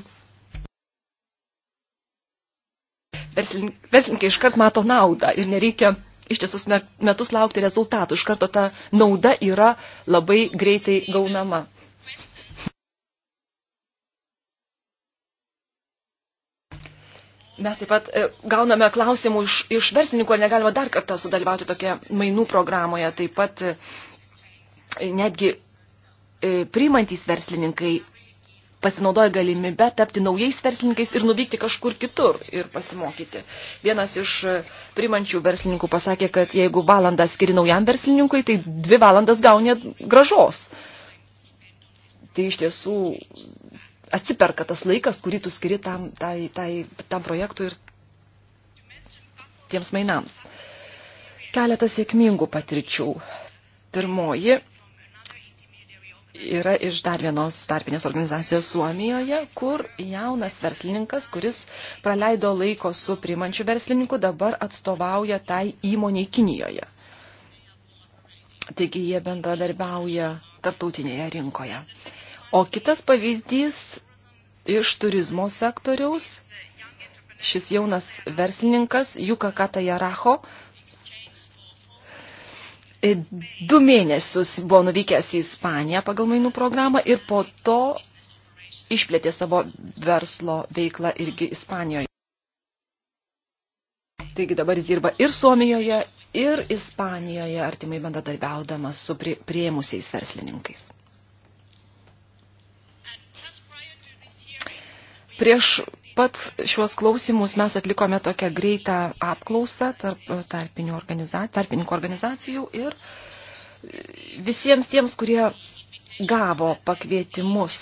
Verslininkai iškart mato naudą ir nereikia ištisus metus laukti rezultatų. Iš karto ta nauda yra labai greitai gaunama. Mes taip pat e, gauname klausimų iš, iš verslininkų, ar negalima dar kartą sudalyvauti tokia mainų programoje. Taip pat e, netgi e, priimantys verslininkai pasinaudoja galimybę tapti naujais verslininkais ir nuvykti kažkur kitur ir pasimokyti. Vienas iš e, primančių verslininkų pasakė, kad jeigu valandą skiri naujam verslininkui, tai dvi valandas gauni gražos. Tai iš tiesų atsiperka tas laikas, kurį tu skiri tam, tai, tai, tam projektui ir tiems mainams. Keletas sėkmingų patirčių. Pirmoji yra iš dar vienos tarpinės organizacijos Suomijoje, kur jaunas verslininkas, kuris praleido laiko su primančiu verslininku, dabar atstovauja tai įmoniai Kinijoje. Taigi jie bendradarbiauja tarptautinėje rinkoje. O kitas pavyzdys iš turizmo sektoriaus, šis jaunas verslininkas Juka Katajaraho E, du mėnesius buvo nuvykęs į Ispaniją pagal mainų programą ir po to išplėtė savo verslo veiklą irgi Ispanijoje. Taigi dabar jis dirba ir Suomijoje, ir Ispanijoje, artimai bendradarbiaudamas su prieimusiais verslininkais. Prieš pat šiuos klausimus mes atlikome tokią greitą apklausą tarp e, organizacijų, tarpininkų organizacijų ir visiems tiems, kurie gavo pakvietimus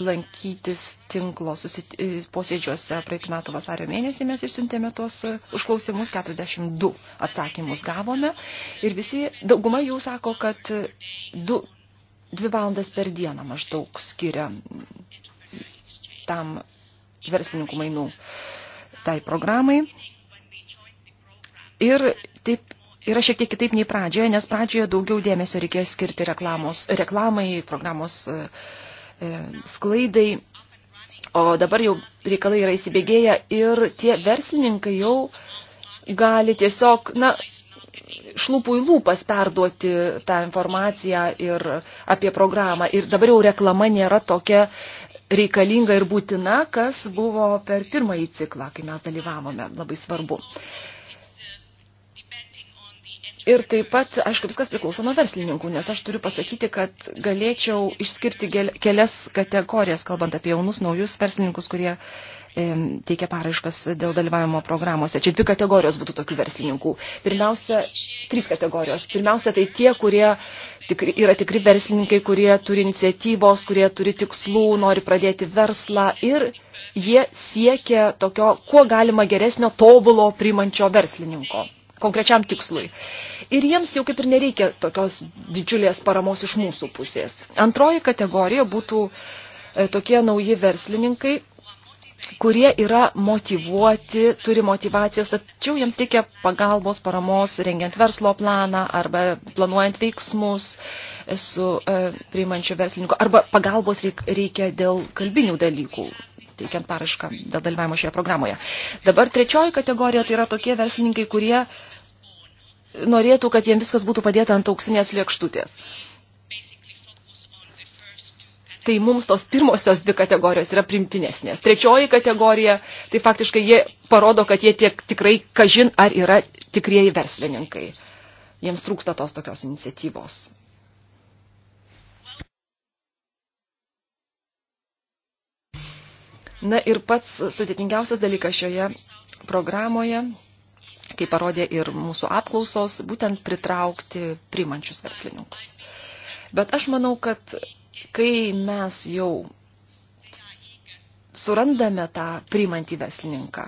lankytis tinklo susit... E, posėdžiuose praeitų metų vasario mėnesį mes išsiuntėme tuos e, užklausimus, 42 atsakymus gavome ir visi, dauguma jų sako, kad du, dvi valandas per dieną maždaug skiria tam verslininkų mainų tai programai. Ir taip yra šiek tiek kitaip nei pradžioje, nes pradžioje daugiau dėmesio reikėjo skirti reklamos, reklamai, programos e, e, sklaidai. O dabar jau reikalai yra įsibėgėję ir tie verslininkai jau gali tiesiog, na, šlūpų į lūpas perduoti tą informaciją ir apie programą. Ir dabar jau reklama nėra tokia reikalinga ir būtina, kas buvo per pirmąjį ciklą, kai mes dalyvavome, labai svarbu. Ir taip pat, aišku, viskas priklauso nuo verslininkų, nes aš turiu pasakyti, kad galėčiau išskirti kelias kategorijas, kalbant apie jaunus naujus verslininkus, kurie e, teikia paraiškas dėl dalyvavimo programuose. Čia dvi kategorijos būtų tokių verslininkų. Pirmiausia, trys kategorijos. Pirmiausia, tai tie, kurie tikri, yra tikri verslininkai, kurie turi iniciatyvos, kurie turi tikslų, nori pradėti verslą ir jie siekia tokio, kuo galima geresnio tobulo priimančio verslininko konkrečiam tikslui. Ir jiems jau kaip ir nereikia tokios didžiulės paramos iš mūsų pusės. Antroji kategorija būtų e, tokie nauji verslininkai, kurie yra motivuoti, turi motivacijos, tačiau jiems reikia pagalbos, paramos, rengiant verslo planą arba planuojant veiksmus su e, priimančiu verslininku, arba pagalbos reik, reikia dėl kalbinių dalykų teikiant parašką dėl dalyvavimo šioje programoje. Dabar trečioji kategorija tai yra tokie verslininkai, kurie norėtų, kad jiems viskas būtų padėta ant auksinės lėkštutės tai mums tos pirmosios dvi kategorijos yra primtinesnės. Trečioji kategorija, tai faktiškai jie parodo, kad jie tiek tikrai kažin ar yra tikrieji verslininkai. Jiems trūksta tos tokios iniciatyvos. Na ir pats sudėtingiausias dalykas šioje programoje, kaip parodė ir mūsų apklausos, būtent pritraukti primančius verslininkus. Bet aš manau, kad kai mes jau surandame tą priimantį verslininką,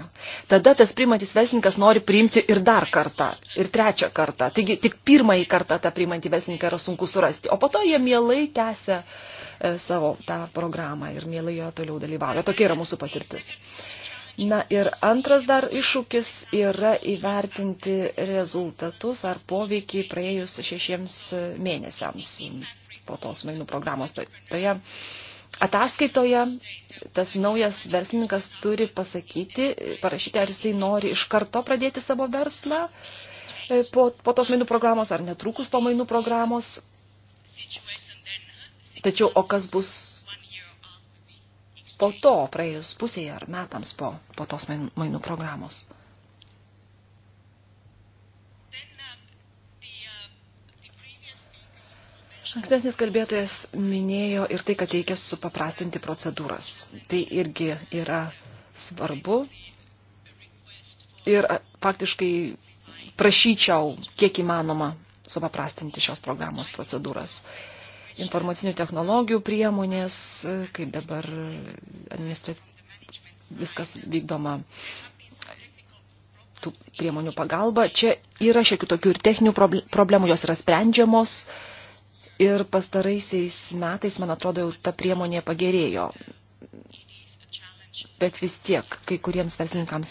tada tas priimantis verslininkas nori priimti ir dar kartą, ir trečią kartą. Taigi tik pirmąjį kartą tą priimantį verslininką yra sunku surasti, o po to jie mielai tęsia e, savo tą programą ir mielai jo toliau dalyvauja. Tokia yra mūsų patirtis. Na ir antras dar iššūkis yra įvertinti rezultatus ar poveikį praėjus šešiems mėnesiams po tos mainų programos. Toje ataskaitoje tas naujas verslininkas turi pasakyti, parašyti, ar jisai nori iš karto pradėti savo verslą e, po, po tos mainų programos ar netrukus po mainų programos. Tačiau, o kas bus po to, praėjus pusėje ar metams po, po tos mainų programos? Ankstesnis kalbėtojas minėjo ir tai, kad reikia supaprastinti procedūras. Tai irgi yra svarbu. Ir faktiškai prašyčiau, kiek įmanoma, supaprastinti šios programos procedūras. Informacinių technologijų priemonės, kaip dabar administrat... viskas vykdoma tų priemonių pagalba. Čia yra šiokių tokių ir techninių problemų, jos yra sprendžiamos Ir pastaraisiais metais, man atrodo, jau ta priemonė pagerėjo. Bet vis tiek kai kuriems verslininkams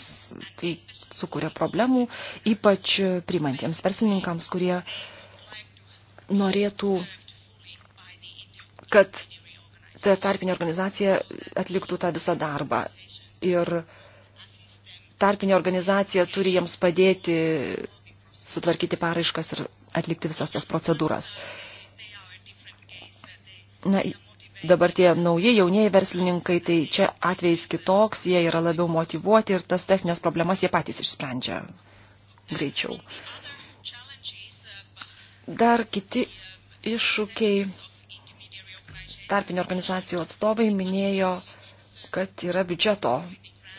tai sukuria problemų, ypač primantiems verslininkams, kurie norėtų, kad ta tarpinė organizacija atliktų tą visą darbą. Ir tarpinė organizacija turi jiems padėti sutvarkyti paraiškas ir atlikti visas tas procedūras na, dabar tie nauji jaunieji verslininkai, tai čia atvejs kitoks, jie yra labiau motivuoti ir tas techninės problemas jie patys išsprendžia greičiau. Dar kiti iššūkiai. Tarpinio organizacijų atstovai minėjo, kad yra biudžeto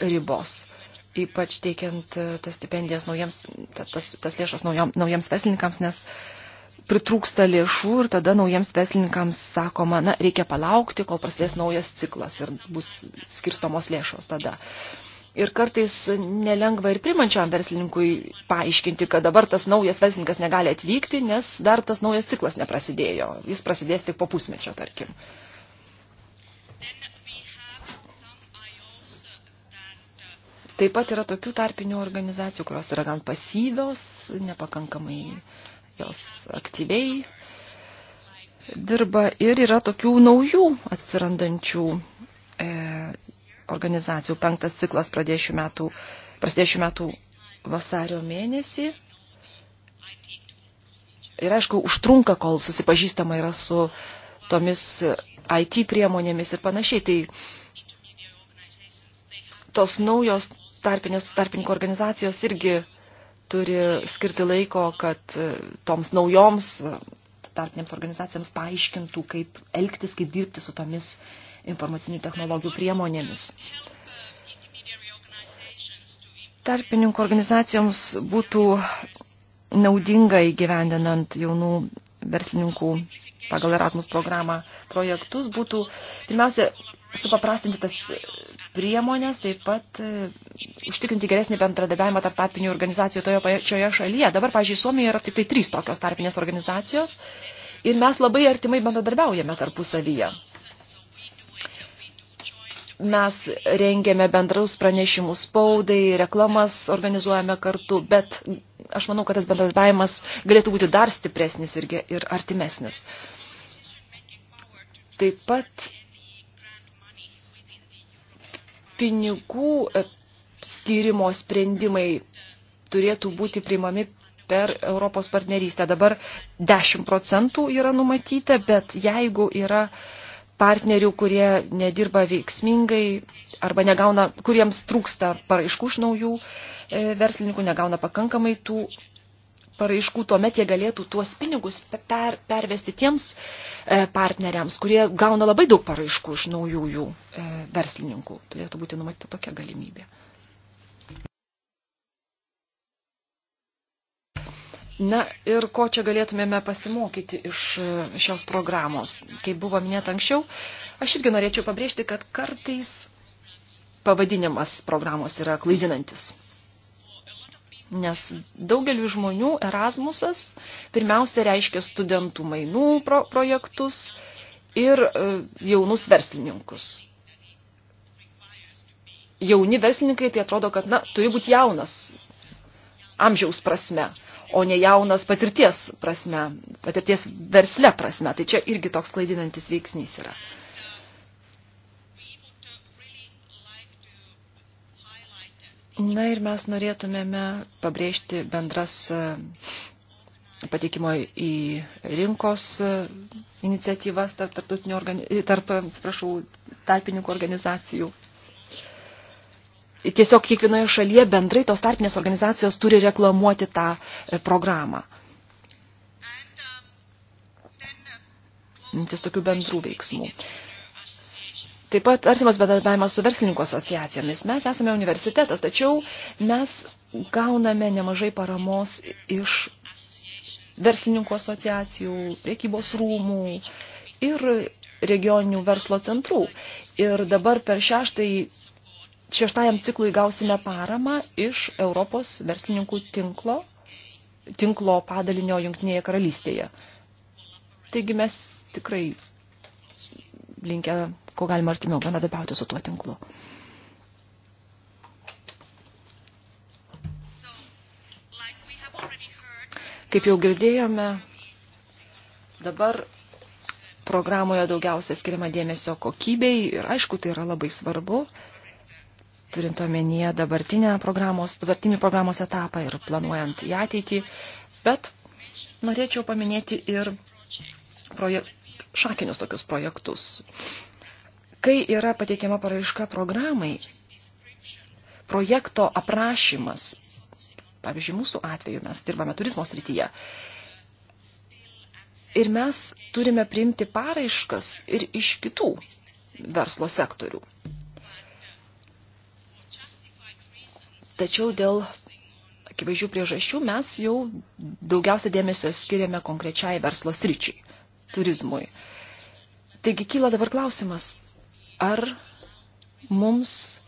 ribos, ypač teikiant tas stipendijas naujiems, tas, tas lėšas naujam, naujiems verslininkams, nes uh, pritrūksta lėšų ir tada naujiems verslininkams sakoma, na, reikia palaukti, kol prasidės naujas ciklas ir bus skirstomos lėšos tada. Ir kartais nelengva ir primančiam verslininkui paaiškinti, kad dabar tas naujas verslininkas negali atvykti, nes dar tas naujas ciklas neprasidėjo. Jis prasidės tik po pusmečio, tarkim. Taip pat yra tokių tarpinių organizacijų, kurios yra gan pasyvios, nepakankamai uh, jos aktyviai dirba ir yra tokių naujų atsirandančių e, organizacijų. Penktas ciklas pradėšių metų, prasidėšių metų vasario mėnesį. Ir aišku, užtrunka, kol susipažįstama yra su tomis IT priemonėmis ir panašiai. Tai tos naujos tarpinės, tarpininkų organizacijos irgi turi skirti laiko, kad e, toms naujoms e, tarpinėms organizacijams paaiškintų, kaip elgtis, kaip dirbti su tomis informacinių technologijų priemonėmis. Tarpininkų organizacijoms būtų naudinga įgyvendinant jaunų verslininkų pagal Erasmus programą projektus, būtų pirmiausia supaprastinti tas priemonės taip pat e, užtikrinti geresnį bendradarbiavimą tarp tarpinių organizacijų toje pačioje šalyje. Dabar, pažiūrėjau, Suomijoje yra tik tai trys tokios tarpinės organizacijos ir mes labai artimai bendradarbiaujame tarpusavyje. Mes rengėme bendraus pranešimus spaudai, reklamas organizuojame kartu, bet aš manau, kad tas bendradarbiavimas galėtų būti dar stipresnis ir, ir artimesnis. Taip pat pinigų e, skirimo sprendimai turėtų būti priimami per Europos partnerystę. Dabar 10 procentų yra numatyta, bet jeigu yra partnerių, kurie nedirba veiksmingai arba negauna, kuriems trūksta paraiškų iš naujų e, verslininkų, negauna pakankamai tų paraiškų, tuomet jie galėtų tuos pinigus per, pervesti tiems e, partneriams, kurie gauna labai daug paraiškų iš naujųjų e, verslininkų. Turėtų būti numatyta tokia galimybė. Na ir ko čia galėtumėme pasimokyti iš e, šios programos? Kaip buvo minėta anksčiau, aš irgi norėčiau pabrėžti, kad kartais pavadinimas programos yra klaidinantis. Nes daugeliu žmonių Erasmusas pirmiausia reiškia studentų mainų pro projektus ir e, jaunus verslininkus. Jauni verslininkai tai atrodo, kad na, turi būti jaunas amžiaus prasme, o ne jaunas patirties prasme, patirties versle prasme. Tai čia irgi toks klaidinantis veiksnys yra. Na ir mes norėtumėme pabrėžti bendras e, pateikimo į rinkos e, iniciatyvas tarp, organi e, tarp prašau, tarpininkų organizacijų. Tiesiog kiekvienoje šalyje bendrai tos tarpinės organizacijos turi reklamuoti tą programą. Ties tokių bendrų veiksmų. Taip pat artimas bedarbiavimas su verslininkų asociacijomis. Mes esame universitetas, tačiau mes gauname nemažai paramos iš verslininkų asociacijų, priekybos rūmų ir regioninių verslo centrų. Ir dabar per šeštai, šeštajam ciklui gausime paramą iš Europos verslininkų tinklo, tinklo padalinio Junktinėje karalystėje. Taigi mes tikrai linkę kuo galima artimiau bendradarbiauti su tuo tinklu. Kaip jau girdėjome, dabar programoje daugiausia skiriama dėmesio kokybei ir aišku, tai yra labai svarbu, turint omenyje dabartinę programos, dabartinį programos etapą ir planuojant į ateitį, bet norėčiau paminėti ir proje, šakinius tokius projektus, Kai yra pateikiama paraiška programai, projekto aprašymas, pavyzdžiui, mūsų atveju mes dirbame turizmo srityje, ir mes turime priimti paraiškas ir iš kitų verslo sektorių. Tačiau dėl akivaizdžių priežasčių mes jau daugiausia dėmesio skiriame konkrečiai verslo sričiai, turizmui. Taigi kyla dabar klausimas, ar mums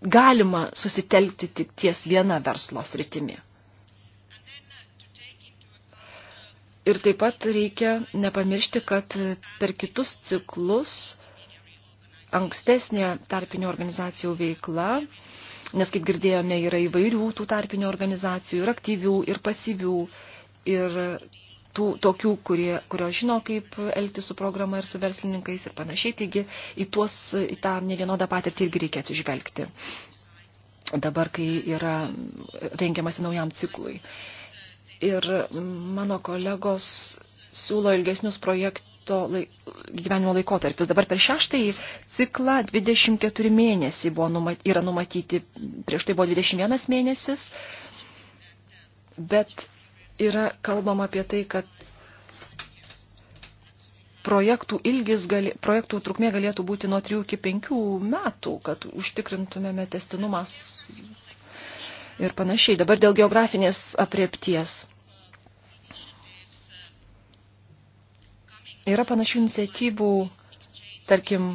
galima susitelkti tik ties viena verslo sritimi. Ir taip pat reikia nepamiršti, kad per kitus ciklus ankstesnė tarpinio organizacijų veikla, nes kaip girdėjome, yra įvairių tų tarpinio organizacijų, ir aktyvių, ir pasyvių, ir tų tokių, kurie, kurios žino, kaip elgti su programa ir su verslininkais ir panašiai. Taigi į, tuos, į tą nevienodą patirtį irgi reikia atsižvelgti. Dabar, kai yra rengiamasi naujam ciklui. Ir mano kolegos siūlo ilgesnius projekto laik, gyvenimo laikotarpius. Dabar per šeštąjį ciklą 24 mėnesiai buvo numat, yra numatyti, prieš tai buvo 21 mėnesis, bet yra kalbama apie tai, kad projektų, ilgis, gali, projektų trukmė galėtų būti nuo 3 iki 5 metų, kad užtikrintumėme testinumas ir panašiai. Dabar dėl geografinės apriepties. Yra panašių iniciatyvų, tarkim,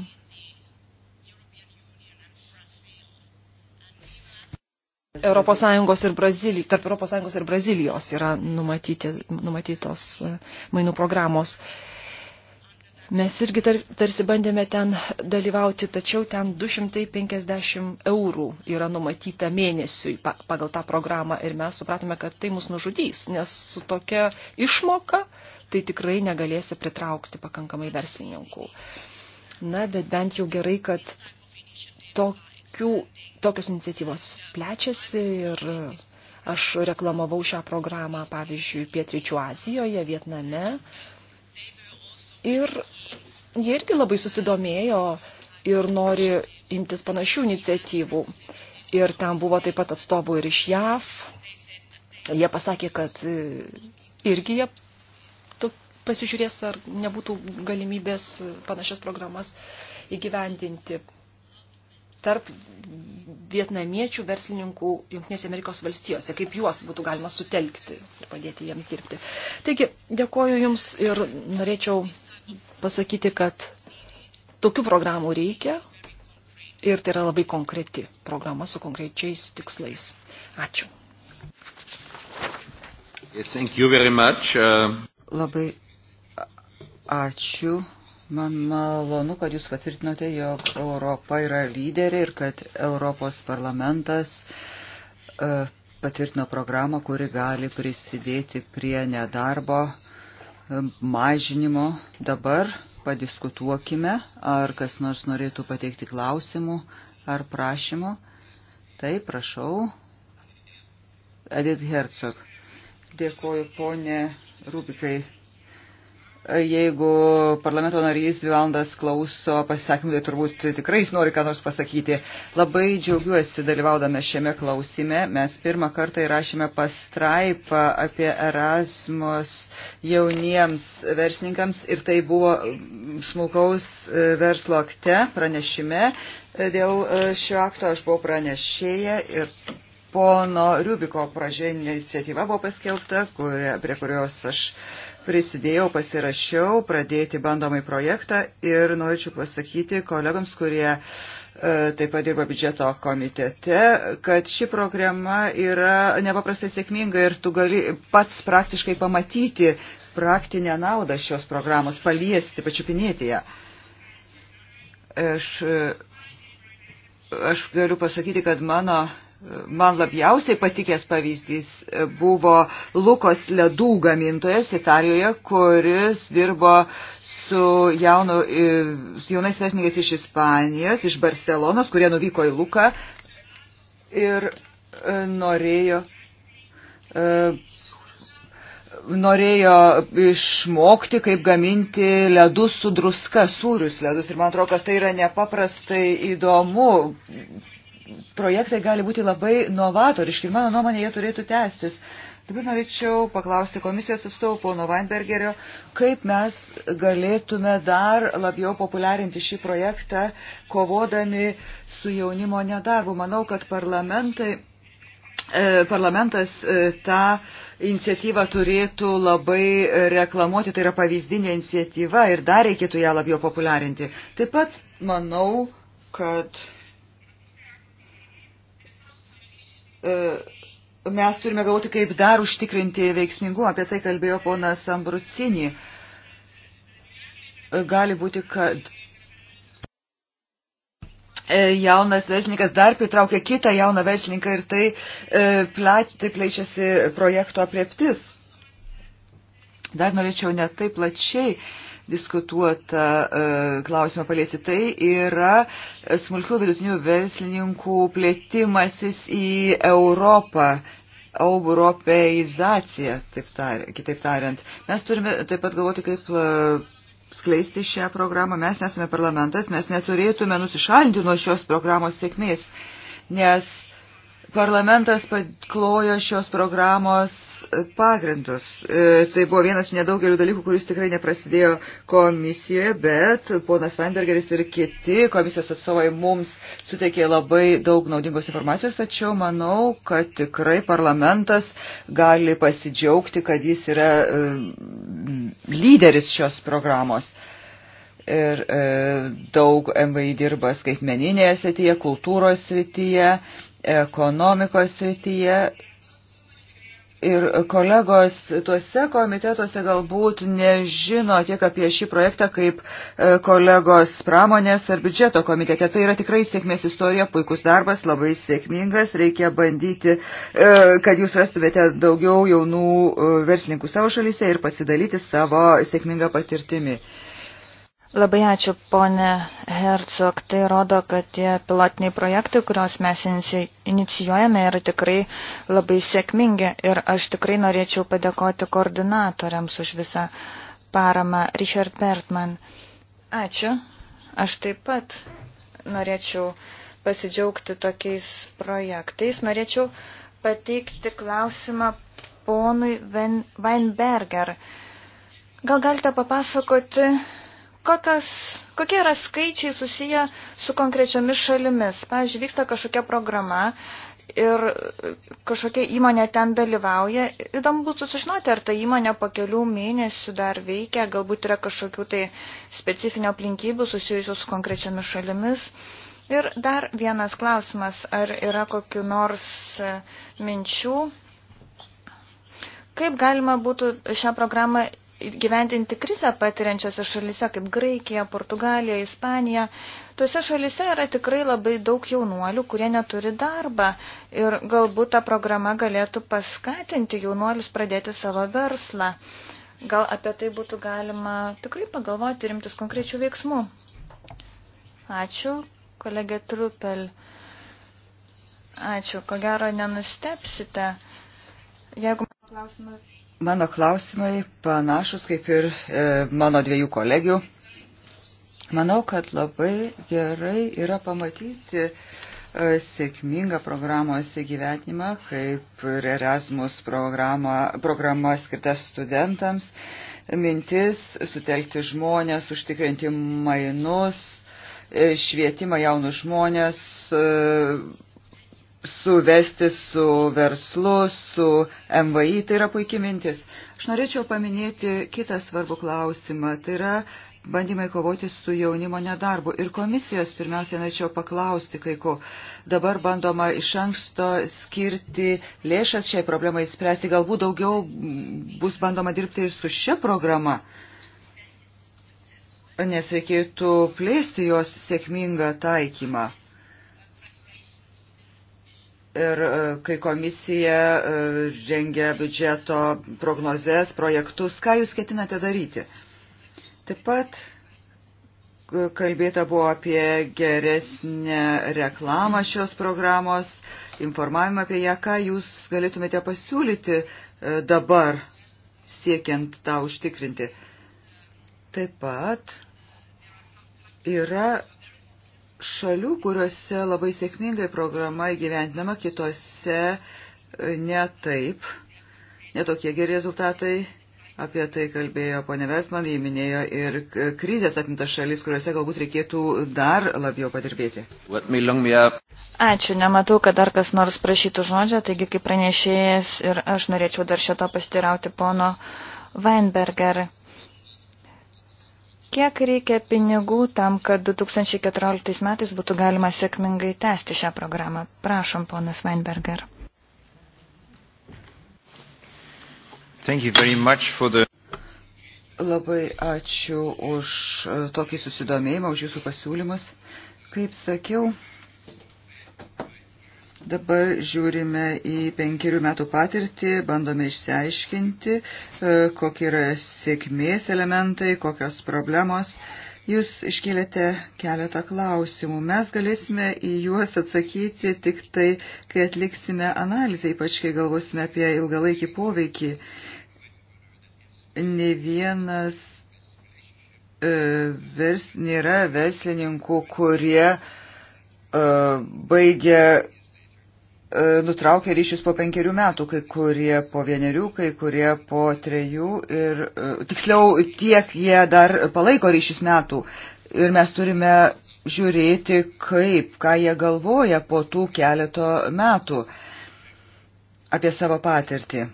Europos Sąjungos ir Brazilijos, tarp Europos Sąjungos ir Brazilijos yra numatyti, numatytos e, mainų programos. Mes irgi tar, tarsi bandėme ten dalyvauti, tačiau ten 250 eurų yra numatyta mėnesiui pa, pagal tą programą ir mes supratome, kad tai mus nužudys, nes su tokia išmoka tai tikrai negalėsi pritraukti pakankamai verslininkų. Na, bet bent jau gerai, kad to, tokių, tokios iniciatyvos plečiasi ir aš reklamavau šią programą, pavyzdžiui, Pietryčių Azijoje, Vietname. Ir jie irgi labai susidomėjo ir nori imtis panašių iniciatyvų. Ir ten buvo taip pat atstovų ir iš JAV. Jie pasakė, kad irgi jie pasižiūrės, ar nebūtų galimybės panašias programas įgyvendinti tarp vietnamiečių verslininkų Junktinėse Amerikos valstijose, kaip juos būtų galima sutelkti ir padėti jiems dirbti. Taigi, dėkoju Jums ir norėčiau pasakyti, kad tokių programų reikia ir tai yra labai konkreti programa su konkrečiais tikslais. Ačiū. Yes, thank you very much. Uh... Labai ačiū. Man malonu, kad jūs patvirtinote, jog Europa yra lyderė ir kad Europos parlamentas e, patvirtino programą, kuri gali prisidėti prie nedarbo e, mažinimo. Dabar padiskutuokime, ar kas nors norėtų pateikti klausimų ar prašymų. Tai prašau. Edith Herzog. Dėkoju, ponė Rubikai jeigu parlamento narys dvi valandas klauso pasisakymų, tai turbūt tikrai jis nori ką nors pasakyti. Labai džiaugiuosi dalyvaudame šiame klausime. Mes pirmą kartą įrašėme pastraipą apie Erasmus jauniems verslininkams ir tai buvo smulkaus e, verslo akte pranešime. E, dėl e, šio akto aš buvau pranešėję ir pono Rubiko pražinė iniciatyva buvo paskelbta, kurie, prie kurios aš prisidėjau, pasirašiau pradėti bandomai projektą ir norėčiau pasakyti kolegams, kurie e, taip pat dirba biudžeto komitete, kad ši programa yra nepaprastai sėkminga ir tu gali pats praktiškai pamatyti praktinę naudą šios programos, paliesti, pačiupinėti ją. Aš, e, aš galiu pasakyti, kad mano man labiausiai patikęs pavyzdys buvo Lukos ledų gamintojas Italijoje, kuris dirbo su, jaunu, e, su jaunais vesnikais iš Ispanijos, iš Barcelonos, kurie nuvyko į Luką ir e, norėjo e, norėjo išmokti, kaip gaminti ledus su druska, sūrius ledus. Ir man atrodo, kad tai yra nepaprastai įdomu projektai gali būti labai novatoriški ir mano nuomonė jie turėtų tęstis. Dabar norėčiau paklausti komisijos atstovų pono Weinbergerio, kaip mes galėtume dar labiau populiarinti šį projektą, kovodami su jaunimo nedarbu. Manau, kad parlamentai, e, parlamentas e, tą iniciatyvą turėtų labai reklamuoti, tai yra pavyzdinė iniciatyva ir dar reikėtų ją labiau populiarinti. Taip pat manau, kad E, mes turime galvoti, kaip dar užtikrinti veiksmingumą. Apie tai kalbėjo ponas Ambrucini. E, gali būti, kad e, jaunas verslininkas dar pritraukia kitą jauną verslininką ir tai, tai pleičiasi projekto apreptis. Dar norėčiau net taip plačiai diskutuota e, klausimą paliesti, tai yra smulkių vidutinių verslininkų plėtimasis į Europą. Europeizacija, taip tar, kitaip tariant. Mes turime taip pat galvoti, kaip e, skleisti šią programą. Mes esame parlamentas, mes neturėtume nusišaldyti nuo šios programos sėkmės, nes uh, Parlamentas paklojo šios programos pagrindus. E, tai buvo vienas nedaugelių dalykų, kuris tikrai neprasidėjo komisijoje, bet ponas Weinbergeris ir kiti komisijos atstovai mums suteikė labai daug naudingos informacijos, tačiau manau, kad tikrai parlamentas gali pasidžiaugti, kad jis yra e, lyderis šios programos ir e, daug MVI dirba skaitmeninėje srityje, kultūros srityje, ekonomikos srityje. Ir kolegos tuose komitetuose galbūt nežino tiek apie šį projektą kaip e, kolegos pramonės ar biudžeto komitete. Tai yra tikrai sėkmės istorija, puikus darbas, labai sėkmingas. Reikia bandyti, e, kad jūs rastumėte daugiau jaunų e, verslininkų savo šalyse ir pasidalyti savo sėkmingą patirtimį. Labai ačiū, ponė Hercog. Tai rodo, kad tie pilotiniai projektai, kuriuos mes inicijuojame, yra tikrai labai sėkmingi. Ir aš tikrai norėčiau padėkoti koordinatoriams už visą paramą. Richard Bertman. Ačiū. Aš taip pat norėčiau pasidžiaugti tokiais projektais. Norėčiau pateikti klausimą ponui Weinberger. Gal galite papasakoti kokios, kokie yra skaičiai susiję su konkrečiomis šalimis. Pavyzdžiui, vyksta kažkokia programa ir kažkokia įmonė ten dalyvauja. Įdomu būtų sužinoti, ar ta įmonė po kelių mėnesių dar veikia, galbūt yra kažkokių tai specifinio aplinkybių susijusių su konkrečiomis šalimis. Ir dar vienas klausimas, ar yra kokiu nors minčių, kaip galima būtų šią programą gyventinti krizę patiriančiose šalise kaip Graikija, Portugalija, Ispanija. Tuose šalise yra tikrai labai daug jaunuolių, kurie neturi darbą ir galbūt ta programa galėtų paskatinti jaunuolius pradėti savo verslą. Gal apie tai būtų galima tikrai pagalvoti ir imtis konkrečių veiksmų. Ačiū, kolegė Trupel. Ačiū, ko gero nenustepsite. Jeigu man klausimas Mano klausimai panašus kaip ir e, mano dviejų kolegių. Manau, kad labai gerai yra pamatyti e, sėkmingą programos įgyvetinimą, kaip ir Erasmus programa, programa skirta studentams. Mintis sutelkti žmonės, užtikrinti mainus, e, švietimą jaunus žmonės. E, suvesti su verslu, su MVI, tai yra puikiai mintis. Aš norėčiau paminėti kitą svarbų klausimą, tai yra bandymai kovoti su jaunimo nedarbu. Ir komisijos pirmiausia norėčiau paklausti, kai ko dabar bandoma iš anksto skirti lėšas šiai problemai spręsti, galbūt daugiau bus bandoma dirbti ir su šia programa, nes reikėtų plėsti jos sėkmingą taikymą. Ir e, kai komisija e, rengia biudžeto prognozes, projektus, ką jūs ketinate daryti? Taip pat e, kalbėta buvo apie geresnę reklamą šios programos, informavimą apie ją, ką jūs galėtumėte pasiūlyti dabar siekiant tą užtikrinti. Taip pat yra šalių, kuriuose labai sėkmingai programa įgyvendinama, kitose e, ne taip, netokie geri rezultatai. Apie tai kalbėjo ponė Vertman, jį minėjo ir krizės apimtas šalis, kuriuose galbūt reikėtų dar labiau padirbėti. Ačiū, nematau, kad dar kas nors prašytų žodžio, taigi kaip pranešėjas ir aš norėčiau dar šio to pasitirauti pono Weinberger. Kiek reikia pinigų tam, kad 2014 metais būtų galima sėkmingai tęsti šią programą? Prašom, ponas Weinberger. The... Labai ačiū už tokį susidomėjimą, už jūsų pasiūlymus. Kaip sakiau, Dabar žiūrime į penkerių metų patirtį, bandome išsiaiškinti, e, kokie yra sėkmės elementai, kokios problemos. Jūs iškėlėte keletą klausimų. Mes galėsime į juos atsakyti tik tai, kai atliksime analizę, ypač kai galvosime apie ilgalaikį poveikį. Ne vienas e, vers, nėra verslininkų, kurie e, baigia nutraukia ryšius po penkerių metų, kai kurie po vienerių, kai kurie po trejų ir e, tiksliau tiek jie dar palaiko ryšius metų. Ir mes turime žiūrėti, kaip, ką jie galvoja po tų keleto metų apie savo patirtį.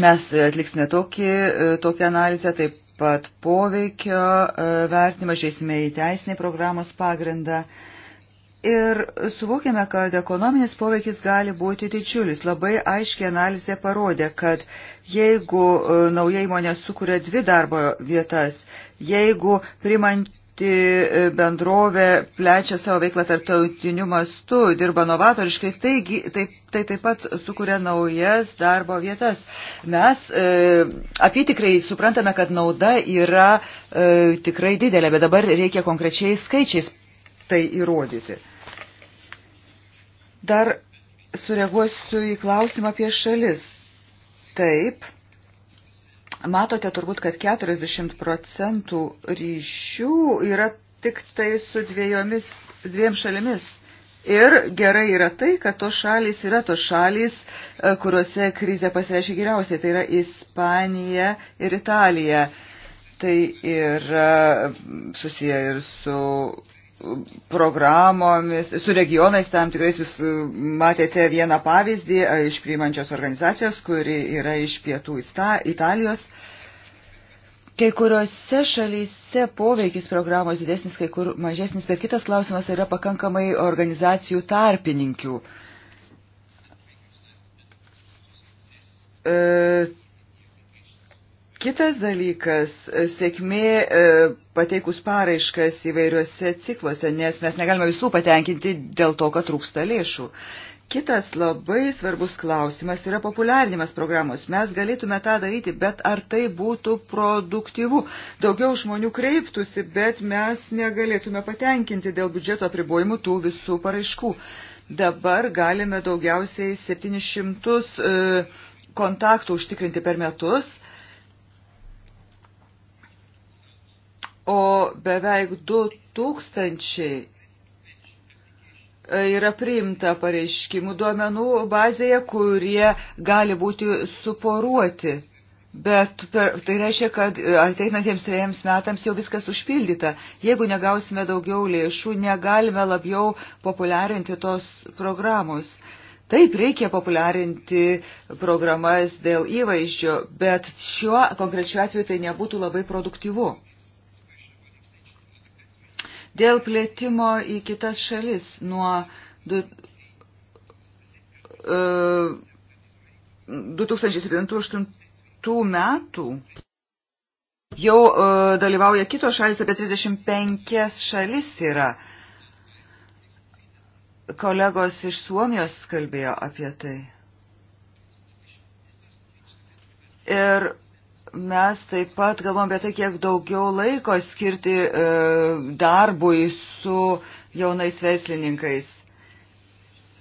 Mes atliksime tokį, e, tokią analizę, taip pat poveikio e, vertinimą, žiūrėsime į teisinį programos pagrindą. Uh, Ir suvokime, kad ekonominis poveikis gali būti didžiulis. Labai aiškiai analizė parodė, kad jeigu e, nauja įmonė sukuria dvi darbo vietas, jeigu primanti e, bendrovė plečia savo veiklą tarptautiniu mastu, dirba novatoriškai, taigi, tai, tai taip pat sukuria naujas darbo vietas. Mes e, apitikrai suprantame, kad nauda yra e, tikrai didelė, bet dabar reikia konkrečiais skaičiais tai įrodyti. Dar sureaguosiu į klausimą apie šalis. Taip, matote turbūt, kad 40 procentų ryšių yra tik tai su dviejomis, dviem šalimis. Ir gerai yra tai, kad tos šalys yra tos šalys, e, kuriuose krizė pasireiškia geriausiai. Tai yra Ispanija ir Italija. Tai yra susiję ir su programomis, su regionais tam tikrais jūs e, matėte vieną pavyzdį e, iš priimančios organizacijos, kuri yra iš pietų Italijos. Kai kuriuose šalyse poveikis programos didesnis, kai kur mažesnis, bet kitas klausimas yra pakankamai organizacijų tarpininkių. E, Kitas dalykas e, - sėkmė e, pateikus paraiškas įvairiuose cikluose, nes mes negalime visų patenkinti dėl to, kad trūksta lėšų. Kitas labai svarbus klausimas yra populiarinimas programos. Mes galėtume tą daryti, bet ar tai būtų produktyvu? Daugiau žmonių kreiptųsi, bet mes negalėtume patenkinti dėl biudžeto apribojimų tų visų paraiškų. Dabar galime daugiausiai 700 e, kontaktų užtikrinti per metus o beveik 2000 e, yra priimta pareiškimų duomenų bazėje, kurie gali būti suporuoti. Bet per, tai reiškia, kad e, ateinantiems trejams metams jau viskas užpildyta. Jeigu negausime daugiau lėšų, negalime labiau populiarinti tos programos. Taip reikia populiarinti programas dėl įvaizdžio, bet šiuo konkrečiu atveju tai nebūtų labai produktyvu. Dėl plėtimo į kitas šalis nuo 2007-2008 e, metų jau e, dalyvauja kitos šalis, apie 35 šalis yra. Kolegos iš Suomijos kalbėjo apie tai. Ir Mes taip pat galvom apie tai, kiek daugiau laiko skirti e, darbui su jaunais verslininkais.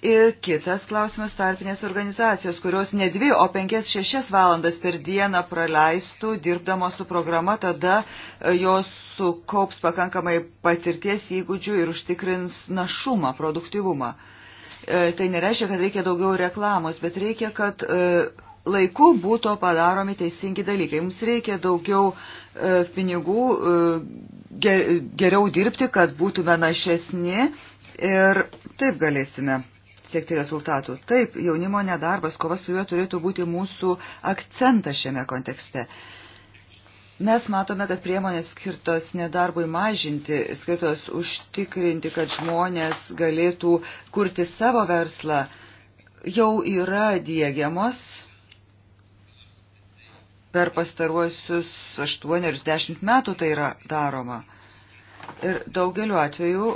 Ir kitas klausimas tarpinės organizacijos, kurios ne dvi, o penkias šešias valandas per dieną praleistų dirbdamos su programa, tada e, jos sukaups pakankamai patirties įgūdžių ir užtikrins našumą, produktivumą. E, tai nereiškia, kad reikia daugiau reklamos, bet reikia, kad e, laiku būtų padaromi teisingi dalykai. Mums reikia daugiau e, pinigų, e, geriau dirbti, kad būtume našesni ir taip galėsime siekti rezultatų. Taip, jaunimo nedarbas, kova su juo turėtų būti mūsų akcentas šiame kontekste. Mes matome, kad priemonės skirtos nedarbui mažinti, skirtos užtikrinti, kad žmonės galėtų kurti savo verslą, jau yra dėgiamos per pastaruosius 8-10 metų tai yra daroma. Ir daugeliu atveju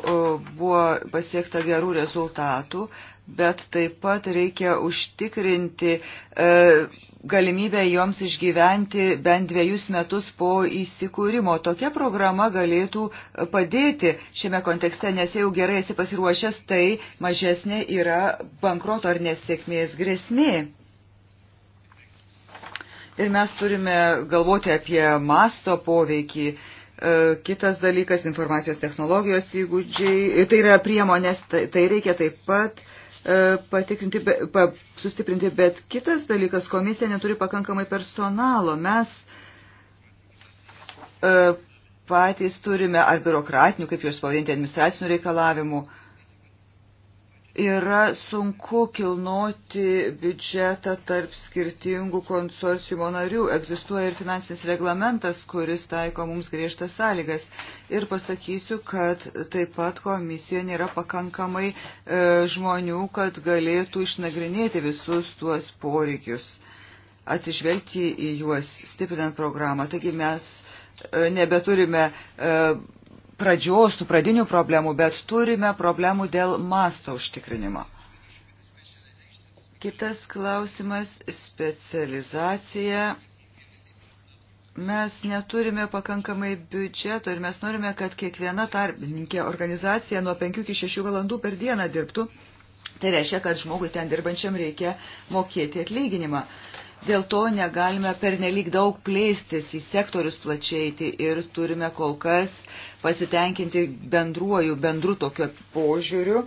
buvo pasiekta gerų rezultatų, bet taip pat reikia užtikrinti e, galimybę joms išgyventi bent dviejus metus po įsikūrimo. Tokia programa galėtų padėti šiame kontekste, nes jau gerai esi pasiruošęs, tai mažesnė yra bankroto ar nesėkmės grėsmė ir mes turime galvoti apie masto poveikį. E, kitas dalykas - informacijos technologijos įgūdžiai. Tai yra priemonės, tai, tai reikia taip pat e, patikrinti, pa, sustiprinti. Bet kitas dalykas - komisija neturi pakankamai personalo. Mes e, patys turime ar biurokratinių, kaip juos pavadinti, administracinių reikalavimų. Uh, yra sunku kilnoti biudžetą tarp skirtingų konsorciumo narių. Egzistuoja ir finansinis reglamentas, kuris taiko mums griežtas sąlygas. Ir pasakysiu, kad taip pat komisijoje nėra pakankamai e, žmonių, kad galėtų išnagrinėti visus tuos poreikius, atsižvelgti į juos, stiprinant programą. Taigi mes e, nebeturime. E, pradžios, tų pradinių problemų, bet turime problemų dėl masto užtikrinimo. Kitas klausimas - specializacija. Mes neturime pakankamai biudžeto ir mes norime, kad kiekviena tarpininkė organizacija nuo 5 iki 6 valandų per dieną dirbtų. Tai reiškia, kad žmogui ten dirbančiam reikia mokėti atlyginimą. Dėl to negalime pernelyg daug plėstis į sektorius plačiaiti ir turime kol kas pasitenkinti bendruoju, bendru tokiu požiūriu.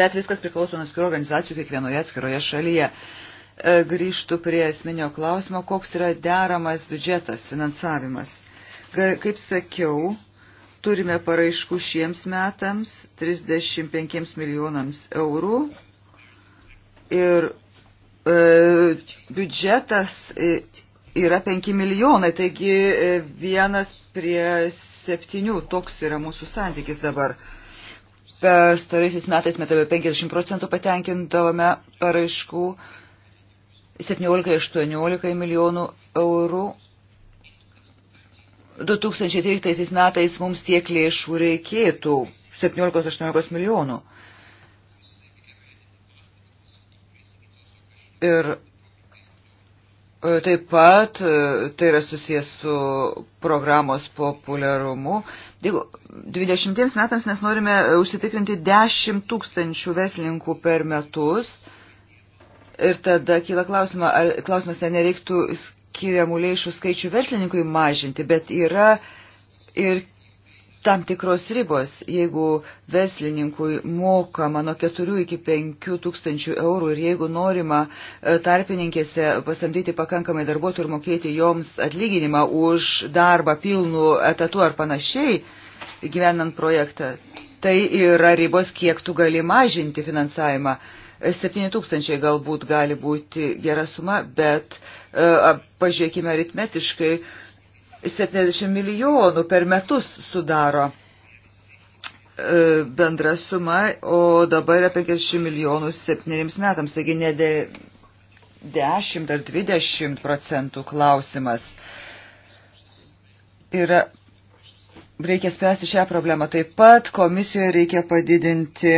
Bet viskas priklauso nuo skirų organizacijų kiekvienoje atskiroje šalyje. E, Grįžtų prie esminio klausimo, koks yra deramas biudžetas, finansavimas. Kaip sakiau, turime paraiškų šiems metams 35 milijonams eurų ir E, biudžetas e, yra 5 milijonai, taigi e, vienas prie septynių toks yra mūsų santykis dabar. Pastaraisiais metais mes apie 50 procentų patenkindavome paraiškų 17-18 milijonų eurų. 2013 metais mums tiek lėšų reikėtų 17-18 milijonų. Ir e, taip pat e, tai yra susijęs su programos populiarumu. 20 metams mes norime e, užsitikrinti 10 tūkstančių veslininkų per metus. Ir tada kyla klausimas, ar, klausimas, ar nereiktų skiriamų lėšų skaičių verslininkui mažinti, bet yra ir tam tikros ribos. Jeigu verslininkui mokama nuo 4 iki 5 tūkstančių eurų ir jeigu norima e, tarpininkėse pasamdyti pakankamai darbuotojų ir mokėti joms atlyginimą už darbą pilnų etatų ar panašiai, gyvenant projektą, tai yra ribos, kiek tu gali mažinti finansavimą. 7 e, tūkstančiai galbūt gali būti gera suma, bet e, pažiūrėkime aritmetiškai, 70 milijonų per metus sudaro e, bendra suma, o dabar yra 50 milijonų septyneriems metams, taigi ne 10 ar 20 procentų klausimas. Yra, reikia spręsti šią problemą. Taip pat komisijoje reikia padidinti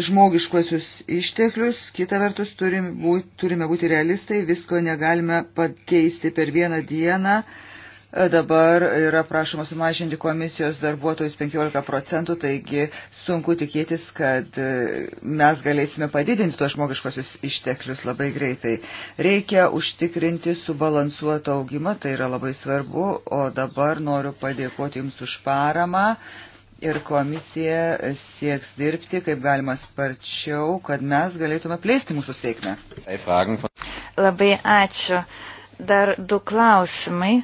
žmogiškuosius išteklius, kita vertus turim būt, turime būti realistai, visko negalime pakeisti per vieną dieną. Uh, E, dabar yra prašoma sumažinti komisijos darbuotojus 15 procentų, taigi sunku tikėtis, kad e, mes galėsime padidinti tos žmogiškosius išteklius labai greitai. Reikia užtikrinti subalansuotą augimą, tai yra labai svarbu, o dabar noriu padėkoti Jums už paramą. Ir komisija sieks dirbti kaip galima sparčiau, kad mes galėtume plėsti mūsų sėkmę. Labai ačiū. Dar du klausimai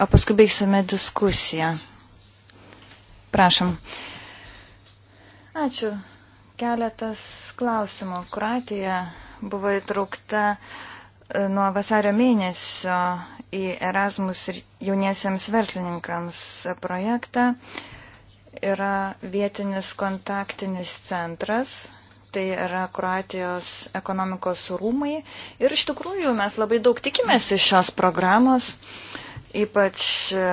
o paskui baigsime diskusiją. Prašom. Ačiū. Keletas klausimų. Kroatija buvo įtraukta e, nuo vasario mėnesio į Erasmus ir jauniesiems verslininkams projektą. Yra vietinis kontaktinis centras tai yra Kroatijos ekonomikos rūmai. Ir iš tikrųjų mes labai daug tikimės iš šios programos, ypač e,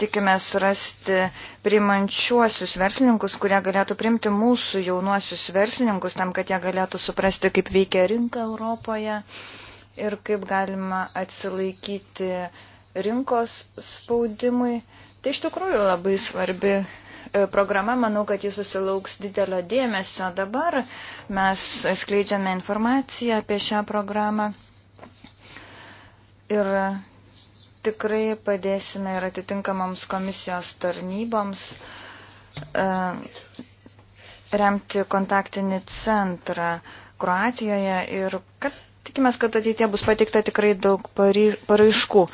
tikimės rasti primančiuosius verslininkus, kurie galėtų primti mūsų jaunuosius verslininkus, tam, kad jie galėtų suprasti, kaip veikia rinka Europoje ir kaip galima atsilaikyti rinkos spaudimui. Tai iš tikrųjų labai svarbi E, programa, manau, kad jis susilauks didelio dėmesio. Dabar mes skleidžiame informaciją apie šią programą ir tikrai padėsime ir atitinkamoms komisijos tarnyboms e, remti kontaktinį centrą Kroatijoje ir kad tikimės, kad ateitie bus pateikta tikrai daug paraiškų.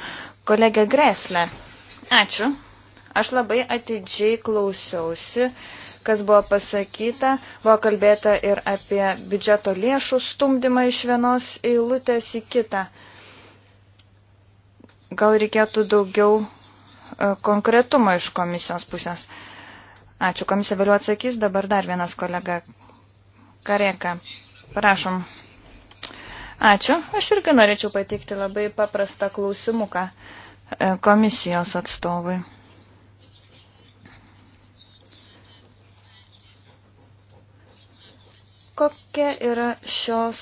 Kolegė Greslė, ačiū. Aš labai atidžiai klausiausi, kas buvo pasakyta. Buvo kalbėta ir apie biudžeto lėšų stumdymą iš vienos eilutės į kitą. Gal reikėtų daugiau e, konkretumo iš komisijos pusės. Ačiū, komisija vėliau atsakys. Dabar dar vienas kolega Kareka. Prašom. Ačiū. Aš irgi norėčiau pateikti labai paprastą klausimuką e, komisijos atstovui. Kokia yra šios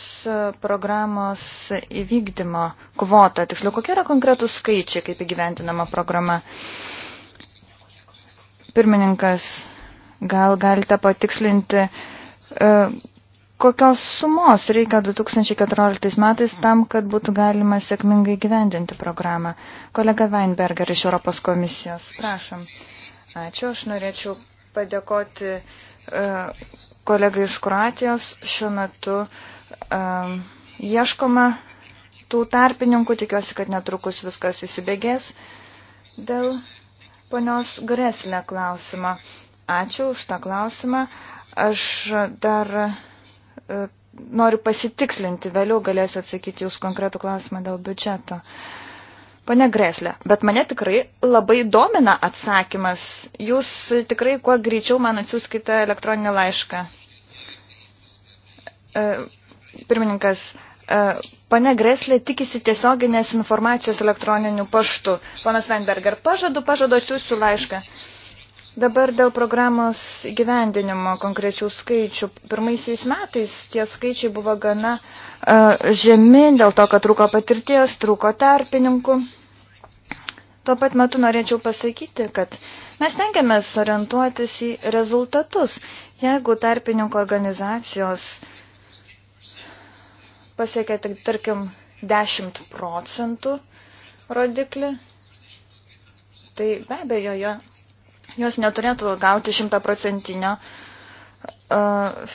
programos įvykdymo kvota? Tiksliau, kokie yra konkretūs skaičiai, kaip įgyventinama programa? Pirmininkas, gal galite patikslinti, e, kokios sumos reikia 2014 metais tam, kad būtų galima sėkmingai gyvendinti programą? Kolega Weinberger iš Europos komisijos, prašom. Ačiū, aš norėčiau padėkoti uh, E, kolegai iš Kroatijos šiuo metu e, ieškoma tų tarpininkų, tikiuosi, kad netrukus viskas įsibėgės dėl ponios Greslė klausimą. Ačiū už tą klausimą. Aš dar e, noriu pasitikslinti, vėliau galėsiu atsakyti jūs konkretų klausimą dėl biudžeto. Uh, Pane Greslė, bet mane tikrai labai domina atsakymas. Jūs tikrai kuo greičiau man atsiųskite elektroninį laišką. E, pirmininkas, e, pane Greslė tikisi tiesioginės informacijos elektroniniu paštu. Panas Weinberger, pažadu, pažadu atsiųsiu laišką. Dabar dėl programos gyvendinimo konkrečių skaičių. Pirmaisiais metais tie skaičiai buvo gana uh, žemi dėl to, kad trūko patirties, trūko tarpininkų. Uh, Tuo pat metu norėčiau pasakyti, kad mes tengiamės orientuotis į rezultatus. Jeigu tarpininko organizacijos pasiekia tik, tarkim, 10 procentų rodiklį, tai be abejo, jo, jos neturėtų gauti 100 procentinio e,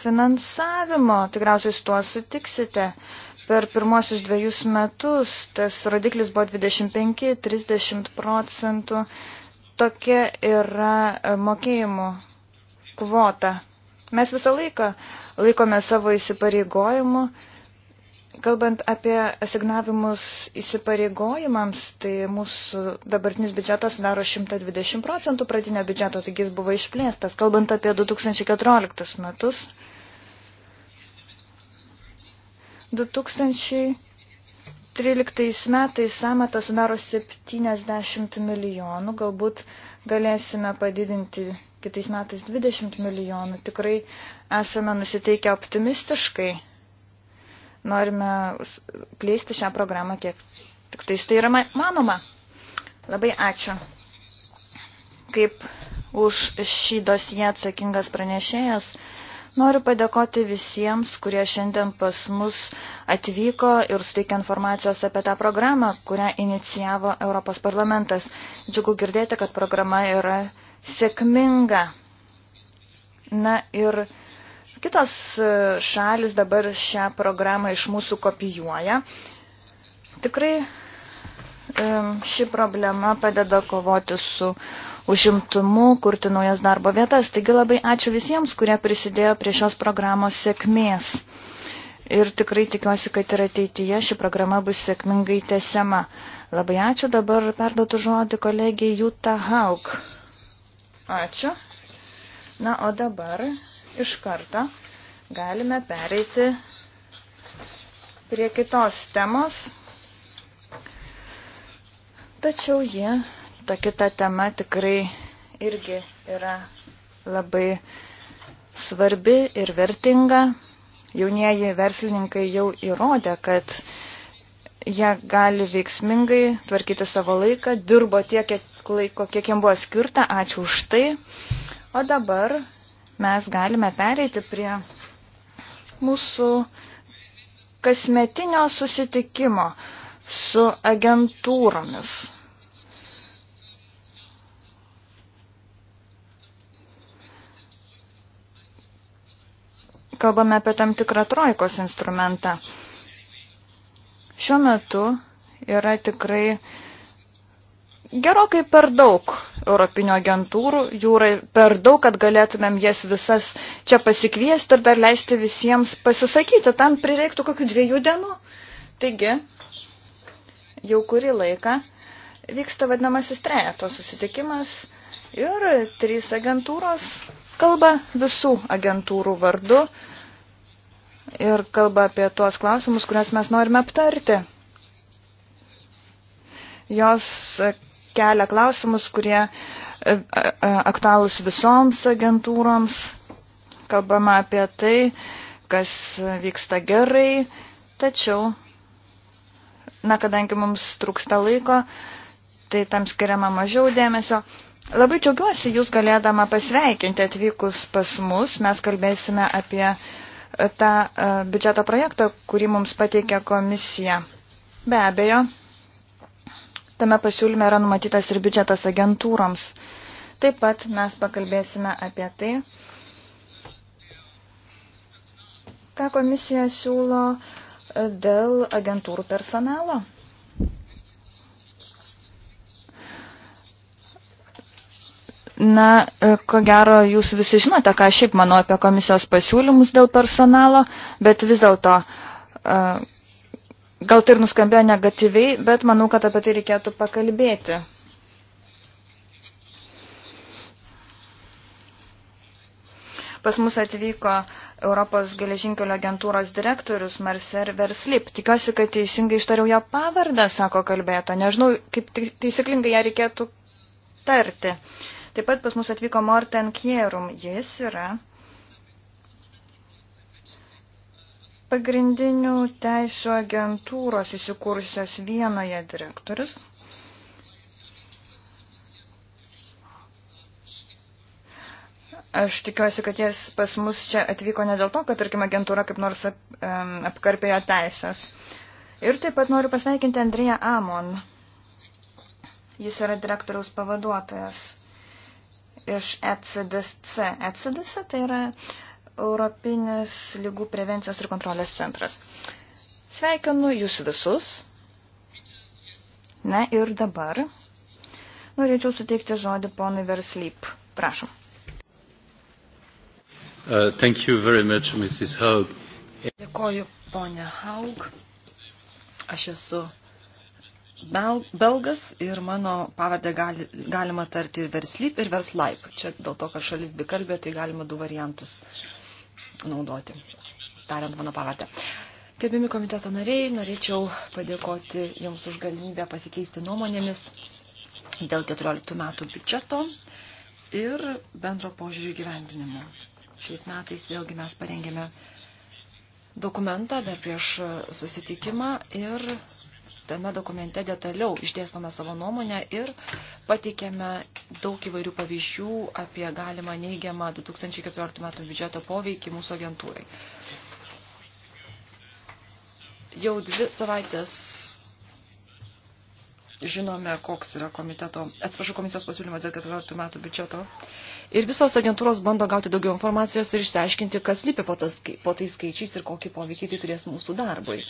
finansavimo. Tikriausiai su tuo sutiksite. Per pirmosius dviejus metus tas rodiklis buvo 25-30 procentų. Tokia yra e, mokėjimų kvota. Mes visą laiką laikome savo įsipareigojimų. Kalbant apie asignavimus įsipareigojimams, tai mūsų dabartinis biudžetas sudaro 120 procentų pradinio biudžeto, taigi jis buvo išplėstas. Kalbant apie 2014 metus, 2013 metais samata sudaro 70 milijonų, galbūt galėsime padidinti kitais metais 20 milijonų. Tikrai esame nusiteikę optimistiškai. Norime plėsti šią programą kiek tik tais tai yra manoma. Labai ačiū. Kaip už šį dosiją atsakingas pranešėjas, Noriu padėkoti visiems, kurie šiandien pas mus atvyko ir suteikė informacijos apie tą programą, kurią inicijavo Europos parlamentas. Džiugu girdėti, kad programa yra sėkminga. Na ir kitos šalis dabar šią programą iš mūsų kopijuoja. Tikrai ši problema padeda kovoti su užimtumu, kurti naujas darbo vietas. Taigi labai ačiū visiems, kurie prisidėjo prie šios programos sėkmės. Ir tikrai tikiuosi, kad ir ateityje ši programa bus sėkmingai tesiama. Labai ačiū, dabar perduotų žodį kolegijai Jutta Haug. Ačiū. Na, o dabar iš karto galime pereiti prie kitos temos, tačiau jie ta kita tema tikrai irgi yra labai svarbi ir vertinga. Jaunieji verslininkai jau įrodė, kad jie gali veiksmingai tvarkyti savo laiką, dirbo tiek kiek laiko, kiek jiems buvo skirta, ačiū už tai. O dabar mes galime pereiti prie mūsų kasmetinio susitikimo su agentūromis. kalbame apie tam tikrą trojkos instrumentą. Šiuo metu yra tikrai gerokai per daug europinių agentūrų, jų yra per daug, kad galėtumėm jas visas čia pasikviesti ir dar leisti visiems pasisakyti. Tam prireiktų kokių dviejų dienų. Taigi, jau kurį laiką vyksta vadinamasis trejato susitikimas ir trys agentūros kalba visų agentūrų vardu ir kalba apie tuos klausimus, kuriuos mes norime aptarti. Jos kelia klausimus, kurie e, e, e, aktualūs visoms agentūroms. Kalbama apie tai, kas vyksta gerai, tačiau, na, kadangi mums trūksta laiko, tai tam skiriama mažiau dėmesio. Labai džiaugiuosi jūs galėdama pasveikinti atvykus pas mus. Mes kalbėsime apie e, tą e, biudžeto projektą, kurį mums pateikė komisija. Be abejo, tame pasiūlyme yra numatytas ir biudžetas agentūroms. Taip pat mes pakalbėsime apie tai, ką komisija siūlo e, dėl agentūrų personalo. Na, e, ko gero, jūs visi žinote, ką šiaip manau apie komisijos pasiūlymus dėl personalo, bet vis dėlto, e, gal tai ir nuskambėjo negatyviai, bet manau, kad apie tai reikėtų pakalbėti. Pas mus atvyko Europos geležinkelio agentūros direktorius Marcer Verslip. Tikiuosi, kad teisingai ištariau jo pavardę, sako kalbėta. Nežinau, kaip taisyklingai ją reikėtų tarti. Uh, Taip pat pas mus atvyko Morten Kierum. Jis yra pagrindinių teisų agentūros įsikūrusios vienoje direktorius. Aš tikiuosi, kad jis pas mus čia atvyko ne dėl to, kad, tarkim, agentūra kaip nors ap, um, apkarpėjo teisės. Ir taip pat noriu pasveikinti Andriją Amon. Jis yra direktoriaus pavaduotojas iš ECDC. ECDC tai yra Europinis lygų prevencijos ir kontrolės centras. Sveikinu jūs visus. Na ir dabar norėčiau suteikti žodį ponui Verslyp. Prašom. Uh, thank you very much, Mrs. Haug. Dėkoju, ponė Haug. Aš esu bel, belgas ir mano pavardę gali, galima tarti ir verslyp, ir verslaip. Čia dėl to, kad šalis bikalbė, tai galima du variantus naudoti, tariant mano pavardę. Gerbimi komiteto nariai, norėčiau padėkoti Jums už galimybę pasikeisti nuomonėmis dėl 14 metų biudžeto ir bendro požiūrių gyvendinimo. Šiais metais vėlgi mes parengėme dokumentą dar prieš susitikimą ir tame dokumente detaliau išdėstome savo nuomonę ir pateikėme daug įvairių pavyzdžių apie galimą neigiamą 2014 metų biudžeto poveikį mūsų agentūrai. Jau dvi savaitės žinome, koks yra komiteto, atsiprašau, komisijos pasiūlymas dėl 14 metų biudžeto. Ir visos agentūros bando gauti daugiau informacijos ir išsiaiškinti, kas lypi po, tas, po tai skaičiais ir kokį poveikį tai turės mūsų darbui.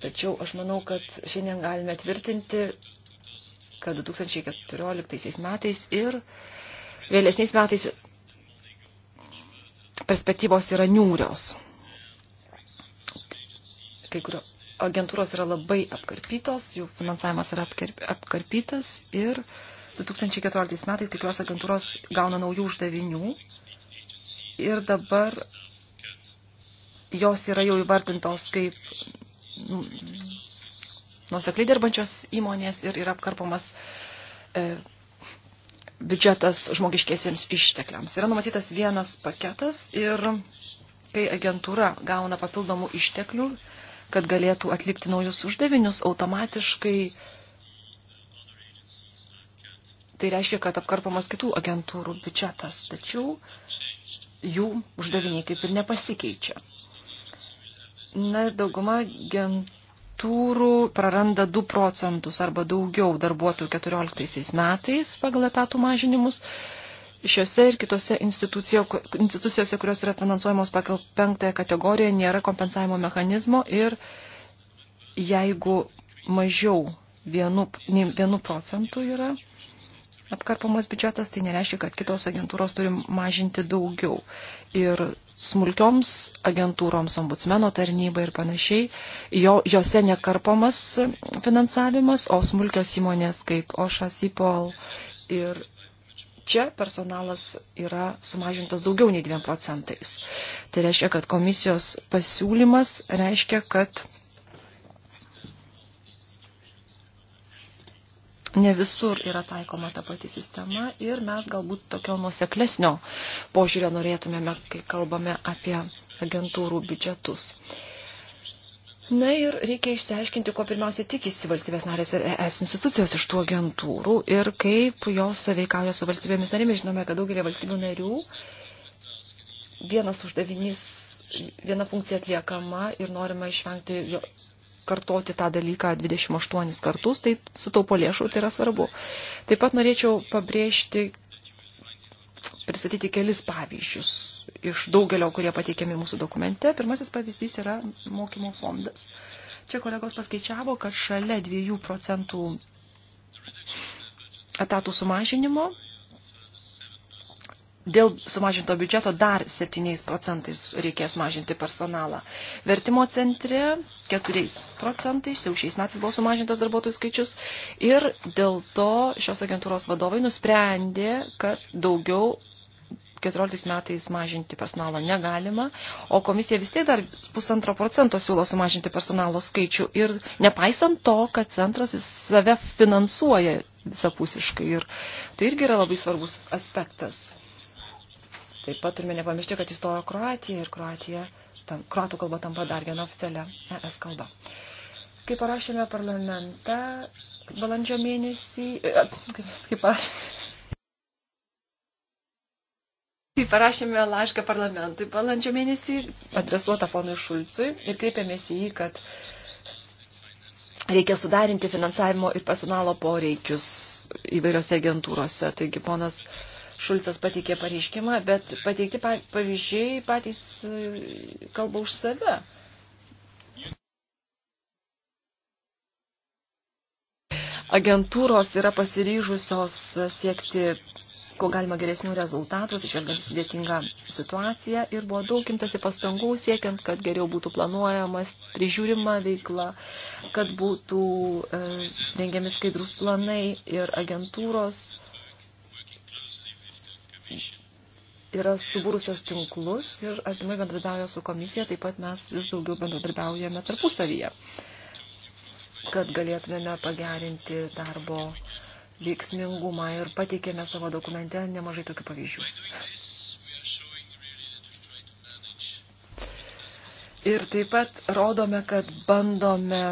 Tačiau aš manau, kad šiandien galime tvirtinti, kad 2014 metais ir vėlesniais metais perspektyvos yra niūrios. Kai kurio agentūros yra labai apkarpytos, jų finansavimas yra apkarp, apkarpytas ir 2014 metais kai kurios agentūros gauna naujų uždavinių ir dabar jos yra jau įvardintos kaip Nu, nuosekliai dirbančios įmonės ir yra apkarpomas e, biudžetas žmogiškiesiems ištekliams. Yra numatytas vienas paketas ir kai agentūra gauna papildomų išteklių, kad galėtų atlikti naujus uždavinius, automatiškai tai reiškia, kad apkarpamas kitų agentūrų biudžetas, tačiau jų uždaviniai kaip ir nepasikeičia. Na ir dauguma agentūrų praranda 2 procentus arba daugiau darbuotojų 14 metais pagal etatų mažinimus. Šiuose ir kitose institucijose, kurios yra finansuojamos pagal penktąją kategoriją, nėra kompensavimo mechanizmo ir jeigu mažiau vienu, vienu procentu yra, apkarpamas biudžetas, tai nereiškia, kad kitos agentūros turi mažinti daugiau. Ir smulkioms agentūroms, ombudsmeno tarnybai ir panašiai, jo, jose nekarpamas finansavimas, o smulkios įmonės kaip Oša, Sipol ir čia personalas yra sumažintas daugiau nei 2 procentais. Tai reiškia, kad komisijos pasiūlymas reiškia, kad ne visur yra taikoma ta pati sistema ir mes galbūt tokio nuoseklesnio požiūrio norėtumėme, kai kalbame apie agentūrų biudžetus. Na ir reikia išsiaiškinti, ko pirmiausia tikisi valstybės narės ir ES institucijos iš tų agentūrų ir kaip jos saveikauja su valstybėmis narėmis. Žinome, kad daugelį valstybių narių vienas uždavinys, viena funkcija atliekama ir norima išvengti kartoti tą dalyką 28 kartus, tai sutaupo lėšų, tai yra svarbu. Taip pat norėčiau pabrėžti, pristatyti kelis pavyzdžius iš daugelio, kurie pateikiami mūsų dokumente. Pirmasis pavyzdys yra mokymo fondas. Čia kolegos paskaičiavo, kad šalia 2 procentų etatų sumažinimo dėl sumažinto biudžeto dar 7 procentais reikės mažinti personalą. Vertimo centre 4 procentais, jau šiais metais buvo sumažintas darbuotojų skaičius ir dėl to šios agentūros vadovai nusprendė, kad daugiau 14 metais mažinti personalo negalima, o komisija vis tiek dar pusantro procento siūlo sumažinti personalo skaičių ir nepaisant to, kad centras save finansuoja visapusiškai ir tai irgi yra labai svarbus aspektas. Taip pat turime nepamiršti, kad įstojo Kroatija ir Kroatija, tam, kroatų kalba tampa dar viena oficialia ES kalba. Kai parašėme parlamente balandžio mėnesį, e, kaip parašėme, Kai parašėme laišką parlamentui balandžio mėnesį, adresuotą ponui Šulcui ir kreipėmės į jį, kad reikia sudarinti finansavimo ir personalo poreikius įvairiose agentūrose. Taigi ponas Šulcas pateikė pareiškimą, bet pateikti pavyzdžiai patys e, kalba už save. Agentūros yra pasiryžusios siekti ko galima geresnių rezultatų, išvelgiant sudėtingą situaciją ir buvo daug imtasi pastangų siekiant, kad geriau būtų planuojamas, prižiūrima veikla, kad būtų e, rengiami skaidrus planai ir agentūros yra subūrusios tinklus ir artimai bendradarbiauja su komisija, taip pat mes vis daugiau bendradarbiaujame tarpusavyje, kad galėtumėme pagerinti darbo veiksmingumą ir pateikėme savo dokumente nemažai tokių pavyzdžių. Ir taip pat rodome, kad bandome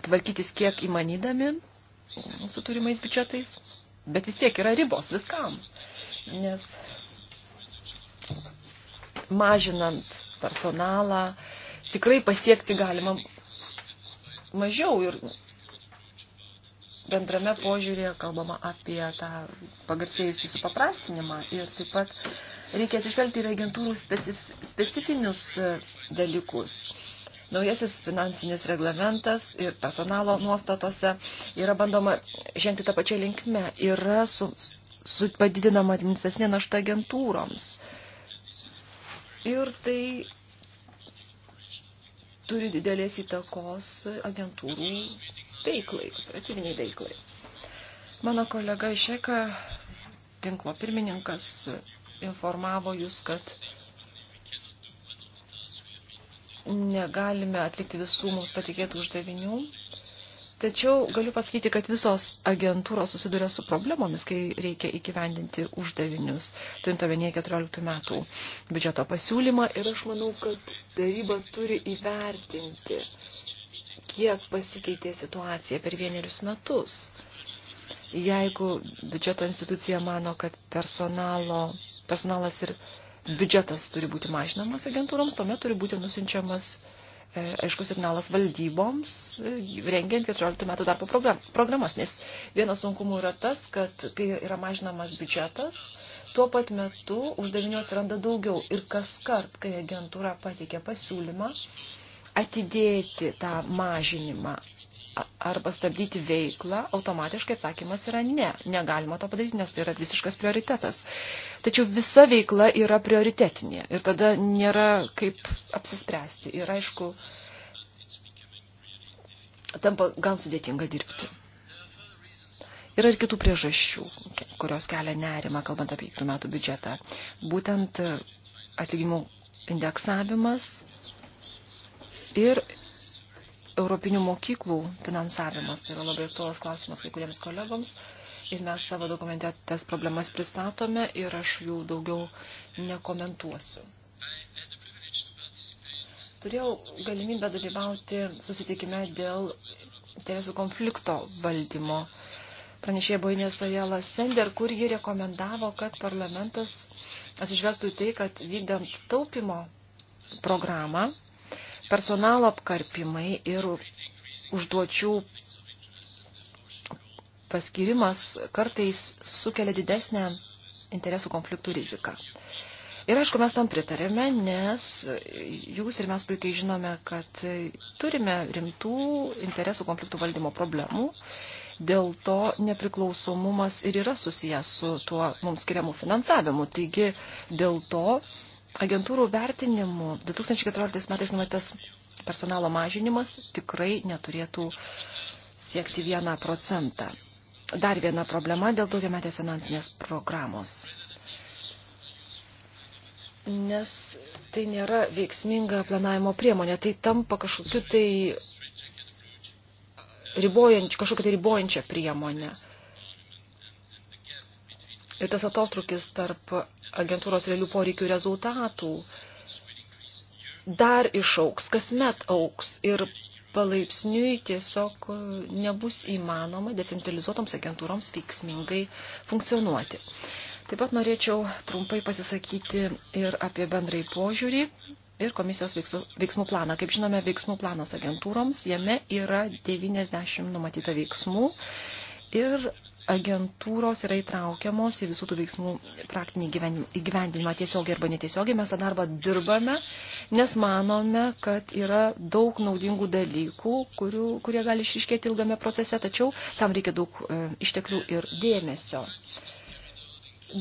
atvarkytis kiek įmanydami su turimais biudžetais, bet vis tiek yra ribos viskam nes mažinant personalą tikrai pasiekti galima mažiau ir bendrame požiūrėje kalbama apie tą pagarsėjusį supaprastinimą ir taip pat reikia atsižvelgti ir agentūrų specif specifinius e, dalykus. Naujasis finansinis reglamentas ir personalo nuostatose yra bandoma žengti tą pačią linkmę. Yra su, padidinama administracinė našta agentūroms. Ir tai turi didelės įtakos agentūrų veiklai, operatyviniai veiklai. Mano kolega Išeka, tinklo pirmininkas, informavo jūs, kad negalime atlikti visų mums patikėtų uždavinių, Tačiau galiu pasakyti, kad visos agentūros susiduria su problemomis, kai reikia įgyvendinti uždavinius, turint omenyje 14 metų biudžeto pasiūlymą. Ir aš manau, kad taryba turi įvertinti, kiek pasikeitė situacija per vienerius metus. Jeigu biudžeto institucija mano, kad personalo, personalas ir biudžetas turi būti mažinamas agentūroms, tuomet turi būti nusinčiamas E, aiškus signalas valdyboms, e, rengiant 14 metų darbo programas, nes vienas sunkumų yra tas, kad kai yra mažinamas biudžetas, tuo pat metu uždavinių atsiranda daugiau ir kas kart, kai agentūra pateikia pasiūlymą atidėti tą mažinimą arba stabdyti veiklą, automatiškai atsakymas yra ne. Negalima to padaryti, nes tai yra visiškas prioritetas. Tačiau visa veikla yra prioritetinė ir tada nėra kaip apsispręsti. Ir aišku, tampa gan sudėtinga dirbti. Yra ir kitų priežasčių, kurios kelia nerimą, kalbant apie kitų metų biudžetą. Būtent atlyginimų indeksavimas ir europinių mokyklų finansavimas. Tai yra labai aktuolas klausimas kai kuriems kolegoms. Ir mes savo dokumente tas problemas pristatome ir aš jų daugiau nekomentuosiu. Turėjau galimybę dalyvauti susitikime dėl interesų konflikto valdymo. Pranešė Boinė Sajala Sender, kur ji rekomendavo, kad parlamentas atsižvelgtų į tai, kad vykdant taupimo programą, personalo apkarpimai ir užduočių paskirimas kartais sukelia didesnę interesų konfliktų riziką. Ir aišku, mes tam pritarėme, nes jūs ir mes puikiai žinome, kad turime rimtų interesų konfliktų valdymo problemų. Dėl to nepriklausomumas ir yra susijęs su tuo mums skiriamu finansavimu. Taigi dėl to agentūrų vertinimu 2014 metais numatytas personalo mažinimas tikrai neturėtų siekti vieną procentą. Dar viena problema dėl daugiametės finansinės programos. Nes tai nėra veiksminga planavimo priemonė, tai tampa kažkokiu tai ribojančią, kažkokią tai ribojančią priemonę. Ir tas atotrukis tarp agentūros realių poreikių rezultatų dar išauks, kasmet auks ir palaipsniui tiesiog nebus įmanoma decentralizuotoms agentūroms veiksmingai funkcionuoti. Taip pat norėčiau trumpai pasisakyti ir apie bendrai požiūrį ir komisijos veiksmų planą. Kaip žinome, veiksmų planas agentūroms, jame yra 90 numatyta veiksmų ir agentūros yra įtraukiamos į visų tų veiksmų praktinį įgyvendinimą tiesiogiai arba netiesiogiai. Mes tą darbą dirbame, nes manome, kad yra daug naudingų dalykų, kurių, kurie gali išiškėti ilgame procese, tačiau tam reikia daug e, išteklių ir dėmesio.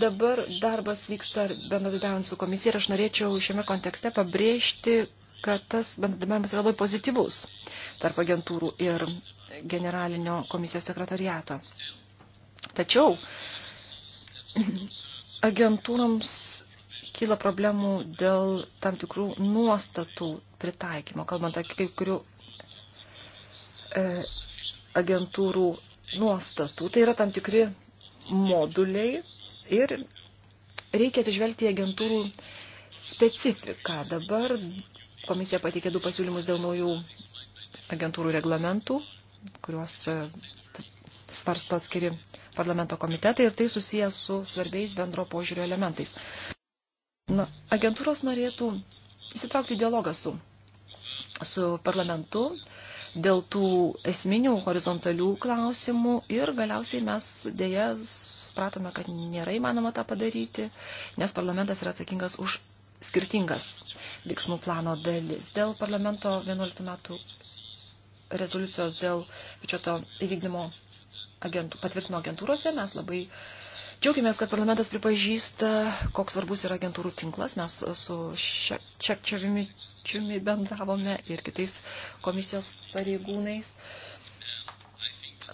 Dabar darbas vyksta bendradarbiaujant su komisija ir aš norėčiau šiame kontekste pabrėžti, kad tas bendradarbiavimas yra labai pozityvus tarp agentūrų ir generalinio komisijos sekretariato. Tačiau agentūrams kyla problemų dėl tam tikrų nuostatų pritaikymo, kalbant apie kai kurių e, agentūrų nuostatų. Tai yra tam tikri moduliai ir reikia atsižvelgti į agentūrų specifiką. Dabar komisija pateikė du pasiūlymus dėl naujų agentūrų reglamentų, kuriuos e, svarsto atskiri parlamento komitetai ir tai susijęs su svarbiais bendro požiūrio elementais. Na, agentūros norėtų įsitraukti dialogą su, su parlamentu dėl tų esminių horizontalių klausimų ir galiausiai mes dėja supratome, kad nėra įmanoma tą padaryti, nes parlamentas yra atsakingas už skirtingas veiksmų plano dalis. Dėl parlamento 11 metų rezoliucijos dėl biudžeto įvykdymo agentų, patvirtino agentūrose. Mes labai džiaugiamės, kad parlamentas pripažįsta, koks svarbus yra agentūrų tinklas. Mes su Čepčiovičiumi bendravome ir kitais komisijos pareigūnais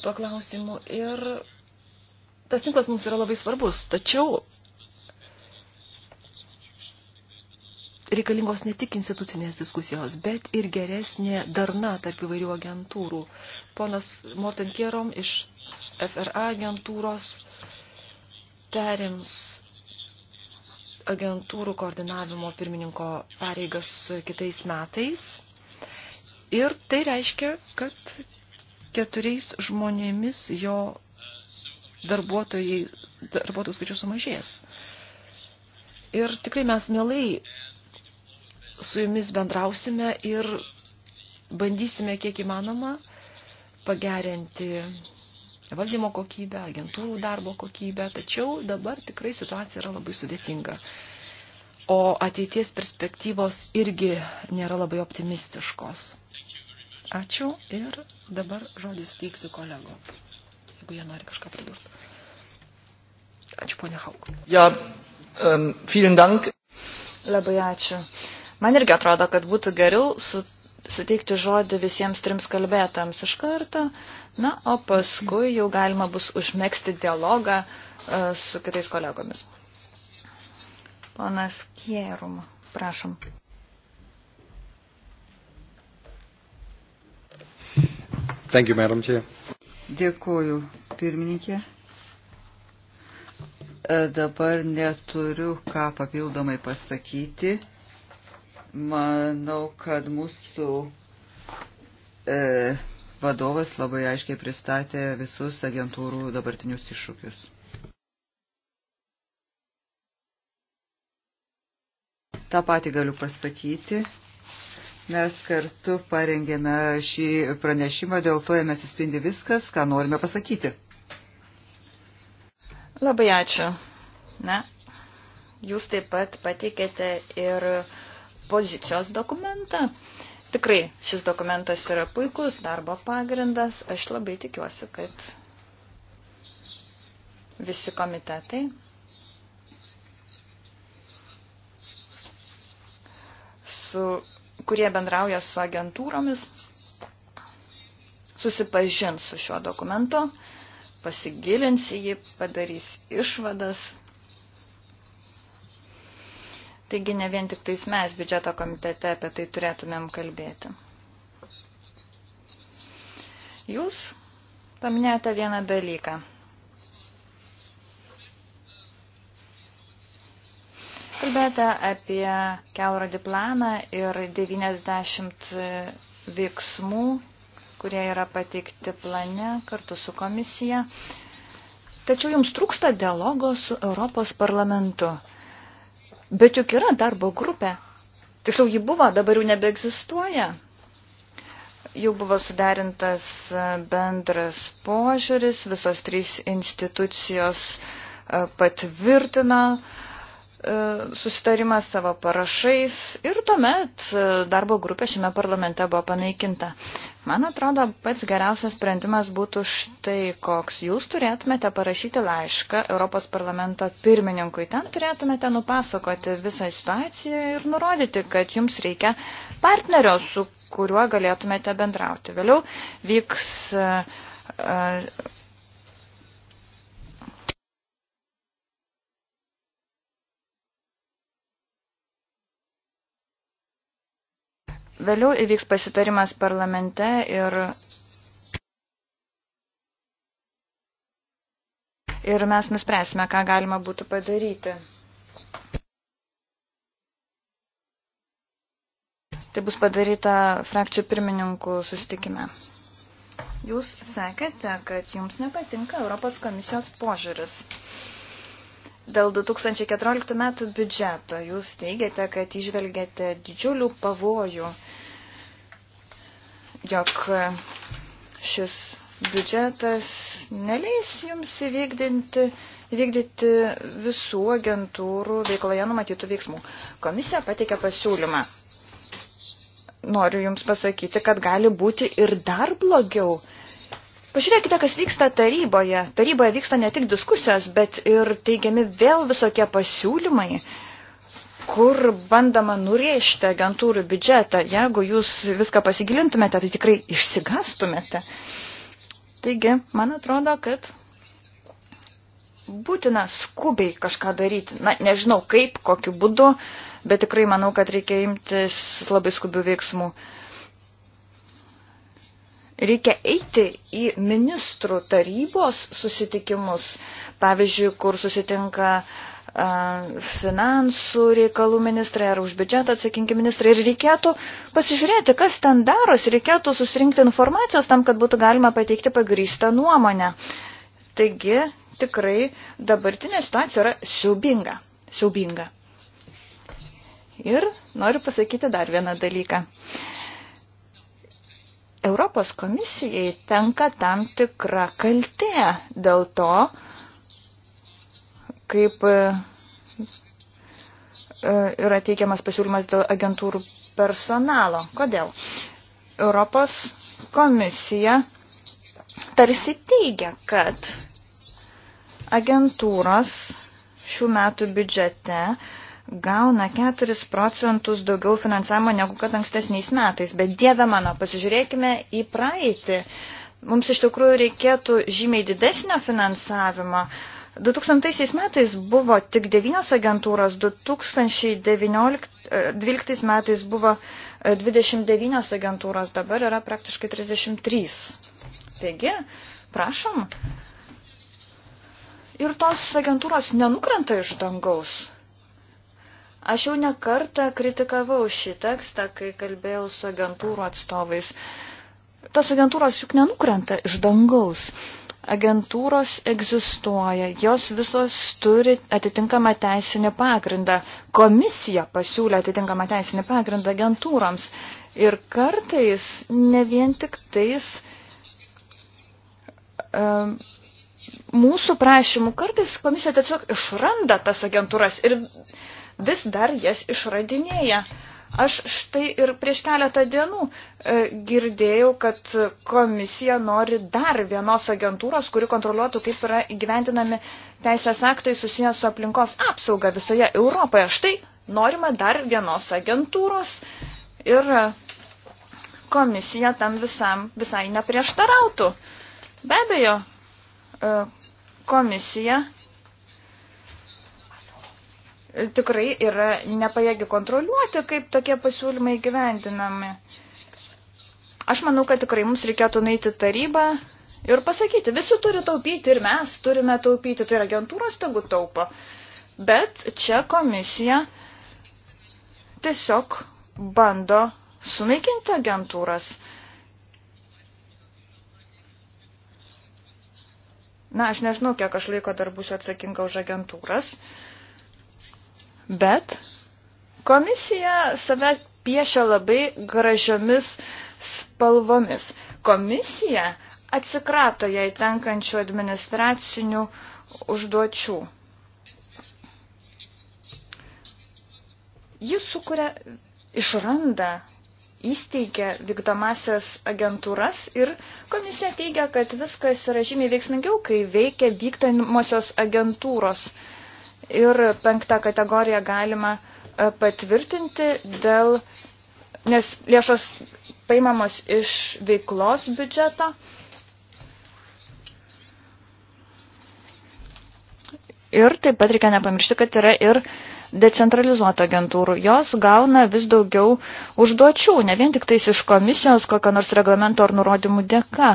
tuo klausimu. Ir tas tinklas mums yra labai svarbus. Tačiau reikalingos ne tik institucinės diskusijos, bet ir geresnė darna tarp įvairių agentūrų. Ponas Morten Kierom iš FRA agentūros perims agentūrų koordinavimo pirmininko pareigas kitais metais. Ir tai reiškia, kad keturiais žmonėmis jo darbuotojai, darbuotojų skaičius sumažės. Ir tikrai mes mielai su jumis bendrausime ir bandysime kiek įmanoma pagerinti valdymo kokybę, agentūrų darbo kokybę, tačiau dabar tikrai situacija yra labai sudėtinga. O ateities perspektyvos irgi nėra labai optimistiškos. Ačiū ir dabar žodis teiksiu kolegoms, jeigu jie nori kažką pridurti. Ačiū, ponia Hauk. Ja, um, vielen Dank. Labai ačiū. Man irgi atrodo, kad būtų geriau su, suteikti žodį visiems trims kalbėtams iš karto, na, o paskui jau galima bus užmėgsti dialogą uh, su kitais kolegomis. Ponas Kierum, prašom. Thank you, Madam Chair. Dėkuoju, pirmininkė. E, dabar neturiu ką papildomai pasakyti Manau, kad mūsų e, vadovas labai aiškiai pristatė visus agentūrų dabartinius iššūkius. Ta pati galiu pasakyti. Mes kartu parengėme šį pranešimą, dėl to jame atsispindi viskas, ką norime pasakyti. Labai ačiū. Na, jūs taip pat pateikėte ir uh, pozicijos dokumentą. Tikrai šis dokumentas yra puikus darbo pagrindas. Aš labai tikiuosi, kad visi komitetai su, kurie bendrauja su agentūromis, susipažins su šiuo dokumentu, pasigilins į jį, padarys išvadas Taigi ne vien tik tais mes biudžeto komitete apie tai turėtumėm kalbėti. Jūs paminėjote vieną dalyką. Kalbėjote apie kelrodį planą ir 90 veiksmų, kurie yra pateikti plane kartu su komisija. Tačiau jums trūksta dialogo su Europos parlamentu. Bet juk yra darbo grupė. Tiksliau, ji buvo, dabar jau nebeegzistuoja. Jau buvo suderintas e, bendras požiūris, visos trys institucijos e, patvirtino uh, E, susitarimą savo parašais ir tuomet e, darbo grupė šiame parlamente buvo panaikinta. Man atrodo, pats geriausias sprendimas būtų štai koks. Jūs turėtumėte parašyti laišką Europos parlamento pirmininkui. Ten turėtumėte nupasakoti visą situaciją ir nurodyti, kad jums reikia partnerio, su kuriuo galėtumėte bendrauti. Vėliau vyks. Uh, uh, Vėliau įvyks pasitarimas parlamente ir, ir mes nuspręsime, ką galima būtų padaryti. Tai bus padaryta frakcijų pirmininkų susitikime. Jūs sakėte, kad jums nepatinka Europos komisijos požiūris. Dėl 2014 metų biudžeto jūs teigiate, kad išvelgiate didžiulių pavojų, jog šis biudžetas neleis jums įvykdinti, įvykdyti visų agentūrų veikloje numatytų veiksmų. Komisija pateikė pasiūlymą. Noriu jums pasakyti, kad gali būti ir dar blogiau. Pažiūrėkite, kas vyksta taryboje. Taryboje vyksta ne tik diskusijos, bet ir teigiami vėl visokie pasiūlymai, kur bandama nurėžti agentūrų biudžetą. Jeigu jūs viską pasigilintumėte, tai tikrai išsigastumėte. Taigi, man atrodo, kad būtina skubiai kažką daryti. Na, nežinau kaip, kokiu būdu, bet tikrai manau, kad reikia imtis labai skubių veiksmų. Uh, Reikia eiti į ministrų tarybos susitikimus, pavyzdžiui, kur susitinka finansų reikalų ministrai ar už biudžetą atsakingi ministrai. Ir reikėtų pasižiūrėti, kas ten darosi, reikėtų susirinkti informacijos tam, kad būtų galima pateikti pagrįstą nuomonę. Taigi, tikrai dabartinė situacija yra siubinga. Siubinga. Ir noriu pasakyti dar vieną dalyką. Uh, Europos komisijai tenka tam tikra kaltė dėl to, kaip e, yra teikiamas pasiūlymas dėl agentūrų personalo. Kodėl? Europos komisija tarsi teigia, kad agentūros šių metų biudžete uh, gauna 4 procentus daugiau finansavimo negu kad ankstesniais metais. Bet dieve mano, pasižiūrėkime į praeitį. Mums iš tikrųjų reikėtų žymiai didesnio finansavimo. 2000 metais buvo tik devynios agentūros, 2012 e, metais buvo 29 e, agentūros, dabar yra praktiškai 33. Taigi, prašom. Ir tos agentūros nenukrenta iš dangaus. Aš jau nekartą kritikavau šį tekstą, kai kalbėjau su agentūrų atstovais. Tos agentūros juk nenukrenta iš dangaus. Agentūros egzistuoja, jos visos turi atitinkamą teisinį pagrindą. Komisija pasiūlė atitinkamą teisinį pagrindą agentūroms. Ir kartais ne vien tik tais. Um, mūsų prašymų kartais komisija tiesiog išranda tas agentūras ir vis dar jas išradinėja. Aš štai ir prieš keletą dienų e, girdėjau, kad komisija nori dar vienos agentūros, kuri kontroliuotų, kaip yra įgyventinami teisės aktai susijęs su aplinkos apsauga visoje Europoje. Štai norima dar vienos agentūros ir komisija tam visam visai neprieštarautų. Be abejo, e, komisija tikrai yra nepajėgi kontroliuoti, kaip tokie pasiūlymai gyventinami. Aš manau, kad tikrai mums reikėtų naiti tarybą ir pasakyti, visi turi taupyti ir mes turime taupyti, tai yra agentūros tegu taupo. Bet čia komisija tiesiog bando sunaikinti agentūras. Na, aš nežinau, kiek aš laiko dar būsiu atsakinga už agentūras. Uh, Bet komisija save piešia labai gražiomis spalvomis. Komisija atsikrato jai tenkančių administracinių užduočių. Jis sukuria, išranda, įsteigia vykdomasias agentūras ir komisija teigia, kad viskas yra žymiai veiksmingiau, kai veikia vykdomosios agentūros. Uh, ir penktą kategoriją galima e, patvirtinti dėl, nes lėšos paimamos iš veiklos biudžeto. Ir taip pat reikia nepamiršti, kad yra ir decentralizuotų agentūrų. Jos gauna vis daugiau užduočių, ne vien tik tais iš komisijos, kokio nors reglamento ar nurodymų dėka,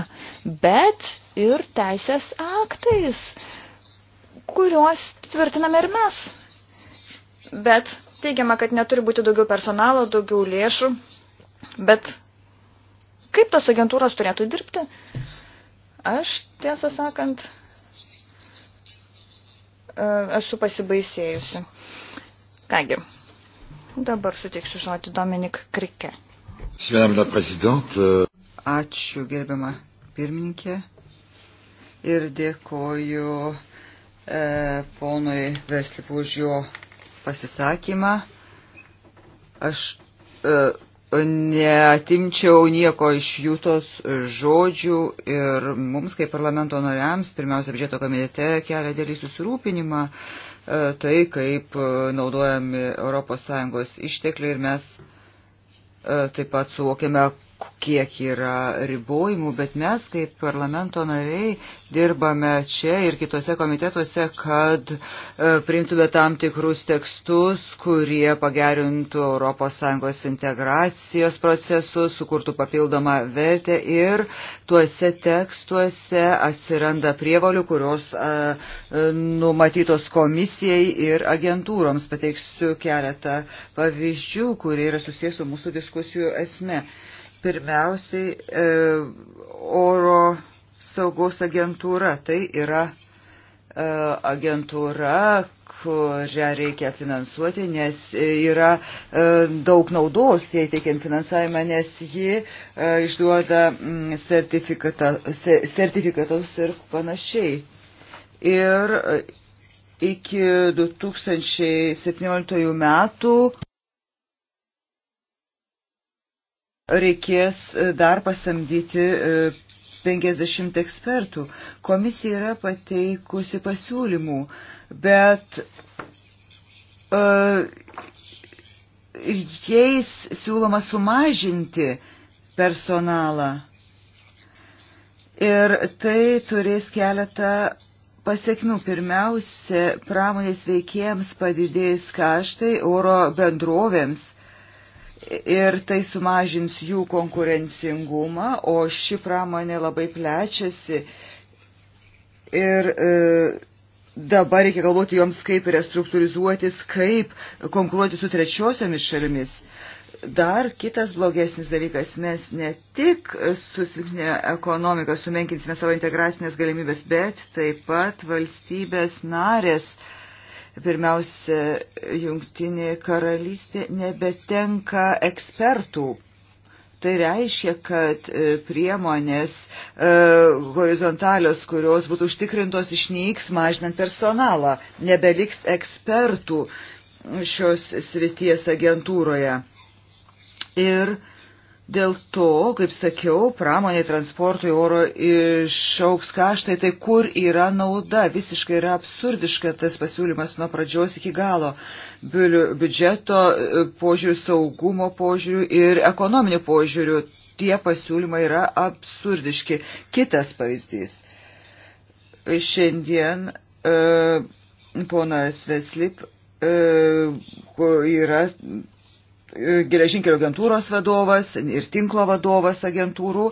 bet ir teisės aktais. Uh, kuriuos tvirtiname ir mes. Bet teigiama, kad neturi būti daugiau personalo, daugiau lėšų. Bet kaip tos agentūros turėtų dirbti? Aš, tiesą sakant, e, esu pasibaisėjusi. Kągi, dabar suteiksiu žodį Dominik Krike. Ačiū, gerbiama pirmininkė. Ir dėkoju E, ponui Veslip už jo pasisakymą. Aš e, neatimčiau nieko iš jūtos žodžių ir mums kaip parlamento nariams, pirmiausia, biudžeto komitete kelia dėlį susirūpinimą e, tai, kaip naudojami ES ištekliai ir mes taip pat suvokėme, kiek yra ribojimų, bet mes kaip parlamento nariai dirbame čia ir kitose komitetuose, kad e, priimtume tam tikrus tekstus, kurie pagerintų ES integracijos procesus, sukurtų papildomą vertę ir tuose tekstuose atsiranda prievalių, kurios e, e, numatytos komisijai ir agentūroms. Pateiksiu keletą pavyzdžių, kurie yra susijęs su mūsų diskusijų esme. E, Pirmiausiai e, oro saugos agentūra. Tai yra e, agentūra, kurią reikia finansuoti, nes yra e, daug naudos, jei teikiant finansavimą, nes ji e, išduoda mm, sertifikatus ir panašiai. Ir e, iki 2017 metų reikės e, dar pasamdyti 50 e, ekspertų. Komisija yra pateikusi pasiūlymų, bet uh, jais siūloma sumažinti personalą. Ir tai turės keletą pasiekmių. Pirmiausia, pramonės veikėjams padidės kaštai oro bendrovėms ir tai sumažins jų konkurencingumą, o ši pramonė labai plečiasi ir e, dabar reikia galvoti joms, kaip restruktūrizuotis, kaip konkuruoti su trečiosiomis šalimis. Dar kitas blogesnis dalykas, mes ne tik susilpsnė ekonomiką sumenkinsime savo integracinės galimybės, bet taip pat valstybės narės uh, Pirmiausia, jungtinė karalystė nebetenka ekspertų Tai reiškia, kad e, priemonės e, horizontalios, kurios būtų užtikrintos, išnyks, mažinant personalą, nebeliks ekspertų šios srities agentūroje. Ir e, Dėl to, kaip sakiau, pramonė transportui oro išauks kaštai, tai kur yra nauda? Visiškai yra absurdiška tas pasiūlymas nuo pradžios iki galo. Biudžeto e, požiūrių, saugumo požiūrių ir ekonominių požiūrių tie pasiūlymai yra absurdiški. Kitas pavyzdys. Šiandien e, ponas Veslip e, yra geležinkelio agentūros vadovas ir tinklo vadovas agentūrų.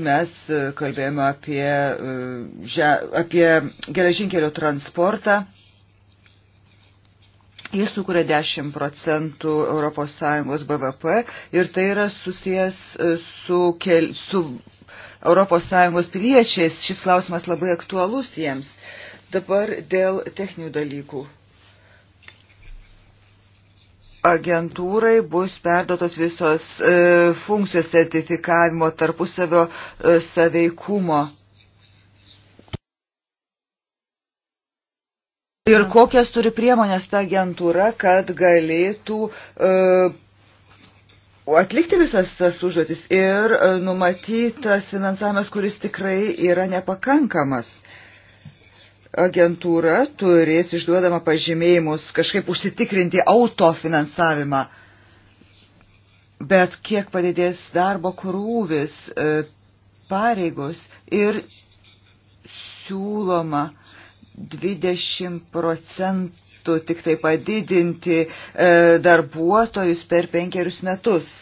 Mes e, kalbėjome apie, e, apie geležinkelio transportą. Jis sukuria 10 procentų ES BVP ir tai yra susijęs e, su, kel, su ES piliečiais. Šis klausimas labai aktualus jiems. Dabar dėl techninių dalykų agentūrai bus perdotos visos e, funkcijos sertifikavimo tarpusavio e, saveikumo. Ir kokias turi priemonės ta agentūra, kad galėtų e, atlikti visas tas užduotis ir e, numatytas finansavimas, kuris tikrai yra nepakankamas. E, agentūra turės išduodama pažymėjimus kažkaip užsitikrinti autofinansavimą. Bet kiek padidės darbo krūvis, e, pareigos ir siūloma 20 procentų tik tai padidinti e, darbuotojus per penkerius metus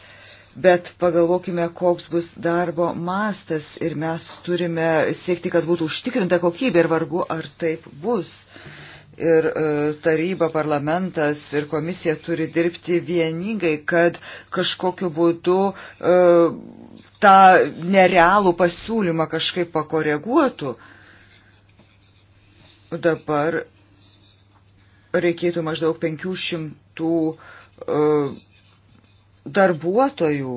bet pagalvokime, koks bus darbo mastas ir mes turime siekti, kad būtų užtikrinta kokybė ir vargu, ar taip bus. Ir e, taryba, parlamentas ir komisija turi dirbti vieningai, kad kažkokiu būdu e, tą nerealų pasiūlymą kažkaip pakoreguotų. Dabar reikėtų maždaug 500 uh, darbuotojų,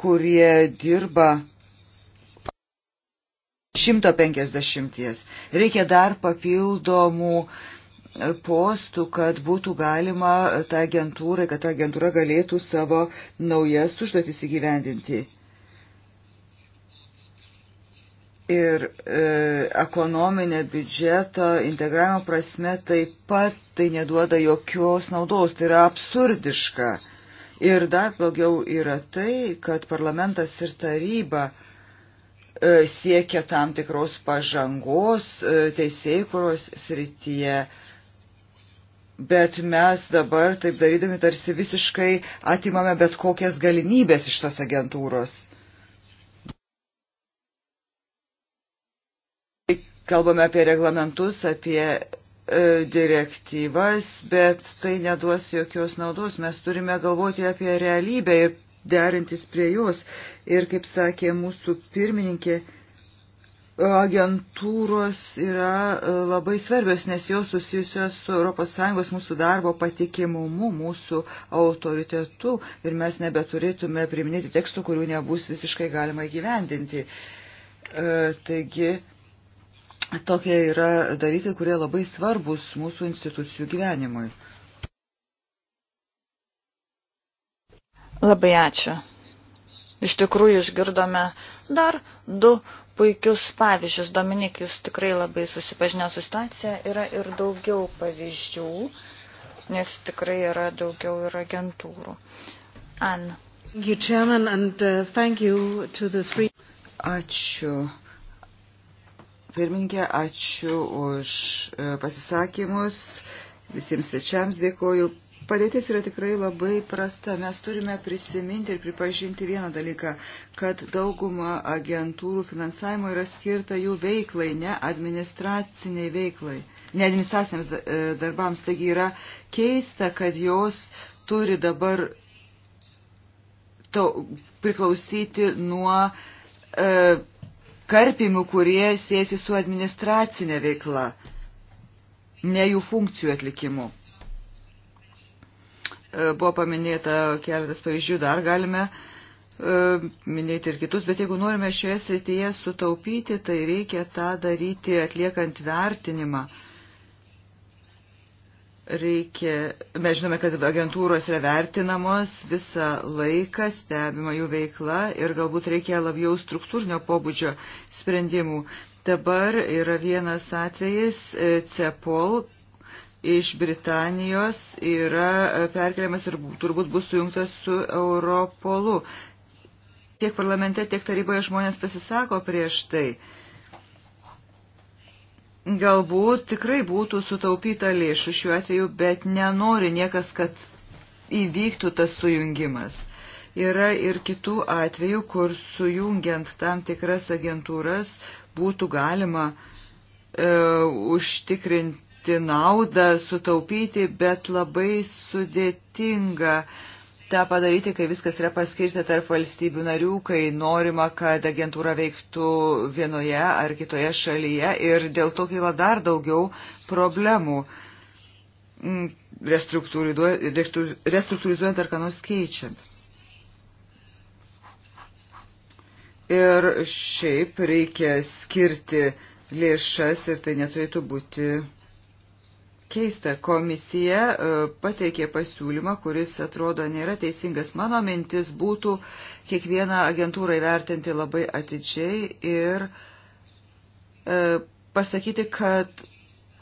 kurie dirba 150. Reikia dar papildomų e, postų, kad būtų galima tą agentūrą, kad ta agentūra galėtų savo naujas užduotis įgyvendinti. Ir e, ekonominė biudžeto integravimo prasme taip pat tai neduoda jokios naudos, tai yra absurdiška. E, Ir dar blogiau yra tai, kad parlamentas ir taryba e, siekia tam tikros pažangos e, teisėkuros srityje. Bet mes dabar taip darydami tarsi visiškai atimame bet kokias galimybės iš tos agentūros. Kalbame apie reglamentus, apie E, direktyvas, bet tai neduos jokios naudos. Mes turime galvoti apie realybę ir derintis prie jos. Ir kaip sakė mūsų pirmininkė, agentūros yra e, labai svarbios, nes jos susijusios su ES mūsų darbo patikimumu, mūsų autoritetu ir mes nebeturėtume priminėti tekstų, kurių nebus visiškai galima įgyvendinti. E, taigi, Tokie yra dalykai, kurie labai svarbus mūsų institucijų gyvenimui. Labai ačiū. Iš tikrųjų išgirdome dar du puikius pavyzdžius. Dominik, jūs tikrai labai susipažinę su situacija. Yra ir daugiau pavyzdžių, nes tikrai yra daugiau ir agentūrų. Anna. Uh, ačiū. Pirminkė, ačiū už e, pasisakymus. Visiems svečiams dėkoju. Padėtis yra tikrai labai prasta. Mes turime prisiminti ir pripažinti vieną dalyką, kad dauguma agentūrų finansavimo yra skirta jų veiklai, ne administraciniai veiklai, ne administraciniams e, darbams. Taigi yra keista, kad jos turi dabar to, priklausyti nuo. E, karpimų, kurie sėsi su administracinė veikla, ne jų funkcijų atlikimu. E, buvo paminėta keletas pavyzdžių, dar galime e, minėti ir kitus, bet jeigu norime šioje srityje sutaupyti, tai reikia tą daryti atliekant vertinimą reikia, mes žinome, kad agentūros yra vertinamos visą laiką, stebima jų veikla ir galbūt reikia labiau struktūrinio pobūdžio sprendimų. Dabar yra vienas atvejis, e, CEPOL iš Britanijos yra e, perkeliamas ir turbūt bus sujungtas su Europolu. Tiek parlamente, tiek taryboje žmonės pasisako prieš tai galbūt tikrai būtų sutaupyta lėšų šiuo atveju, bet nenori niekas, kad įvyktų tas sujungimas. Yra ir kitų atvejų, kur sujungiant tam tikras agentūras būtų galima e, užtikrinti naudą, sutaupyti, bet labai sudėtinga e, tą padaryti, kai viskas yra paskirta tarp valstybių narių, kai norima, kad agentūra veiktų vienoje ar kitoje šalyje ir dėl to kyla dar daugiau problemų mm, restruktūrizuojant ar ką nors keičiant. Ir šiaip reikia skirti lėšas ir tai neturėtų būti keista, komisija e, pateikė pasiūlymą, kuris atrodo nėra teisingas. Mano mintis būtų kiekvieną agentūrą įvertinti labai atidžiai ir e, pasakyti, kad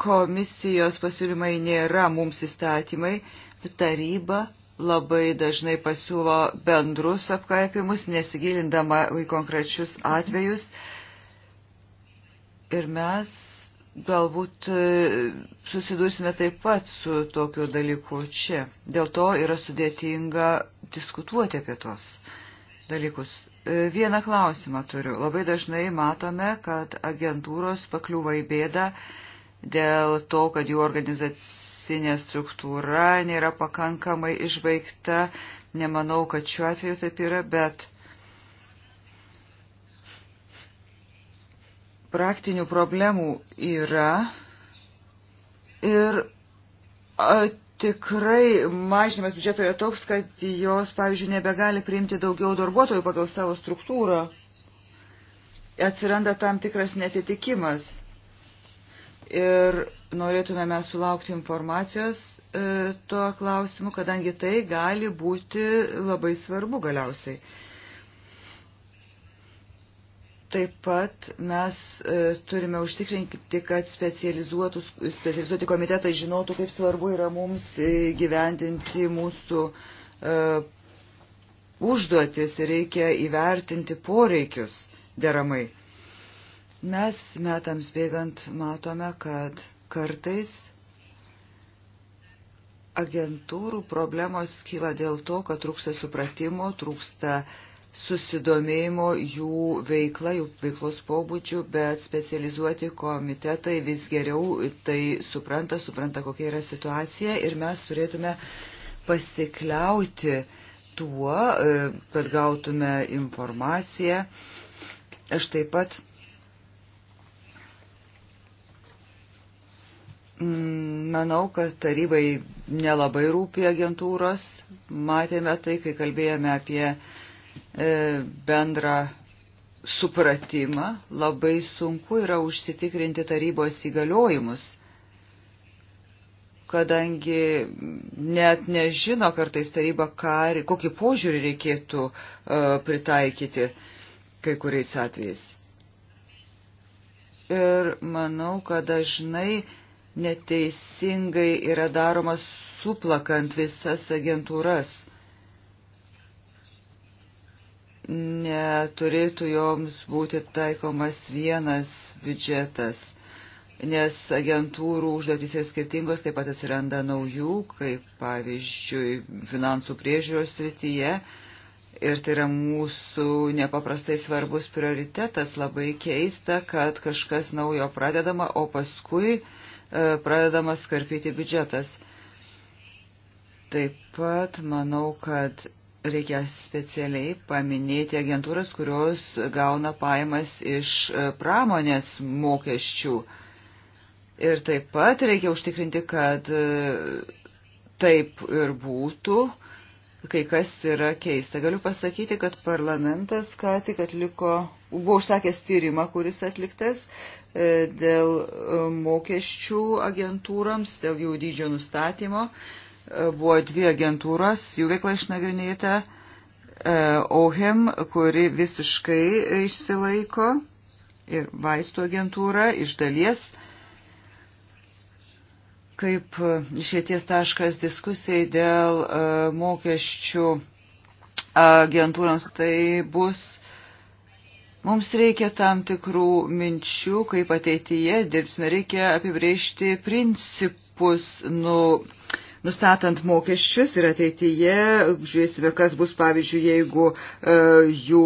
komisijos pasiūlymai nėra mums įstatymai, bet taryba labai dažnai pasiūlo bendrus apkaipimus, nesigilindama į konkrečius atvejus. Ir mes galbūt e, susidursime taip pat su tokiu dalyku čia. Dėl to yra sudėtinga diskutuoti apie tos dalykus. E, vieną klausimą turiu. Labai dažnai matome, kad agentūros pakliūva į bėdą dėl to, kad jų organizacinė struktūra nėra pakankamai išbaigta. Nemanau, kad šiuo atveju taip yra, bet praktinių problemų yra ir a, tikrai mažinimas biudžeto yra toks, kad jos, pavyzdžiui, nebegali priimti daugiau darbuotojų pagal savo struktūrą. Atsiranda tam tikras netitikimas. Ir norėtumėme sulaukti informacijos e, tuo klausimu, kadangi tai gali būti labai svarbu galiausiai. E, Taip pat mes e, turime užtikrinti, kad specializuoti komitetai žinotų, kaip svarbu yra mums gyvendinti mūsų e, užduotis ir reikia įvertinti poreikius deramai. Mes metams bėgant matome, kad kartais agentūrų problemos kyla dėl to, kad trūksta supratimo, trūksta uh, susidomėjimo jų veikla, jų veiklos pobūdžių, bet specializuoti komitetai vis geriau tai supranta, supranta, kokia yra situacija ir mes turėtume pasikliauti tuo, e, kad gautume informaciją. Aš taip pat mm, Manau, kad tarybai nelabai rūpi agentūros. Matėme tai, kai kalbėjome apie uh, E, bendrą supratimą, labai sunku yra užsitikrinti tarybos įgaliojimus, kadangi net nežino kartais taryba, ką, kokį požiūrį reikėtų e, pritaikyti kai kuriais atvejais. Ir manau, kad dažnai neteisingai yra daromas suplakant visas agentūras – neturėtų joms būti taikomas vienas biudžetas, nes agentūrų užduotys yra skirtingos, taip pat atsiranda naujų, kaip pavyzdžiui finansų priežiūros srityje. Ir tai yra mūsų nepaprastai svarbus prioritetas. Labai keista, kad kažkas naujo pradedama, o paskui e, pradedamas karpyti biudžetas. Taip pat manau, kad reikia specialiai paminėti agentūras, kurios gauna pajamas iš e, pramonės mokesčių. Ir taip pat reikia užtikrinti, kad e, taip ir būtų. Kai kas yra keista. Galiu pasakyti, kad parlamentas ką tik atliko, buvo užsakęs tyrimą, kuris atliktas e, dėl mokesčių agentūrams, dėl jų dydžio nustatymo. Buvo dvi agentūros, jų veikla išnagrinėta. E, OHEM, kuri visiškai išsilaiko, ir vaistų agentūra iš dalies kaip išėties taškas diskusijai dėl e, mokesčių agentūrams. Tai bus, mums reikia tam tikrų minčių, kaip ateityje dirbsime, reikia apibriežti principus, nu, nustatant mokesčius ir ateityje žiūrėsime, kas bus, pavyzdžiui, jeigu e, jų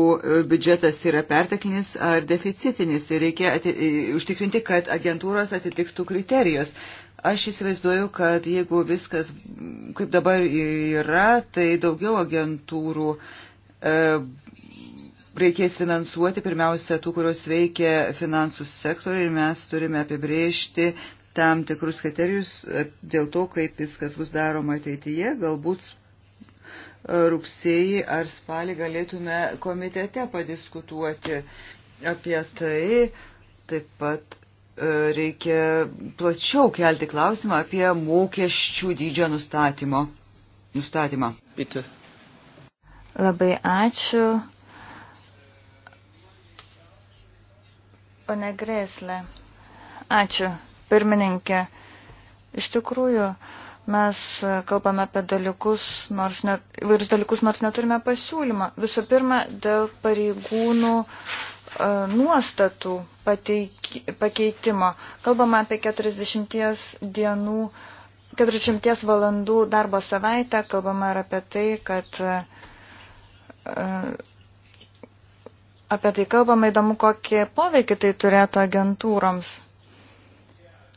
biudžetas yra perteklinis ar deficitinis ir reikia ati, e, užtikrinti, kad agentūros atitiktų kriterijus. Aš įsivaizduoju, kad jeigu viskas kaip dabar yra, tai daugiau agentūrų e, reikės finansuoti pirmiausia tų, kurios veikia finansų sektoriai ir mes turime apibrėžti tam tikrus kriterijus e, dėl to, kaip viskas bus daroma ateityje. Galbūt e, rugsėjį ar spalį galėtume komitete padiskutuoti apie tai. Taip pat e, reikia plačiau kelti klausimą apie mokesčių dydžio nustatymo. nustatymą. Bitte. Labai ačiū. Pane Greslė. Ačiū pirmininkė. Iš tikrųjų, mes kalbame apie dalykus, nors net, įvairius dalykus, nors neturime pasiūlymą. Visų pirma, dėl pareigūnų e, nuostatų pateiki, pakeitimo. Kalbama apie 40 dienų, 40 valandų darbo savaitę, kalbama ir apie tai, kad e, apie tai kalbama įdomu, kokie poveikiai tai turėtų agentūroms.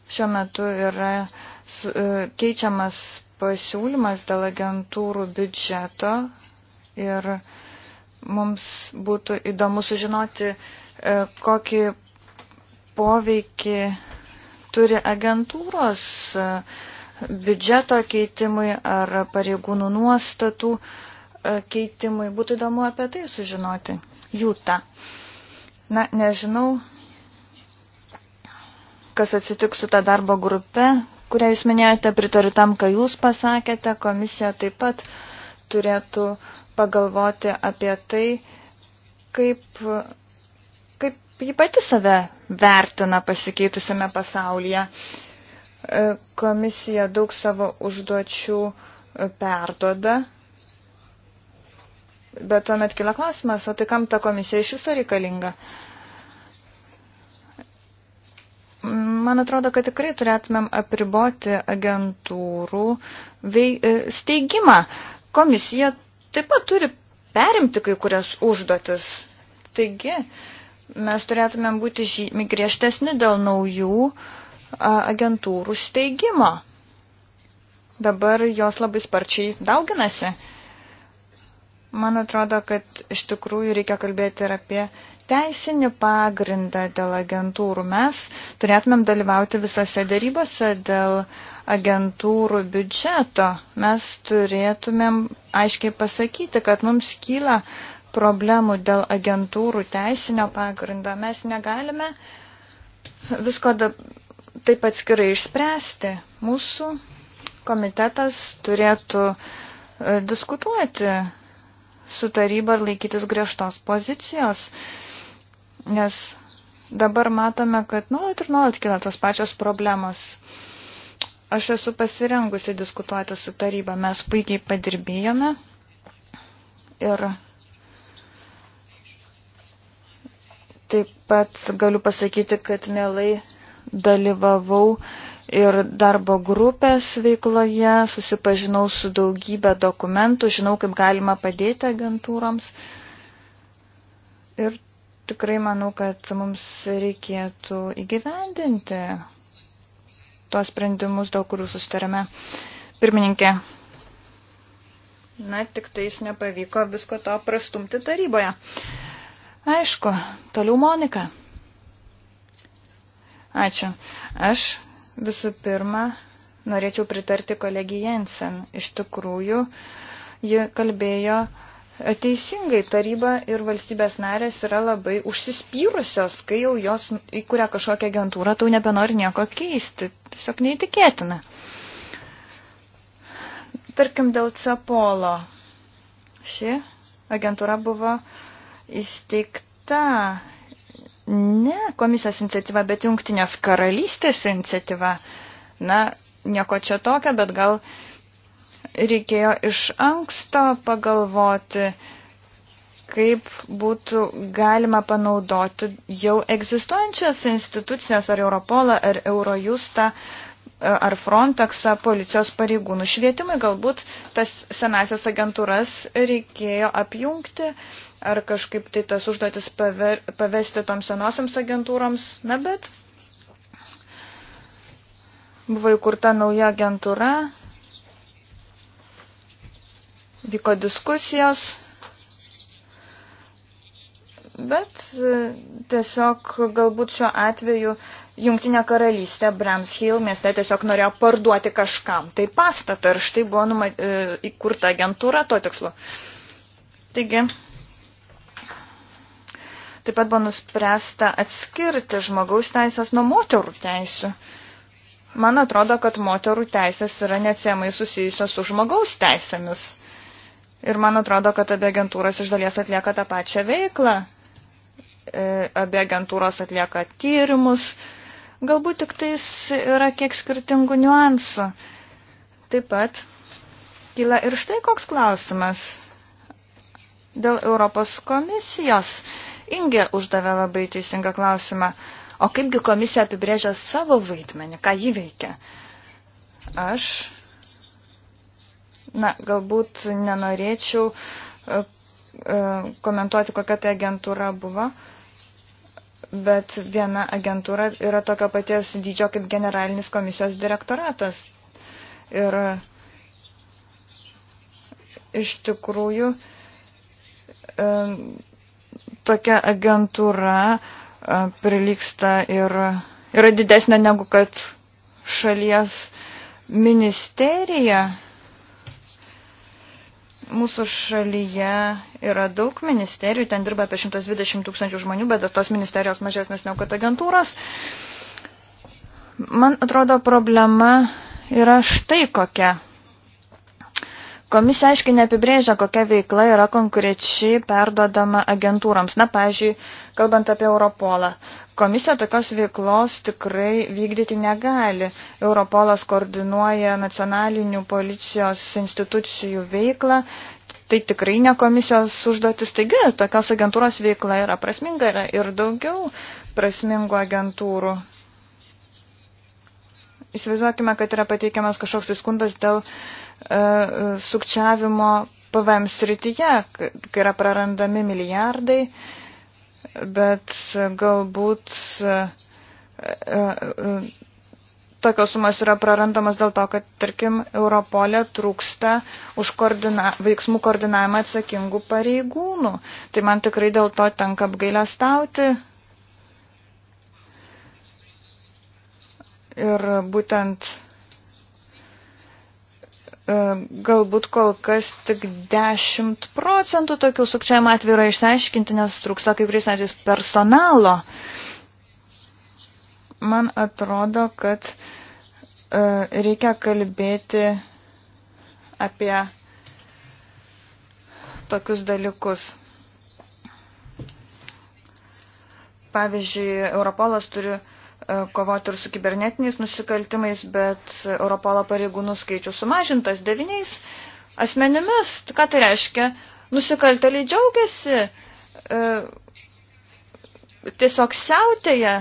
Šiuo metu yra e, keičiamas pasiūlymas dėl agentūrų biudžeto ir mums būtų įdomu sužinoti, e, kokį poveikį turi agentūros e, biudžeto keitimui ar pareigūnų nuostatų keitimui. Būtų įdomu apie tai sužinoti. Jūta. Na, nežinau, kas atsitiks su ta darbo grupe, kurią jūs minėjote, pritariu tam, ką jūs pasakėte, komisija taip pat turėtų pagalvoti apie tai, kaip, kaip ji pati save vertina pasikeitusiame pasaulyje. E, komisija daug savo užduočių e, perdoda, bet tuomet kila klausimas, o tai kam ta komisija iš viso reikalinga? Uh, Man atrodo, kad tikrai turėtumėm apriboti agentūrų vei, e, steigimą. Komisija taip pat turi perimti kai kurias užduotis. Taigi, mes turėtumėm būti žymiai griežtesni dėl naujų agentūrų steigimo. Dabar jos labai sparčiai dauginasi. Man atrodo, kad iš tikrųjų reikia kalbėti ir apie teisinį pagrindą dėl agentūrų. Mes turėtumėm dalyvauti visose darybose dėl agentūrų biudžeto. Mes turėtumėm aiškiai pasakyti, kad mums kyla problemų dėl agentūrų teisinio pagrindo. Mes negalime visko da, taip atskirai išspręsti. Mūsų komitetas turėtų e, diskutuoti su taryba ir laikytis griežtos pozicijos, nes dabar matome, kad nuolat ir nuolat kila tos pačios problemos. Aš esu pasirengusi diskutuoti su taryba, mes puikiai padirbėjome ir taip pat galiu pasakyti, kad mielai dalyvavau uh, ir darbo grupės veikloje, susipažinau su daugybė dokumentų, žinau, kaip galima padėti agentūroms. Ir tikrai manau, kad mums reikėtų įgyvendinti tuos sprendimus, dėl kurių sustarėme. Pirmininkė. Na, tik tais nepavyko visko to prastumti taryboje. Aišku, toliau Monika. Ačiū. Aš Visų pirma, norėčiau pritarti kolegijai Jensen. Iš tikrųjų, ji kalbėjo e, teisingai, taryba ir valstybės narės yra labai užsispyrusios, kai jau jos įkuria kažkokią agentūrą, tau nebenori nieko keisti. Tiesiog neįtikėtina. Tarkim, dėl Cepolo. Ši agentūra buvo įsteigta ne komisijos iniciatyva, bet jungtinės karalystės iniciatyva. Na, nieko čia tokio, bet gal reikėjo iš anksto pagalvoti, kaip būtų galima panaudoti jau egzistuojančias institucijas ar Europolą ar Eurojustą. Uh, E, ar Frontexą policijos pareigūnų švietimui. Galbūt tas senasias agentūras reikėjo apjungti ar kažkaip tai tas užduotis paver, pavesti toms senosiams agentūroms. Na bet buvo įkurta nauja agentūra, vyko diskusijos. Bet e, tiesiog galbūt šiuo atveju uh, Jungtinė karalystė Bramshill mieste tiesiog norėjo parduoti kažkam. Tai pastatą ir štai buvo numa, e, įkurta agentūra to tikslu. Taigi, taip pat buvo nuspręsta atskirti žmogaus teisės nuo moterų teisų. Man atrodo, kad moterų teisės yra neatsiemai susijusios su žmogaus teisėmis. Ir man atrodo, kad abi agentūros iš dalies atlieka tą pačią veiklą. E, abi agentūros atlieka tyrimus, Galbūt tik tais yra kiek skirtingų niuansų. Taip pat kyla ir štai koks klausimas dėl Europos komisijos. Ingė uždavė labai teisingą klausimą. O kaipgi komisija apibrėžia savo vaidmenį, ką jį veikia? Aš, na, galbūt nenorėčiau e, e, komentuoti, kokia tai agentūra buvo. Uh, bet viena agentūra yra tokio paties dydžio kaip generalinis komisijos direktoratas. Ir iš tikrųjų tokia agentūra prilyksta ir yra didesnė negu kad šalies ministerija mūsų šalyje yra daug ministerijų, ten dirba apie 120 tūkstančių žmonių, bet tos ministerijos mažesnės negu kad agentūros. Man atrodo, problema yra štai kokia. Komisija aiškiai neapibrėžia, kokia veikla yra konkrečiai perduodama agentūroms. Na, pavyzdžiui, kalbant apie Europolą. Komisija tokios veiklos tikrai vykdyti negali. Europolas koordinuoja nacionalinių policijos institucijų veiklą. Tai tikrai ne komisijos užduotis. Taigi, tokios agentūros veikla yra prasminga yra ir daugiau prasmingų agentūrų. Įsivaizduokime, kad yra pateikiamas kažkoks tai skundas dėl uh, E, sukčiavimo PVM srityje, kai yra prarandami milijardai, bet galbūt e, e, tokios sumos yra prarandamas dėl to, kad, tarkim, Europolė trūksta už koordina, veiksmų koordinavimą atsakingų pareigūnų. Tai man tikrai dėl to tenka apgailę stauti. Ir būtent E, galbūt kol kas tik 10 procentų tokių sukčiavimo atvejų yra išsiaiškinti, nes trūksta kai kuriais atvejais personalo. Man atrodo, kad e, reikia kalbėti apie tokius dalykus. Pavyzdžiui, Europolas turi uh, E, kovoti ir su kibernetiniais nusikaltimais, bet Europolo pareigūnų skaičius sumažintas devyniais asmenimis. Tai ką tai reiškia? Nusikalteliai džiaugiasi, e, tiesiog siautėje,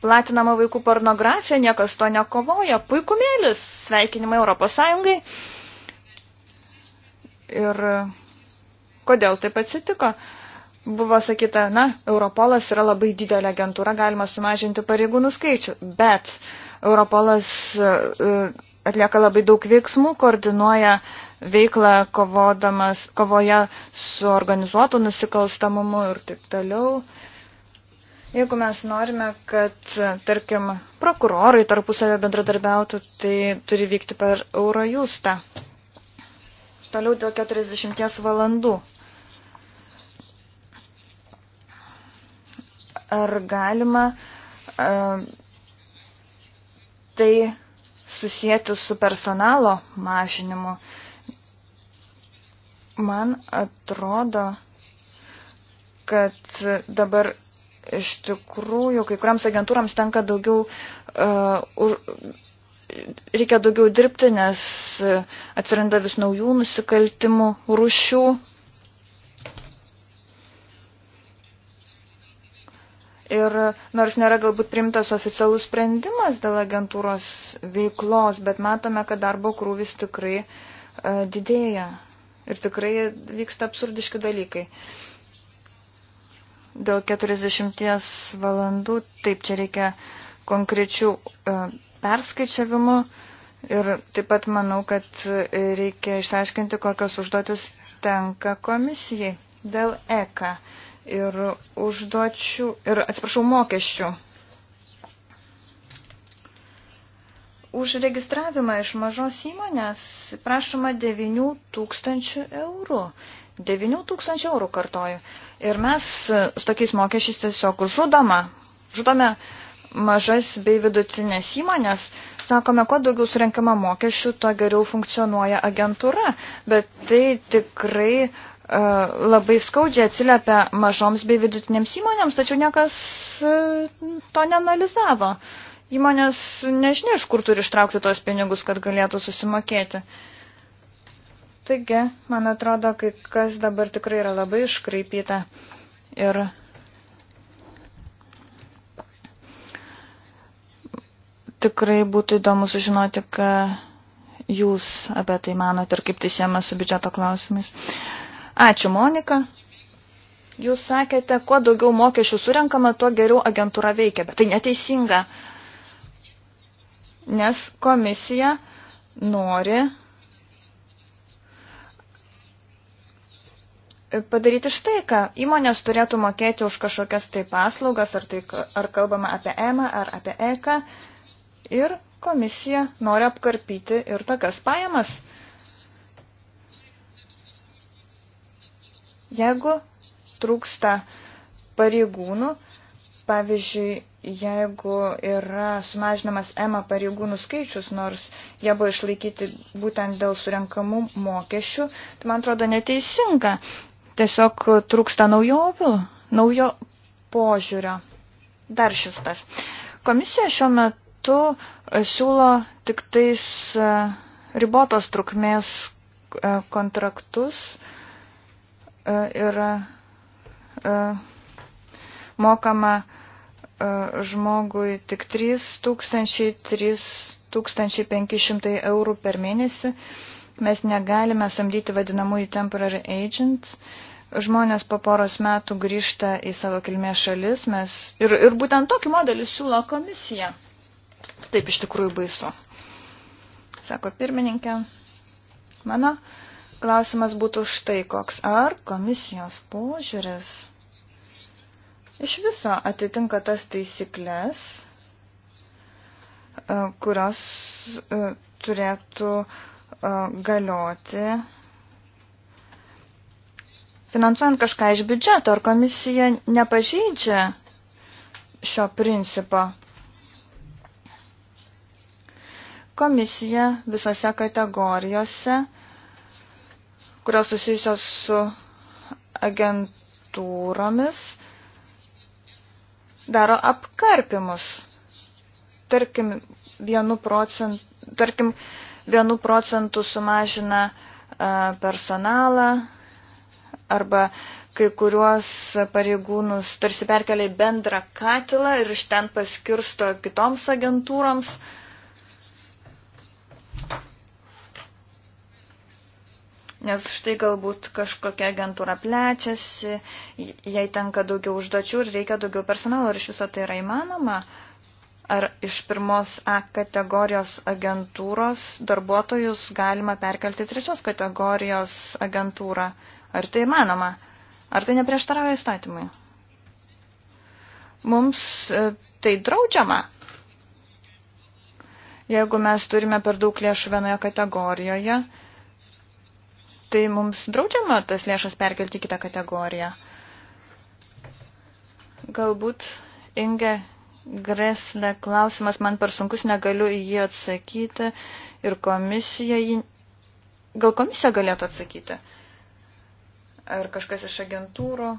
platinama vaikų pornografija, niekas to nekovoja. Puikumėlis, sveikinimai Europos Sąjungai. Ir kodėl taip atsitiko? Buvo sakyta, na, Europolas yra labai didelė agentūra, galima sumažinti pareigūnų skaičių, bet Europolas e, e, atlieka labai daug veiksmų, koordinuoja veiklą kovodamas, kovoje su organizuotu nusikalstamumu ir taip toliau. Jeigu mes norime, kad, tarkim, prokurorai tarpusavę bendradarbiautų, tai turi vykti per Eurojustą. Toliau dėl 40 valandų. ar galima uh, tai susijęti su personalo mažinimu. Man atrodo, kad dabar iš tikrųjų kai kuriams agentūrams tenka daugiau, uh, e, už, reikia daugiau dirbti, nes atsiranda vis naujų nusikaltimų rušių. Uh, Ir nors nėra galbūt primtas oficialus sprendimas dėl agentūros veiklos, bet matome, kad darbo krūvis tikrai uh, didėja ir tikrai vyksta absurdiški dalykai. Dėl 40 valandų, taip čia reikia konkrečių uh, perskaičiavimų ir taip pat manau, kad e, reikia išsiaiškinti, kokios užduotis tenka komisijai dėl ECA. Uh, ir užduočių, ir atsiprašau, mokesčių. Už registravimą iš mažos įmonės prašoma 9 tūkstančių eurų. 9 tūkstančių eurų kartoju. Ir mes su tokiais mokesčiais tiesiog žudoma, žudome mažas bei vidutinės įmonės. Sakome, kuo daugiau surenkama mokesčių, tuo geriau funkcionuoja agentūra. Bet tai tikrai E, labai skaudžiai atsiliepia mažoms bei vidutinėms įmonėms, tačiau niekas e, to neanalizavo. Įmonės nežinia, iš kur turi ištraukti tos pinigus, kad galėtų susimokėti. Taigi, man atrodo, kai kas dabar tikrai yra labai iškraipyta. Ir tikrai būtų įdomu sužinoti, ką jūs apie tai manote ir kaip tai siema su biudžeto klausimais. Uh, Ačiū, Monika. Jūs sakėte, kuo daugiau mokesčių surenkama, tuo geriau agentūra veikia, bet tai neteisinga, nes komisija nori padaryti štai ką. Įmonės turėtų mokėti už kažkokias tai paslaugas, ar, tai, ar kalbama apie EMA, ar apie EKA. Ir komisija nori apkarpyti ir tokias pajamas. Jeigu trūksta pareigūnų, pavyzdžiui, jeigu yra sumažinamas EMA pareigūnų skaičius, nors jie buvo išlaikyti būtent dėl surenkamų mokesčių, tai man atrodo neteisinga. Tiesiog trūksta naujovių, naujo požiūrio. Dar šis tas. Komisija šiuo metu e, siūlo tik tais e, ribotos trukmės e, kontraktus yra e, e, mokama e, žmogui tik 3000-3500 eurų per mėnesį. Mes negalime samdyti vadinamųjų temporary agents. Žmonės po poros metų grįžta į savo kilmės šalis mes, ir, ir būtent tokį modelį siūlo komisija. Taip iš tikrųjų baisu. Sako pirmininkė, mano klausimas būtų štai koks. Ar komisijos požiūris iš viso atitinka tas taisyklės, e, kurios e, turėtų e, galioti finansuojant kažką iš biudžeto, ar komisija nepažydžia šio principo? Komisija visose kategorijose uh, kurios susijusios su agentūromis, daro apkarpimus. Tarkim, vienu procentu, tarkim, vienu procentu sumažina e, personalą arba kai kuriuos pareigūnus tarsi perkelia į bendrą katilą ir iš ten paskirsto kitoms agentūroms. Uh, Nes štai galbūt kažkokia agentūra plečiasi, jai tenka daugiau užduočių ir reikia daugiau personalo. Ar iš viso tai yra įmanoma? Ar iš pirmos A kategorijos agentūros darbuotojus galima perkelti trečios kategorijos agentūrą? Ar tai įmanoma? Ar tai neprieštarauja įstatymui? Mums e, tai draudžiama. Jeigu mes turime per daug lėšų vienoje kategorijoje, tai mums draudžiama tas lėšas perkelti kitą kategoriją. Galbūt Inge Greslė klausimas man per sunkus, negaliu į jį atsakyti ir komisija jį... Gal komisija galėtų atsakyti? Ar kažkas iš agentūrų?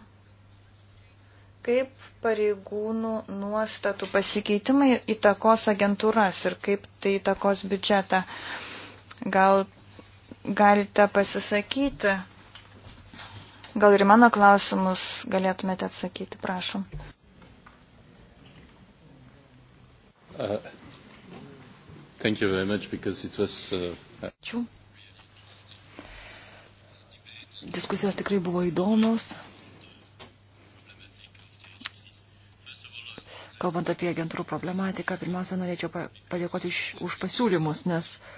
Kaip pareigūnų nuostatų pasikeitimai įtakos agentūras ir kaip tai įtakos biudžetą? Gal galite pasisakyti. Gal ir mano klausimus galėtumėte atsakyti, prašom. Uh, thank you very much because it was. Uh, Ačiū. Diskusijos tikrai buvo įdomios. Kalbant apie agentūrų problematiką, pirmiausia, norėčiau padėkoti už pasiūlymus, nes uh,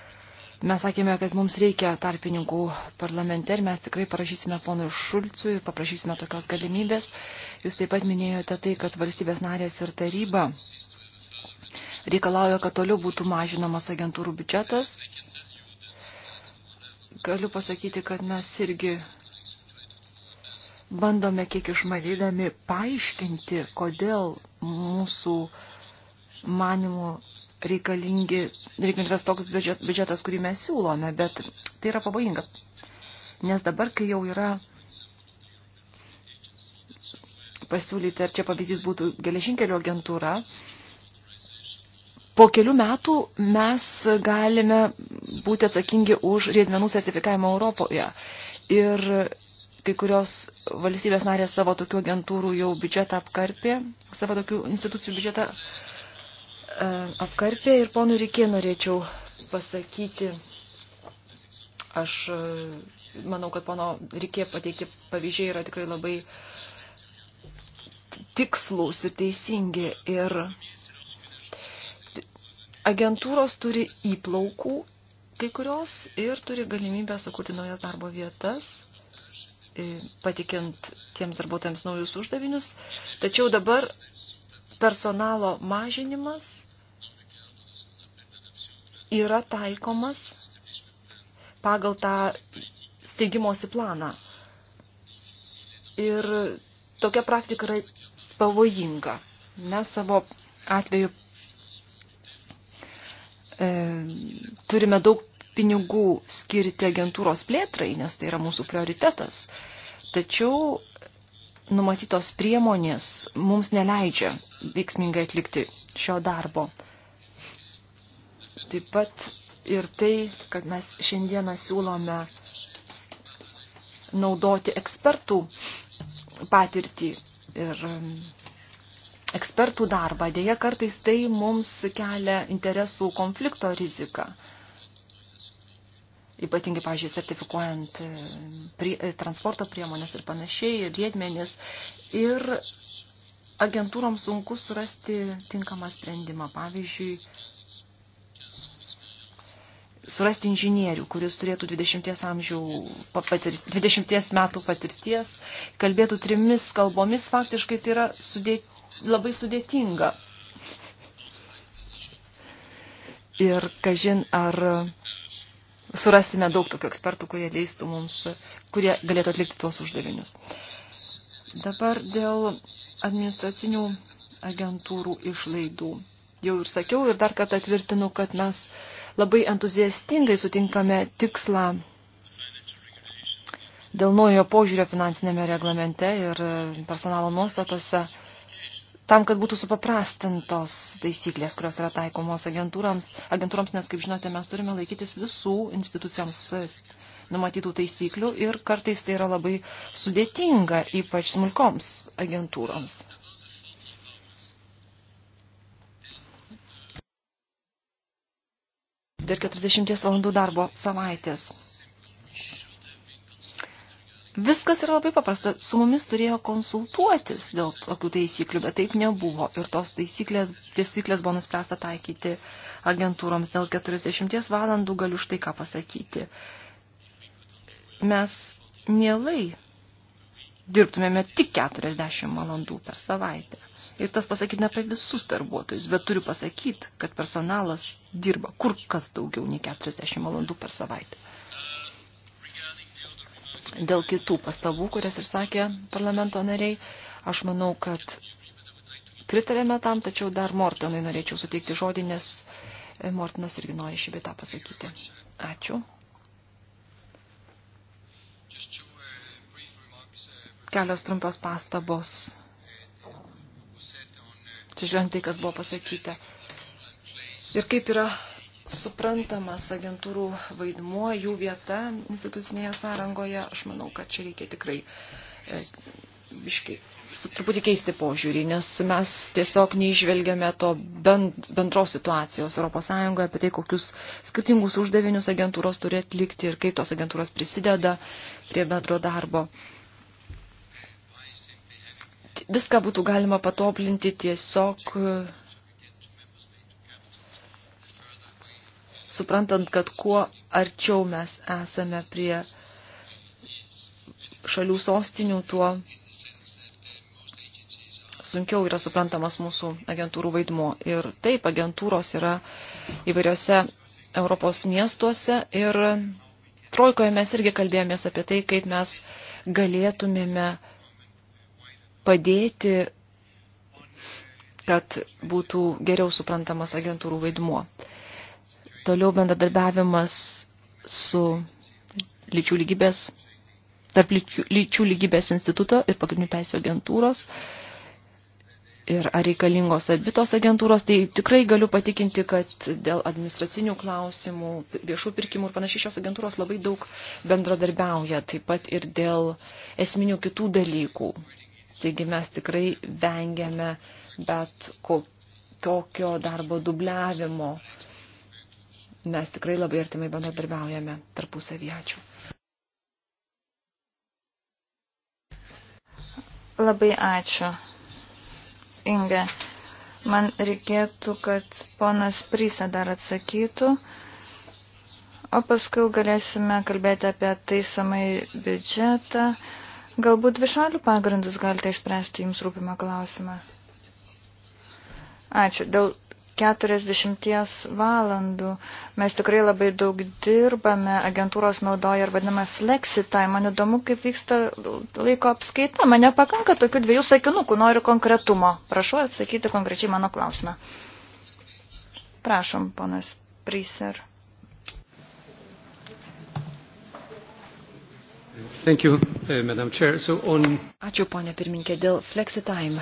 Mes sakėme, kad mums reikia tarpininkų parlamente ir mes tikrai parašysime ponui Šulcui ir paprašysime tokios galimybės. Jūs taip pat minėjote tai, kad valstybės narės ir taryba reikalauja, kad toliau būtų mažinamas agentūrų biudžetas. Galiu pasakyti, kad mes irgi bandome kiek išmanydami paaiškinti, kodėl mūsų uh, manimų reikalingi, reikalingas toks biudžetas, kurį mes siūlome, bet tai yra pavojinga. Nes dabar, kai jau yra pasiūlyti, ar čia pavyzdys būtų geležinkelio agentūra, po kelių metų mes galime būti atsakingi už riedmenų sertifikavimą Europoje. Ir kai kurios valstybės narės savo tokių agentūrų jau biudžetą apkarpė, savo tokių institucijų biudžetą apkarpė E, apkarpė ir ponui reikė norėčiau pasakyti, aš e, manau, kad pono reikė pateikti pavyzdžiai yra tikrai labai tikslus ir teisingi ir agentūros turi įplaukų kai kurios ir turi galimybę sukurti naujas darbo vietas, patikint tiems darbuotojams naujus uždavinius. Tačiau dabar personalo mažinimas yra taikomas pagal tą steigimosi planą. Ir tokia praktika yra pavojinga. Mes savo atveju e, turime daug pinigų skirti agentūros plėtrai, nes tai yra mūsų prioritetas. Tačiau numatytos priemonės mums neleidžia veiksmingai atlikti šio darbo. Taip pat ir tai, kad mes šiandieną siūlome naudoti ekspertų patirtį ir um, ekspertų darbą. Dėja, kartais tai mums kelia interesų konflikto riziką ypatingai, pažiūrėjau, sertifikuojant e, prie, e, transporto priemonės ir panašiai, riedmenis. Ir agentūroms sunku surasti tinkamą sprendimą. Pavyzdžiui, surasti inžinierių, kuris turėtų 20, amžių, patir, 20 metų patirties, kalbėtų trimis kalbomis, faktiškai tai yra sudėt, labai sudėtinga. Ir kažin, ar surasime daug tokių ekspertų, kurie leistų mums, kurie galėtų atlikti tuos uždavinius. Dabar dėl administracinių agentūrų išlaidų. Jau ir sakiau ir dar kartą tvirtinu, kad mes labai entuziastingai sutinkame tikslą dėl naujo požiūrio finansinėme reglamente ir personalo nuostatose tam, kad būtų supaprastintos taisyklės, kurios yra taikomos agentūrams, agentūrams nes, kaip žinote, mes turime laikytis visų institucijoms numatytų taisyklių ir kartais tai yra labai sudėtinga, ypač smulkoms agentūroms. Dėl 40 valandų darbo savaitės. Viskas yra labai paprasta. Su mumis turėjo konsultuotis dėl tokių taisyklių, bet taip nebuvo. Ir tos taisyklės, taisyklės buvo nuspręsta taikyti agentūroms dėl 40 valandų, galiu štai ką pasakyti. Mes mielai dirbtumėme tik 40 valandų per savaitę. Ir tas pasakyti ne apie visus darbuotojus, bet turiu pasakyti, kad personalas dirba kur kas daugiau nei 40 valandų per savaitę. Dėl kitų pastabų, kurias ir sakė parlamento nariai, aš manau, kad pritarėme tam, tačiau dar Mortonui norėčiau suteikti žodį, nes e, Mortonas irgi nori šį bitą pasakyti. Ačiū. Kelios trumpios pastabos. Atsižvelgiant tai, kas buvo pasakyta. Ir kaip yra suprantamas agentūrų vaidmuo, jų vieta institucinėje sąrangoje. Aš manau, kad čia reikia tikrai e, biškai, su truputį keisti požiūrį, nes mes tiesiog neižvelgiame to bend, bendros situacijos ES apie tai, kokius skirtingus uždavinius agentūros turi atlikti ir kaip tos agentūros prisideda prie bendro darbo. Viską būtų galima patoplinti tiesiog suprantant, kad kuo arčiau mes esame prie šalių sostinių, tuo sunkiau yra suprantamas mūsų agentūrų vaidmo. Ir taip, agentūros yra įvairiose Europos miestuose ir trojkoje mes irgi kalbėjomės apie tai, kaip mes galėtumėme padėti, kad būtų geriau suprantamas agentūrų vaidmuo. Toliau bendradarbiavimas su lyčių lygybės, tarp lyčių, lyčių lygybės instituto ir pagrindinių teisų agentūros. Ir ar reikalingos abitos agentūros, tai tikrai galiu patikinti, kad dėl administracinių klausimų, viešų pirkimų ir panašiai šios agentūros labai daug bendradarbiauja, taip pat ir dėl esminių kitų dalykų. Taigi mes tikrai vengiame bet kokio darbo dubliavimo. Uh, mes tikrai labai artimai bendradarbiaujame tarpusavį. Ačiū. Labai ačiū, Inge. Man reikėtų, kad ponas Prisa dar atsakytų, o paskui galėsime kalbėti apie taisomai biudžetą. Galbūt višalių pagrindus galite išspręsti jums rūpimą klausimą. Ačiū. Dėl 40 valandų. Mes tikrai labai daug dirbame, agentūros naudoja ir vadinamą flexitai. Man įdomu, kaip vyksta laiko apskaita. Man nepakanka tokių dviejų sakinukų, noriu konkretumo. Prašau atsakyti konkrečiai mano klausimą. Prašom, ponas Priser. You, uh, so on... Ačiū, ponė pirminkė, dėl flexitime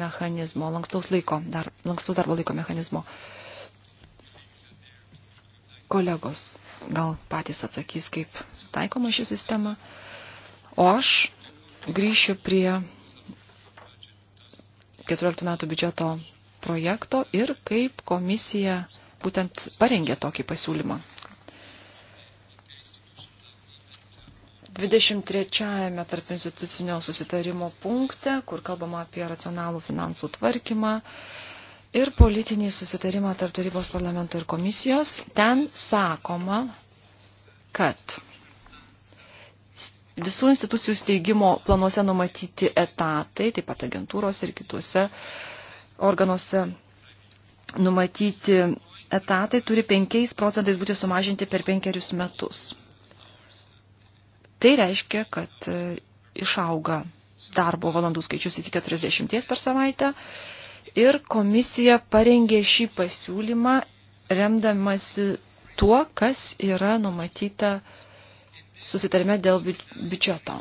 mechanizmo, lankstaus, laiko, dar, lankstaus darbo laiko mechanizmo. Kolegos gal patys atsakys, kaip taikoma ši sistema. O aš grįšiu prie 14 metų biudžeto projekto ir kaip komisija būtent parengė tokį pasiūlymą, 23-ame tarp institucinio susitarimo punkte, kur kalbama apie racionalų finansų tvarkymą ir politinį susitarimą tarp tarybos parlamento ir komisijos, ten sakoma, kad visų institucijų steigimo planuose numatyti etatai, taip pat agentūros ir kituose organuose numatyti etatai turi 5 procentais būti sumažinti per penkerius metus. Tai reiškia, kad e, išauga darbo valandų skaičius iki 40 per savaitę ir komisija parengė šį pasiūlymą remdamasi tuo, kas yra numatyta susitarime dėl bi biudžeto.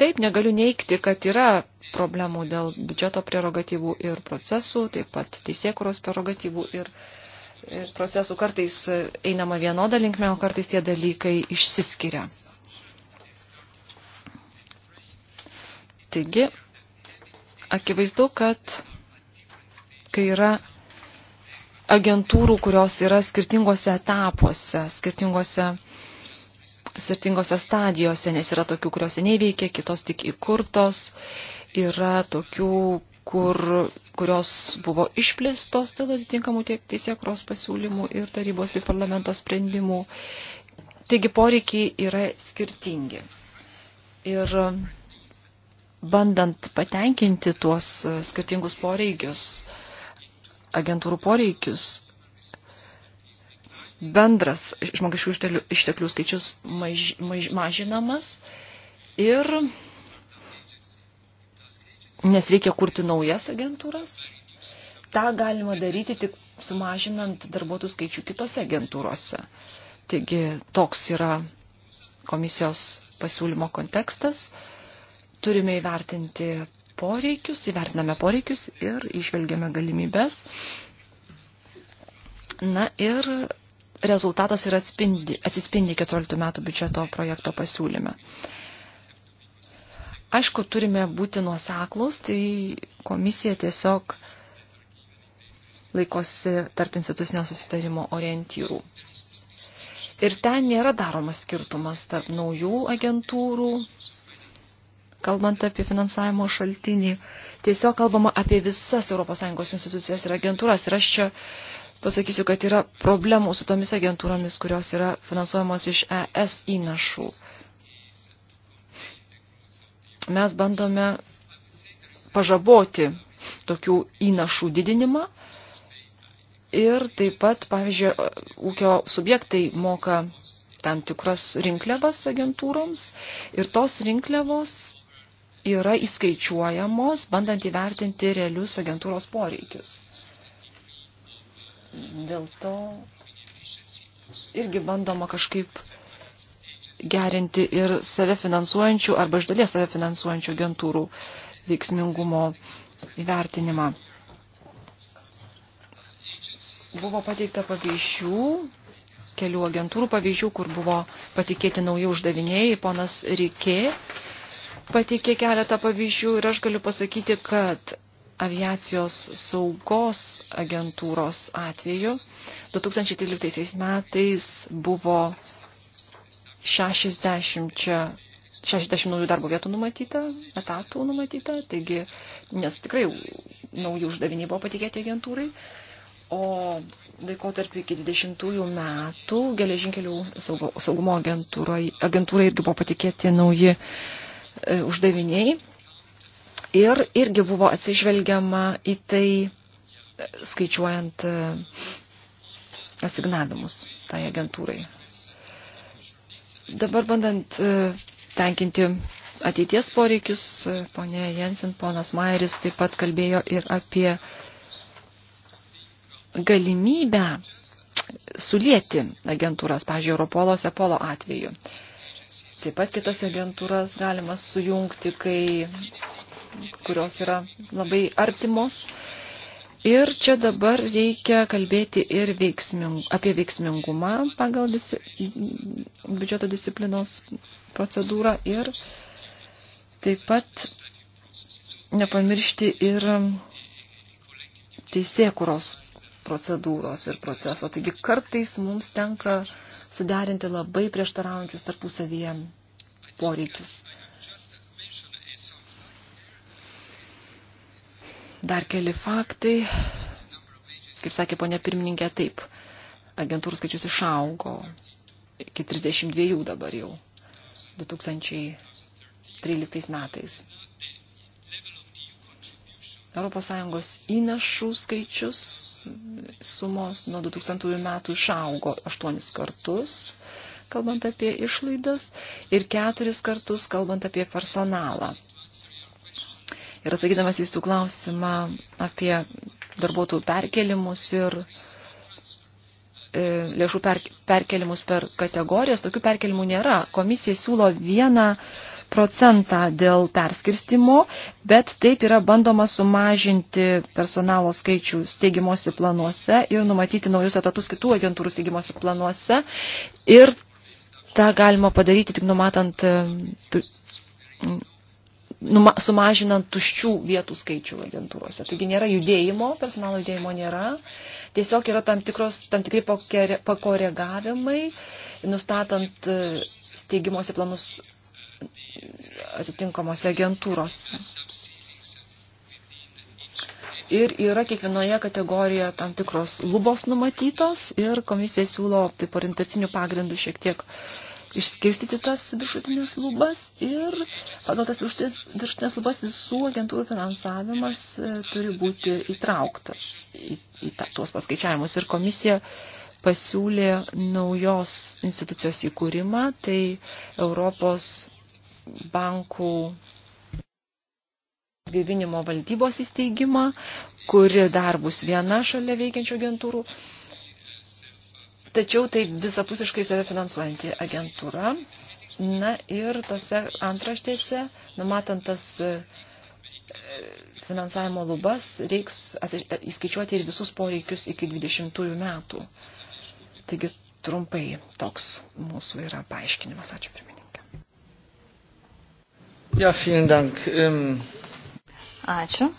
Taip, negaliu neikti, kad yra problemų dėl biudžeto prerogatyvų ir procesų, taip pat teisėkuros prerogatyvų ir procesų ir procesų kartais einama vienoda linkme, o kartais tie dalykai išsiskiria. Taigi, akivaizdu, kad kai yra agentūrų, kurios yra skirtingose etapuose, skirtingose, skirtingose stadijose, nes yra tokių, kurios neveikia, kitos tik įkurtos, yra tokių, kur, kurios buvo išplėstos dėl atitinkamų tiek teisėkros pasiūlymų ir tarybos bei parlamento sprendimų. Taigi poreikiai yra skirtingi. Ir bandant patenkinti tuos skirtingus poreikius, agentūrų poreikius, bendras žmogiškų išteklių skaičius maž, maž, mažinamas ir nes reikia kurti naujas agentūras. Ta galima daryti tik sumažinant darbuotojų skaičių kitose agentūrose. Taigi toks yra komisijos pasiūlymo kontekstas. Turime įvertinti poreikius, įvertiname poreikius ir išvelgiame galimybės. Na ir rezultatas yra atspindi, atsispindi 14 metų biudžeto projekto pasiūlyme. Uh, Aišku, turime būti nuoseklus, tai komisija tiesiog laikosi tarp institucinio susitarimo orientyrų. Ir ten nėra daromas skirtumas tarp naujų agentūrų, kalbant apie finansavimo šaltinį. Tiesiog kalbama apie visas ES institucijas ir agentūras. Ir aš čia pasakysiu, kad yra problemų su tomis agentūromis, kurios yra finansuojamos iš ES įnašų mes bandome pažaboti tokių įnašų didinimą ir taip pat, pavyzdžiui, ūkio subjektai moka tam tikras rinkliavas agentūroms ir tos rinkliavos yra įskaičiuojamos, bandant įvertinti realius agentūros poreikius. Dėl to irgi bandoma kažkaip gerinti ir save finansuojančių arba iš dalies save finansuojančių agentūrų veiksmingumo įvertinimą. Buvo pateikta pavyzdžių, kelių agentūrų pavyzdžių, kur buvo patikėti nauji uždaviniai. Ponas Rikė pateikė keletą pavyzdžių ir aš galiu pasakyti, kad aviacijos saugos agentūros atveju 2013 metais buvo 60, čia, 60 naujų darbo vietų numatyta, etatų numatyta, taigi, nes tikrai nauji uždaviniai buvo patikėti agentūrai. O laikotarpį iki 20 metų geležinkelių saugumo agentūrai, agentūrai irgi buvo patikėti nauji e, uždaviniai. Ir irgi buvo atsižvelgiama į tai, e, skaičiuojant e, asignavimus tai agentūrai. Dabar bandant e, tenkinti ateities poreikius, e, ponė Jensen, ponas Mairis taip pat kalbėjo ir apie galimybę sulėti agentūras, pažiūrėjau, Europolos Apollo atveju. Taip pat kitas agentūras galima sujungti, kai, kurios yra labai artimos. Ir čia dabar reikia kalbėti ir veiksming, apie veiksmingumą pagal disi, biudžeto disciplinos procedūrą ir taip pat nepamiršti ir teisėkuros procedūros ir proceso. Taigi kartais mums tenka suderinti labai prieštaraujančius tarpusavyje poreikius. Dar keli faktai. Kaip sakė ponia pirmininkė, taip, agentūrų skaičius išaugo iki 32 dabar jau 2013 metais. ES įnašų skaičius sumos nuo 2000 metų išaugo 8 kartus, kalbant apie išlaidas, ir 4 kartus, kalbant apie personalą. Ir atsakydamas į jūsų klausimą apie darbuotojų perkelimus ir e, lėšų perkelimus per kategorijas, tokių perkelimų nėra. Komisija siūlo vieną procentą dėl perskirstimo, bet taip yra bandoma sumažinti personalo skaičių steigimosi planuose ir numatyti naujus etatus kitų agentūrų steigimosi planuose. Ir tą galima padaryti tik numatant e, numa, sumažinant tuščių vietų skaičių agentūrose. Taigi nėra judėjimo, personalo judėjimo nėra. Tiesiog yra tam, tikros, tam tikri pakoregavimai, nustatant e, steigimuose planus atitinkamuose agentūrose. Ir yra kiekvienoje kategorijoje tam tikros lubos numatytos ir komisija siūlo taip orientacinių pagrindų šiek tiek uh, išskirstyti tas viršutinės lubas ir pagal tas viršutinės lubas visų agentūrų finansavimas e, turi būti įtrauktas į, į ta, tuos paskaičiavimus. Ir komisija pasiūlė naujos institucijos įkūrimą, tai Europos bankų gaivinimo valdybos įsteigimą, kuri dar bus viena šalia veikiančių agentūrų. Uh, Tačiau tai visapusiškai save finansuojanti agentūra. Na ir tose antraštėse, numatant tas e, finansavimo lubas, reiks e, įskaičiuoti ir visus poreikius iki 20 metų. Taigi trumpai toks mūsų yra paaiškinimas. Ačiū pirmininkė. Ja, vielen dank. Um... Ačiū.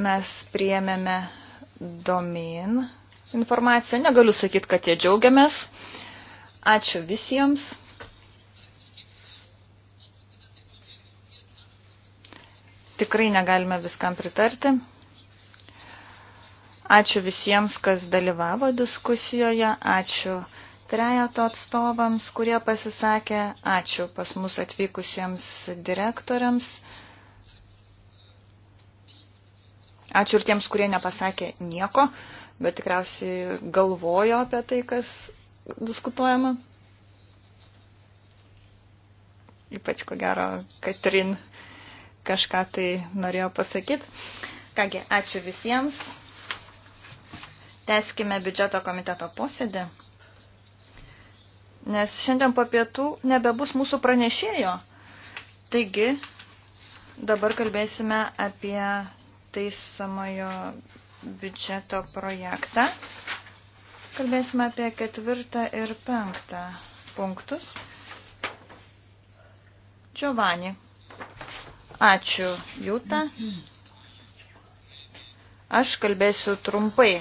Mes priėmėme domin informaciją. Negaliu sakyti, kad jie džiaugiamės. Ačiū visiems. Tikrai negalime viskam pritarti. Ačiū visiems, kas dalyvavo diskusijoje. Ačiū trejato atstovams, kurie pasisakė. Ačiū pas mus atvykusiems direktoriams. Ačiū ir tiems, kurie nepasakė nieko, bet tikriausiai galvojo apie tai, kas diskutuojama. Ypač ko gero, Katrin kažką tai norėjo pasakyti. Kągi, ačiū visiems. Teskime biudžeto komiteto posėdį. Nes šiandien po pietų nebebus mūsų pranešėjo. Taigi, dabar kalbėsime apie taisomojo biudžeto projektą. Kalbėsime apie ketvirtą ir penktą punktus. Giovanni. Ačiū, Jūta. Aš kalbėsiu trumpai.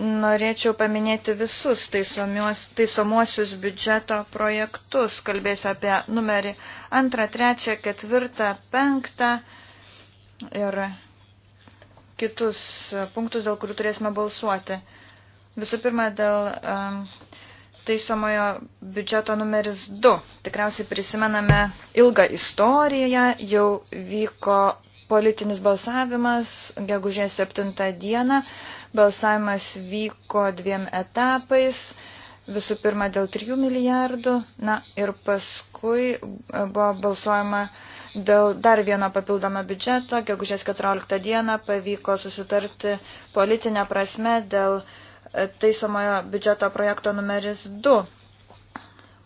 Norėčiau paminėti visus taisomuosius biudžeto projektus. Kalbėsiu apie numerį 2, 3, 4, 5, ir kitus punktus, dėl kurių turėsime balsuoti. Visų pirma, dėl um, taisomojo biudžeto numeris 2. Tikriausiai prisimename ilgą istoriją, jau vyko politinis balsavimas gegužės 7 dieną. Balsavimas vyko dviem etapais. Visų pirma, dėl 3 milijardų. Na ir paskui e, buvo balsuojama uh, Dėl dar vieno papildomo biudžeto, gegužės 14 dieną, pavyko susitarti politinę prasme dėl e, taisomojo biudžeto projekto numeris 2.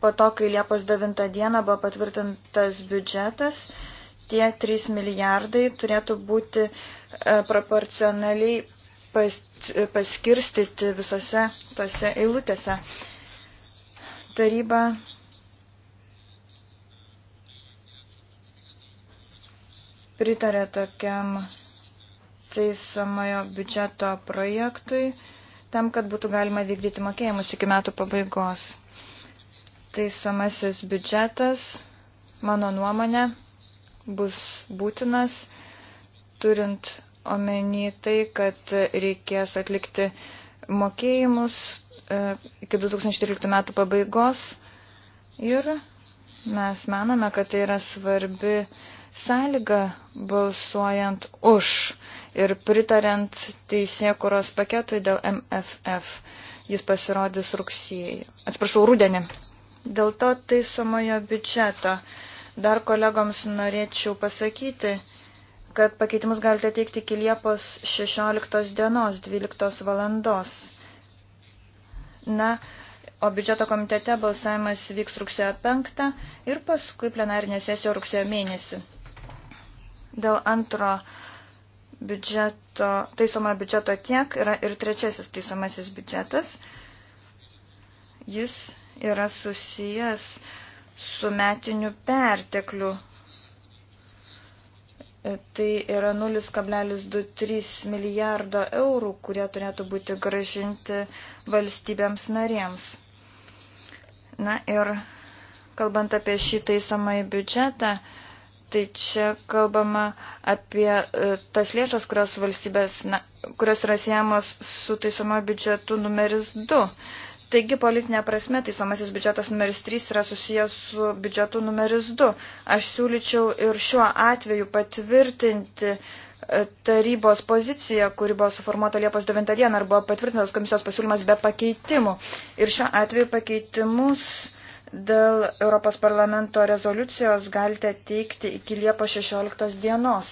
Po to, kai Liepos 9 dieną buvo patvirtintas biudžetas, tie 3 milijardai turėtų būti e, proporcionaliai paskirstyti visose tose eilutėse. Taryba pritarė tokiam teisamojo biudžeto projektui, tam, kad būtų galima vykdyti mokėjimus iki metų pabaigos. Teisamasis biudžetas, mano nuomonė, bus būtinas, turint omeny tai, kad reikės atlikti mokėjimus e, iki 2013 metų pabaigos ir mes manome, kad tai yra svarbi sąlyga balsuojant už ir pritarent teisėkuros paketui dėl MFF. Jis pasirodys rugsėjai. Atsiprašau, rudenį. Dėl to taisomojo biudžeto. Dar kolegoms norėčiau pasakyti, kad pakeitimus galite teikti iki Liepos 16 dienos 12 valandos. Na, o biudžeto komitete balsavimas vyks rugsėjo 5 ir paskui plenarinė sesija rugsėjo mėnesį. Dėl antro biudžeto, taisomo biudžeto tiek yra ir trečiasis taisomasis biudžetas. Jis yra susijęs su metiniu pertekliu. Tai yra 0,23 milijardo eurų, kurie turėtų būti gražinti valstybėms narėms. Na ir kalbant apie šį taisomąjį biudžetą, Tai čia kalbama apie e, tas lėšas, kurios valstybės, na, kurios yra siejamos su taisomo biudžetu numeris 2. Taigi, politinė prasme, taisomasis biudžetas numeris 3 yra susijęs su biudžetu numeris 2. Aš siūlyčiau ir šiuo atveju patvirtinti e, tarybos poziciją, kuri buvo suformuota Liepos 9 dieną arba patvirtintas komisijos pasiūlymas be pakeitimų. Ir šiuo atveju pakeitimus Dėl Europos parlamento rezoliucijos galite teikti iki Liepo 16 dienos.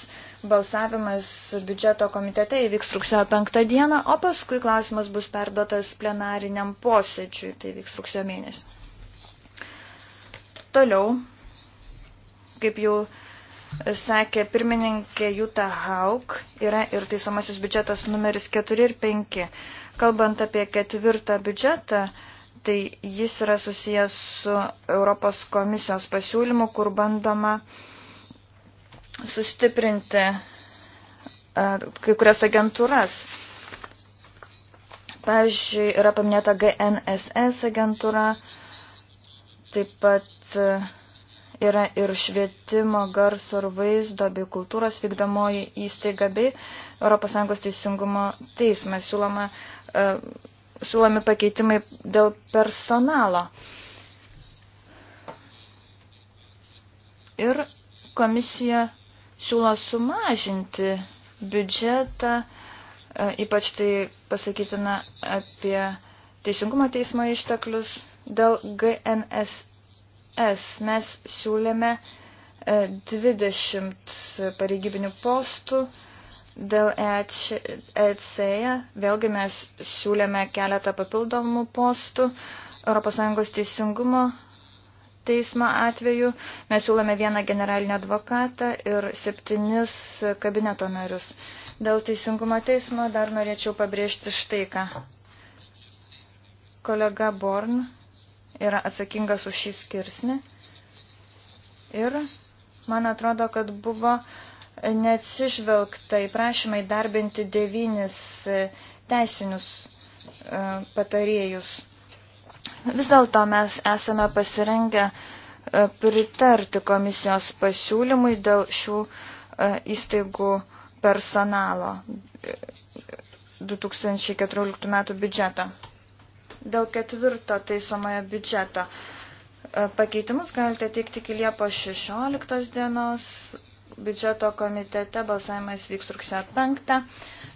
Balsavimas biudžeto komitete įvyks rugsėjo 5 dieną, o paskui klausimas bus perdotas plenariniam posėdžiui, tai vyks rugsėjo mėnesį. Toliau, kaip jau sakė pirmininkė Juta Hauk, yra ir taisomasis biudžetas numeris 4 ir 5. Kalbant apie ketvirtą biudžetą, tai jis yra susijęs su Europos komisijos pasiūlymu, kur bandoma sustiprinti e, kai kurias agentūras. Pavyzdžiui, yra paminėta GNSS agentūra, taip pat e, yra ir švietimo, garso ir vaizdo bei kultūros vykdomoji įstaiga bei ES teisingumo teismas siūloma uh, siūlomi pakeitimai dėl personalo. Ir komisija siūlo sumažinti biudžetą, e, ypač tai pasakytina apie Teisingumo teismo išteklius dėl GNSS. Mes siūlėme 20 e, pareigybinių postų, Dėl ECE e vėlgi mes siūlėme keletą papildomų postų ES teisingumo teismo atveju. Mes siūlome vieną generalinį advokatą ir septynis kabineto narius. Dėl teisingumo teismo dar norėčiau pabrėžti štai ką. Kolega Born yra atsakingas už šį skirsnį. Ir man atrodo, kad buvo uh, neatsižvelgta į prašymą įdarbinti devynis e, teisinius e, patarėjus. Vis dėlto mes esame pasirengę e, pritarti komisijos pasiūlymui dėl šių įstaigų personalo 2014 metų biudžeto. Dėl ketvirto taisomojo biudžeto pakeitimus galite teikti iki Liepos 16 dienos biudžeto komitete balsavimas vyks rugsėjo 5,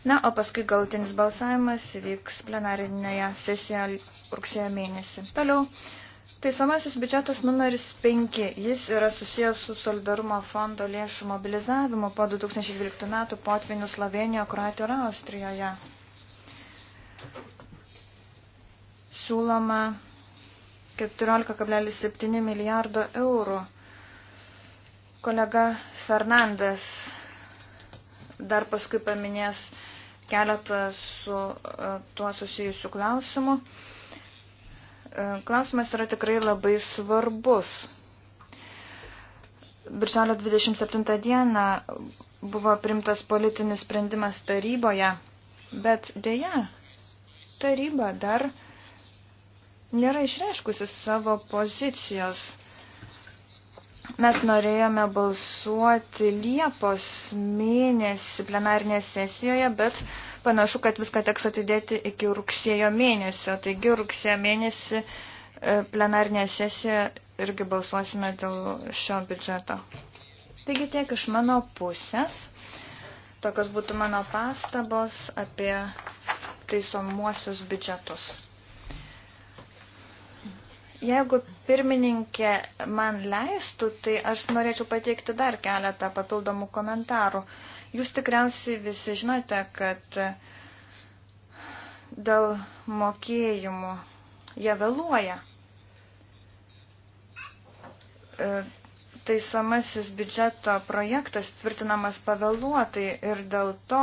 na, o paskui galtinis balsavimas vyks plenarinėje sesijoje rugsėjo mėnesį. Toliau, taisomasis biudžetas numeris 5, jis yra susijęs su solidarumo fondo lėšų mobilizavimu po 2012 metų potvinių Slovenijoje, Kroatijoje ir Austrijoje. Siūloma 14,7 milijardo eurų Kolega Fernandas dar paskui paminės keletą su e, tuo susijusių klausimų. E, klausimas yra tikrai labai svarbus. Birželio 27 dieną buvo primtas politinis sprendimas taryboje, bet dėja, taryba dar nėra išreiškusi savo pozicijos Mes norėjome balsuoti Liepos mėnesį plenarinėje sesijoje, bet panašu, kad viską teks atidėti iki rugsėjo mėnesio. Taigi rugsėjo mėnesį e, plenarinėje sesijoje irgi balsuosime dėl šio biudžeto. Taigi tiek iš mano pusės. Tokios būtų mano pastabos apie taisomuosius biudžetus. Jeigu pirmininkė man leistų, tai aš norėčiau pateikti dar keletą papildomų komentarų. Jūs tikriausiai visi žinote, kad dėl mokėjimų jie vėluoja. E, taisomasis biudžeto projektas tvirtinamas pavėluotai ir dėl to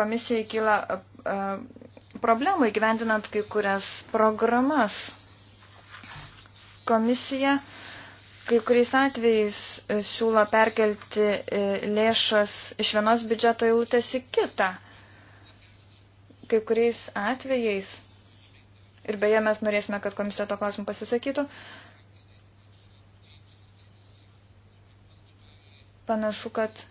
komisijai kyla e, e, problemų įgyvendinant kai kurias programas komisija kai kuriais atvejais e, siūlo perkelti e, lėšas iš vienos biudžeto eilutės į kitą. Kai kuriais atvejais, ir beje mes norėsime, kad komisija to klausimą pasisakytų, panašu, kad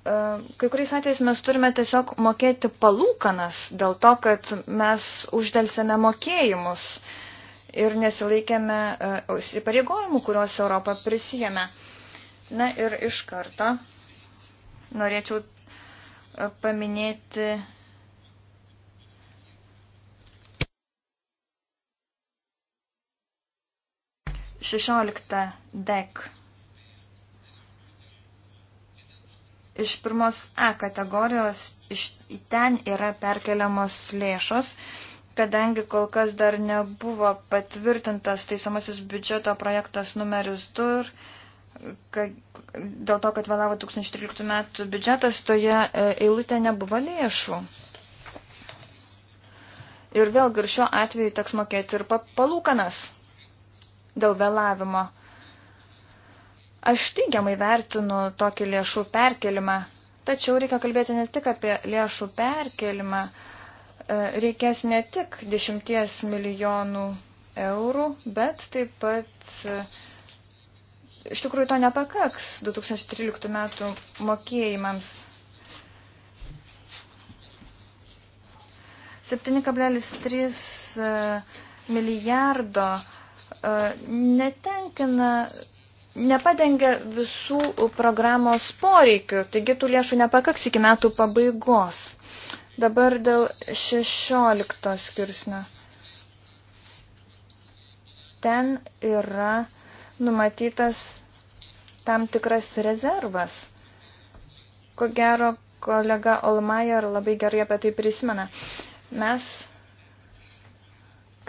e, kai kuriais atvejais mes turime tiesiog mokėti palūkanas dėl to, kad mes uždelsėme mokėjimus. Uh, ir nesilaikėme e, įsipareigojimų, kuriuos Europą prisijėmė. Na ir iš karto norėčiau e, paminėti. Šešioliktą dek. Iš pirmos A kategorijos iš, ten yra perkeliamos lėšos kadangi kol kas dar nebuvo patvirtintas teisomasis biudžeto projektas numeris 2, kad, dėl to, kad vėlavo 2013 metų biudžetas, toje e, eilutė nebuvo lėšų. Ir vėlgi ir šiuo atveju teks mokėti ir palūkanas dėl vėlavimo. Aš teigiamai vertinu tokį lėšų perkelimą, tačiau reikia kalbėti ne tik apie lėšų perkelimą, uh, E, reikės ne tik 10 milijonų eurų, bet taip pat e, iš tikrųjų to nepakaks 2013 metų mokėjimams. 7,3 e, milijardo netenkina, nepadengia visų programos poreikių, taigi tų lėšų nepakaks iki metų pabaigos. Dabar dėl 16 skirsnio. Ten yra numatytas tam tikras rezervas. Ko gero, kolega Olmajer labai gerai apie tai prisimena. Mes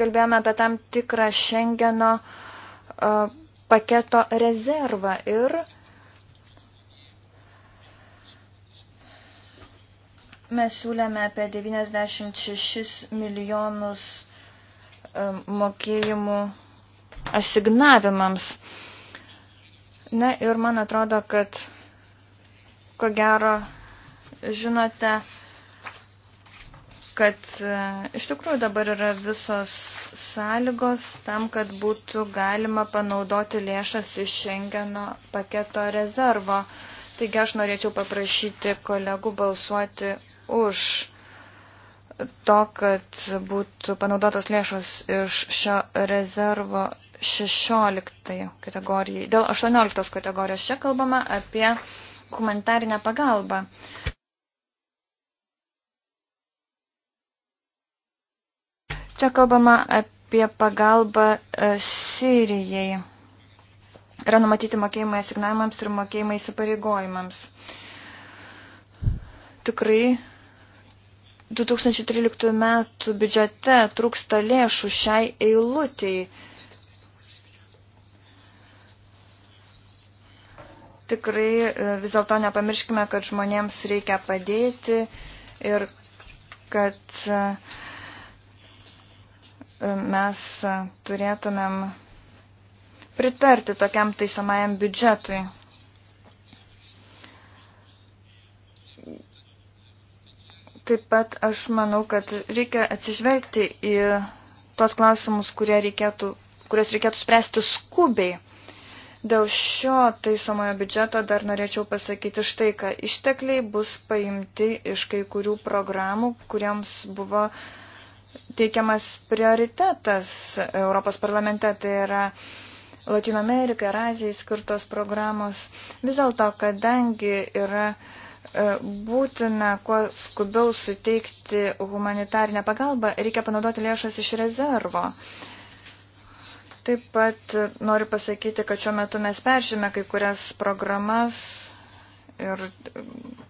kalbėjome apie tam tikrą Šengeno paketo rezervą ir uh, Mes siūlėme apie 96 milijonus mokėjimų asignavimams. Na ir man atrodo, kad ko gero žinote, kad e, iš tikrųjų dabar yra visos sąlygos tam, kad būtų galima panaudoti lėšas iš Schengeno paketo rezervo. Taigi aš norėčiau paprašyti kolegų balsuoti už to, kad būtų panaudotos lėšos iš šio rezervo 16 kategorijai. Dėl 18 kategorijos čia kalbama apie humanitarinę pagalbą. Čia kalbama apie pagalbą e, Sirijai. Yra numatyti mokėjimai asignavimams ir mokėjimai įsipareigojimams. Tikrai 2013 metų biudžete trūksta lėšų šiai eilutei. Tikrai e, vis dėlto nepamirškime, kad žmonėms reikia padėti ir kad e, mes turėtumėm pritarti tokiam taisomajam biudžetui. Taip pat aš manau, kad reikia atsižvelgti į tos klausimus, reikėtų, kurias reikėtų spręsti skubiai. Dėl šio taisomojo biudžeto dar norėčiau pasakyti štai, kad ištekliai bus paimti iš kai kurių programų, kuriems buvo teikiamas prioritetas Europos parlamente, tai yra Latino Amerikai ir Azijai skirtos programos. Vis dėlto, kadangi yra uh, E, būtina kuo skubiau suteikti humanitarinę pagalbą, reikia panaudoti lėšas iš rezervo. Taip pat noriu pasakyti, kad šiuo metu mes peršime kai kurias programas ir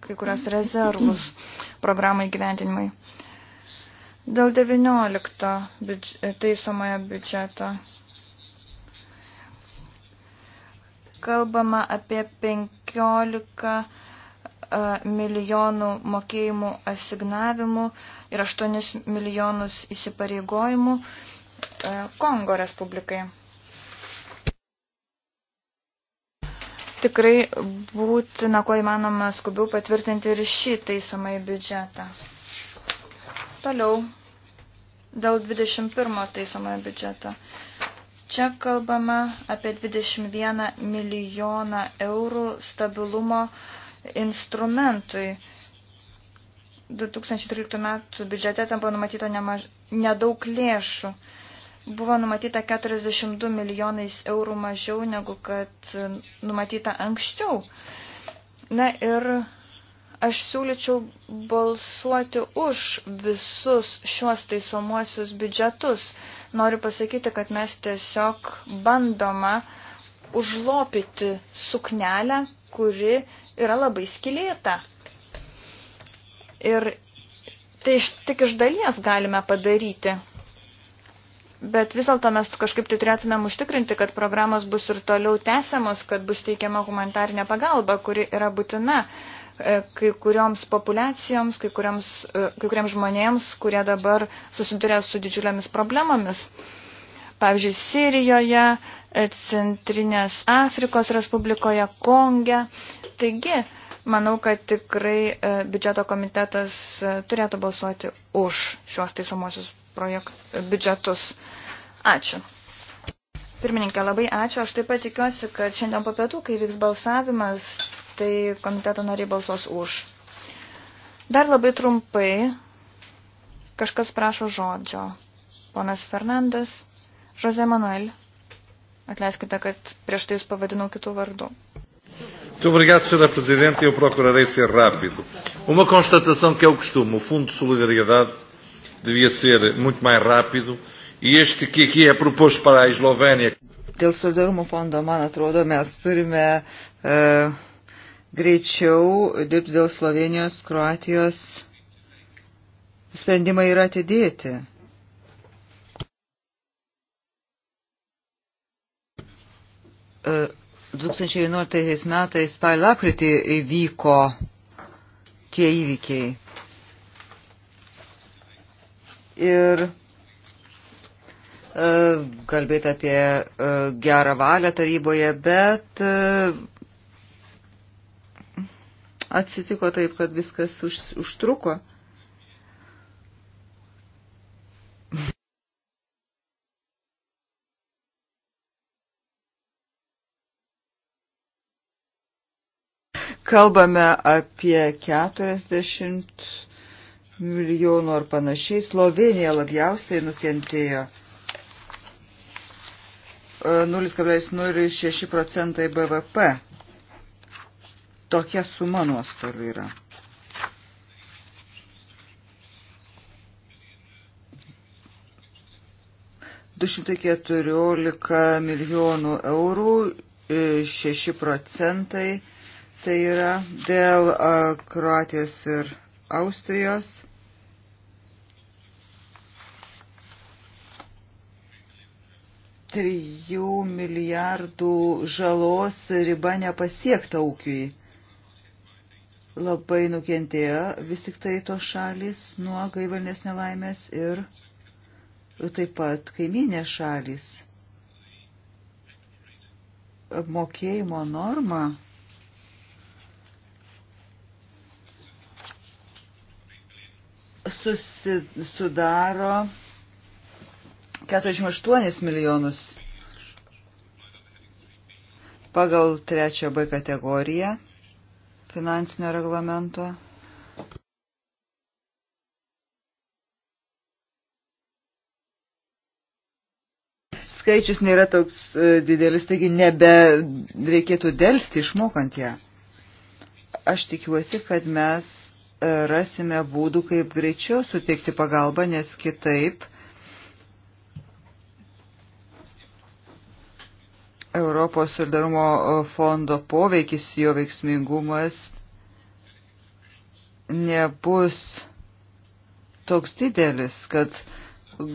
kai kurias rezervus programai gyventinimai. Dėl 19 biudž teisomojo biudžeto kalbama apie 15 milijonų mokėjimų asignavimų ir 8 milijonus įsipareigojimų Kongo Respublikai. Tikrai būtina, kuo įmanoma, skubiau patvirtinti ir šį taisomą į biudžetą. Toliau, dėl 21 taisomojo biudžeto. Čia kalbame apie 21 milijoną eurų stabilumo uh, instrumentui. 2013 metų biudžete tam buvo numatyta nemaž... nedaug lėšų. Buvo numatyta 42 milijonais eurų mažiau negu kad numatyta anksčiau. Na ir aš siūlyčiau balsuoti už visus šiuos taisomuosius biudžetus. Noriu pasakyti, kad mes tiesiog bandoma užlopyti suknelę, kuri yra labai skilėta. Ir tai tik iš dalies galime padaryti. Bet vis dėlto mes kažkaip tai turėtumėm užtikrinti, kad programos bus ir toliau tęsiamos, kad bus teikiama humanitarinė pagalba, kuri yra būtina e, kai kurioms populiacijoms, kai, kurioms, e, kai kuriems žmonėms, kurie dabar susiduria su didžiuliamis problemomis. Pavyzdžiui, Sirijoje, Centrinės Afrikos Respublikoje, Konge. Taigi, manau, kad tikrai e, biudžeto komitetas e, turėtų balsuoti už šios taisomosius projekt, biudžetus. Ačiū. Pirmininkė, labai ačiū. Aš taip pat tikiuosi, kad šiandien po pietų, kai vyks balsavimas, tai komiteto nariai balsuos už. Dar labai trumpai kažkas prašo žodžio. Ponas Fernandas, Jose Manuel. Atleiskite, kad prieš tai jūs pavadinau kitų vardų. Muito obrigado, Sra. Presidente. Eu procurarei ser rápido. Uma constatação que é o costume. O Fundo de Solidariedade devia ser muito mais rápido e este que aqui é proposto para a Eslovénia. Dėl solidarumo fondo, man atrodo, mes turime e, greičiau dirbti dėl Slovenijos, Kroatijos. Sprendimai yra atidėti. 2011 metais spalapritį įvyko tie įvykiai. Ir e, kalbėti apie e, gerą valią taryboje, bet e, atsitiko taip, kad viskas už, užtruko. Kalbame apie 40 milijonų ar panašiai. Slovenija labiausiai nukentėjo. 0,06 e, procentai BVP. Tokia suma nuostolių yra. Du šimtai keturiolika milijonų eurų, e, šeši procentai Tai yra dėl Kroatijos ir Austrijos. Trijų milijardų žalos riba nepasiekta ūkiui labai nukentėjo vis tik tai tos šalis nuo gaivalnės nelaimės ir taip pat kaiminės šalis. Apmokėjimo norma susi, sudaro 48 milijonus pagal trečią B kategoriją finansinio reglamento. Skaičius nėra toks e, didelis, taigi nebe reikėtų dėlsti išmokant ją. Aš tikiuosi, kad mes rasime būdų, kaip greičiau suteikti pagalbą, nes kitaip Europos solidarumo fondo poveikis, jo veiksmingumas nebus toks didelis, kad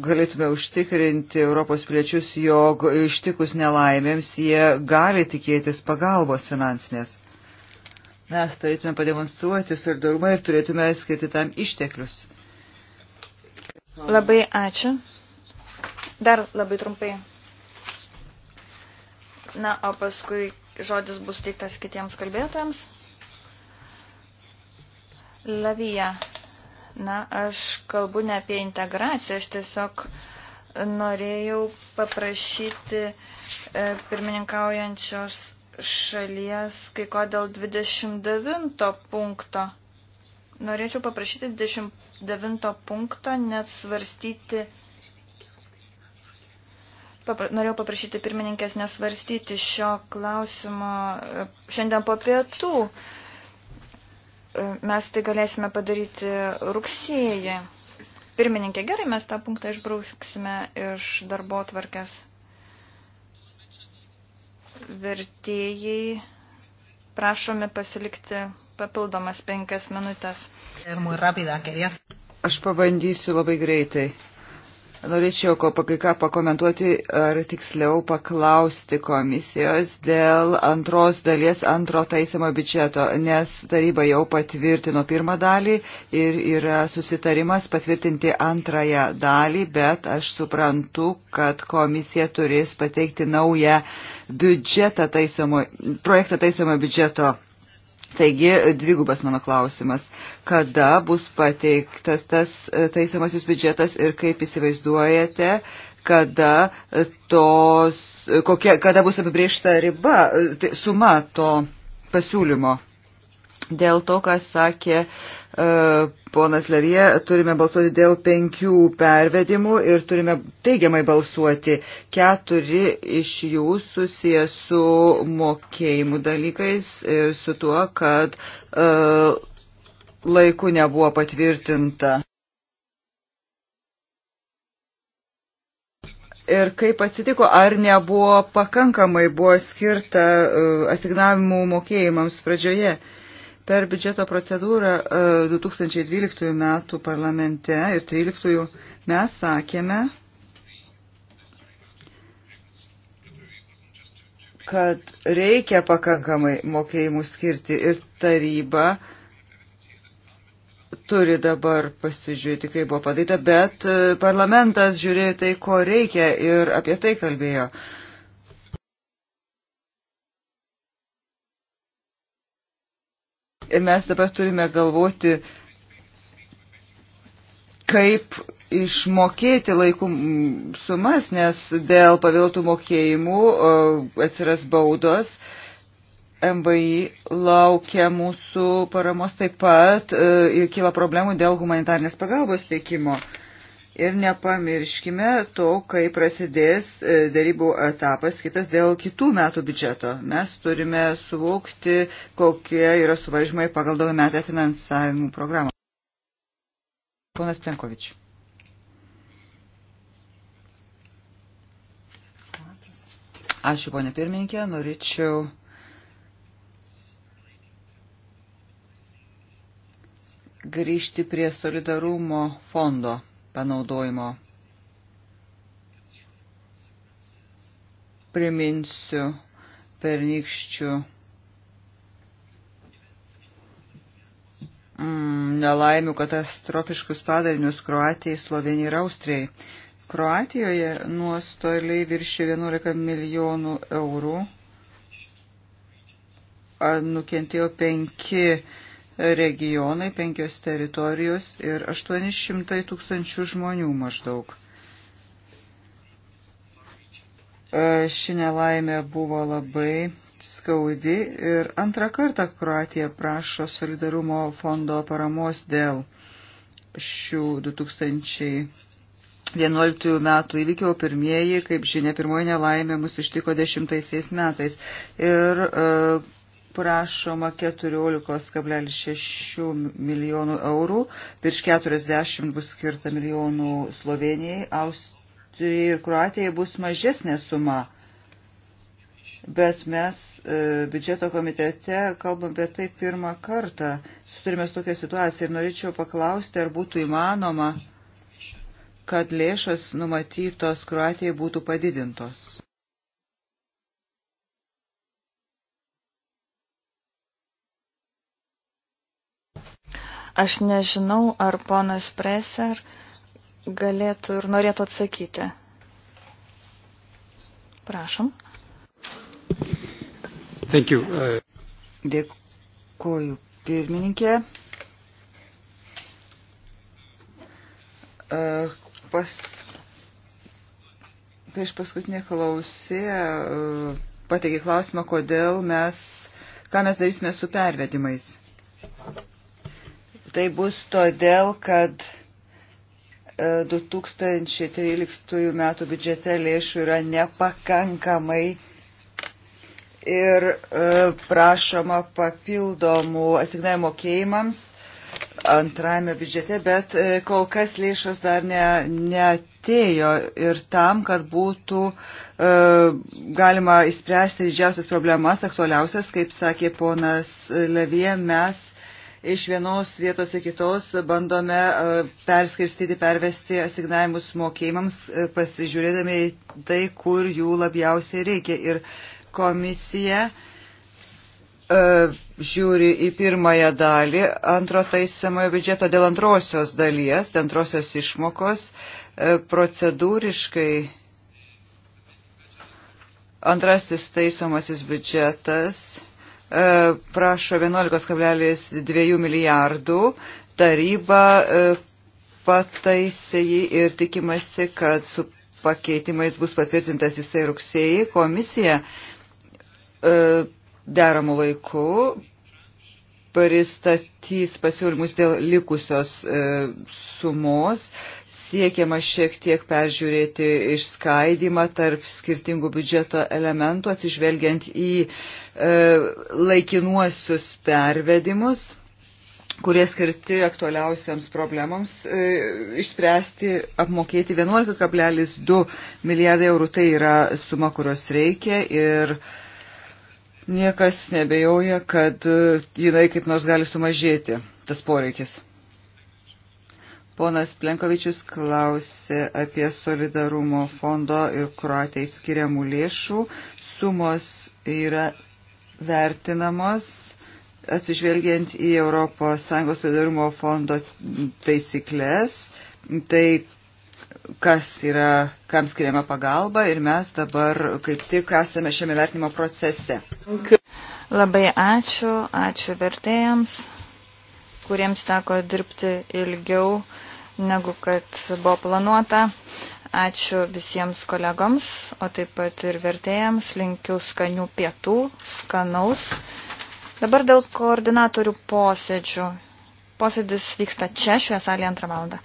galėtume užtikrinti Europos piliečius, jog ištikus nelaimėms jie gali tikėtis pagalbos finansinės. Mes turėtume pademonstruoti solidarumą ir turėtume skirti tam išteklius. Labai ačiū. Dar labai trumpai. Na, o paskui žodis bus teiktas kitiems kalbėtojams. Lavija. Na, aš kalbu ne apie integraciją, aš tiesiog norėjau paprašyti e, pirmininkaujančios šalies, kai ko dėl 29 punkto. Norėčiau paprašyti 29 punkto net svarstyti. Papra, norėjau paprašyti pirmininkės nesvarstyti šio klausimo e, šiandien po pietų. E, mes tai galėsime padaryti rugsėjį. Pirmininkė, gerai, mes tą punktą išbrauksime iš darbo tvarkės vertėjai prašomi pasilikti papildomas penkias minutės. Aš pabandysiu labai greitai. Norėčiau kai ką pakomentuoti ar tiksliau paklausti komisijos dėl antros dalies antro taisimo biudžeto, nes taryba jau patvirtino pirmą dalį ir yra susitarimas patvirtinti antrąją dalį, bet aš suprantu, kad komisija turės pateikti naują biudžetą taisomo, projektą taisomo biudžeto Taigi, dvigubas mano klausimas. Kada bus pateiktas tas e, taisomasis biudžetas ir kaip įsivaizduojate, kada, e, tos, e, kokia, kada bus apibriešta riba, tai suma to pasiūlymo? Dėl to, ką sakė uh, ponas Levie, turime balsuoti dėl penkių pervedimų ir turime teigiamai balsuoti. Keturi iš jų susiję su mokėjimų dalykais ir su tuo, kad uh, laiku nebuvo patvirtinta. Ir kaip atsitiko, ar nebuvo pakankamai buvo skirta uh, asignavimų mokėjimams pradžioje? Uh, Per biudžeto procedūrą 2012 e, metų parlamente ir 2013 mes sakėme, kad reikia pakankamai mokėjimų skirti ir taryba turi dabar pasižiūrėti, kaip buvo padaryta, bet e, parlamentas žiūrėjo tai, ko reikia ir apie tai kalbėjo. Uh, mes dabar turime galvoti, kaip išmokėti laikų sumas, nes dėl pavėltų mokėjimų atsiras baudos. MVI laukia mūsų paramos taip pat e, ir kyla problemų dėl humanitarnės pagalbos teikimo. Ir nepamirškime to, kai prasidės e, darybų etapas kitas dėl kitų metų biudžeto. Mes turime suvokti, kokie yra suvaržymai pagal daugiau metą finansavimų programą. Ponas Plenkovič. Ačiū, ponė pirmininkė. Norėčiau. grįžti prie solidarumo fondo panaudojimo. Priminsiu pernykščių mm, nelaimių katastrofiškus padarinius Kroatijai, Slovenijai ir Austrijai. Kroatijoje nuostoliai viršė 11 milijonų eurų, nukentėjo 5 regionai, penkios teritorijos ir 800 tūkstančių žmonių maždaug. E, ši nelaimė buvo labai skaudi ir antrą kartą Kroatija prašo solidarumo fondo paramos dėl šių 2011 metų įvykiau pirmieji, kaip žinia, pirmoji nelaimė mus ištiko dešimtaisiais metais. Ir uh, prašoma 14,6 milijonų eurų, virš 40 bus skirta milijonų Slovenijai, Austrijai ir Kroatijai bus mažesnė suma. Bet mes e, biudžeto komitete kalbam apie tai pirmą kartą. Turime tokią situaciją ir norėčiau paklausti, ar būtų įmanoma, kad lėšas numatytos Kroatijai būtų padidintos. Aš nežinau, ar ponas Preser galėtų ir norėtų atsakyti. Prašom. Thank you. Uh, Dėkuoju, pirmininkė. Uh, pas, prieš paskutinę klausę uh, pateikė klausimą, kodėl mes, ką mes darysime su pervedimais. Tai bus todėl, kad 2013 e, metų biudžete lėšų yra nepakankamai ir e, prašoma papildomų asignavimo keimams antrajame biudžete, bet e, kol kas lėšos dar ne, netėjo ir tam, kad būtų e, galima įspręsti didžiausias problemas, aktualiausias, kaip sakė ponas Levie, mes iš vienos vietos į kitos, bandome e, perskirstyti, pervesti asignavimus mokėjimams, e, pasižiūrėdami tai, kur jų labiausiai reikia. Ir komisija e, žiūri į pirmąją dalį antro taisamojo biudžeto dėl antrosios dalies, dėl antrosios išmokos, procedūriškai antrasis taisomasis biudžetas E, prašo 11,2 milijardų, taryba e, pataisė jį ir tikimasi, kad su pakeitimais bus patvirtintas jisai rugsėjai. Komisija e, deramų laikų pristatys pasiūlymus dėl likusios e, sumos. Siekiama šiek tiek peržiūrėti išskaidimą tarp skirtingų biudžeto elementų, atsižvelgiant į e, laikinuosius pervedimus kurie skirti aktualiausiams problemams e, išspręsti, apmokėti 11,2 milijardai eurų. Tai yra suma, kurios reikia ir e, Niekas nebejoja, kad e, jinai kaip nors gali sumažėti tas poreikis. Ponas Plenkovičius klausė apie solidarumo fondo ir kruatai skiriamų lėšų. Sumos yra vertinamos atsižvelgiant į ES solidarumo fondo taisyklės. Tai kas yra, kam skiriama pagalba ir mes dabar kaip tik esame šiame vertinimo procese. Labai ačiū, ačiū vertėjams, kuriems teko dirbti ilgiau negu kad buvo planuota. Ačiū visiems kolegoms, o taip pat ir vertėjams, linkiu skanių pietų, skanaus. Dabar dėl koordinatorių posėdžių. Posėdis vyksta čia, šioje salėje antrą valandą.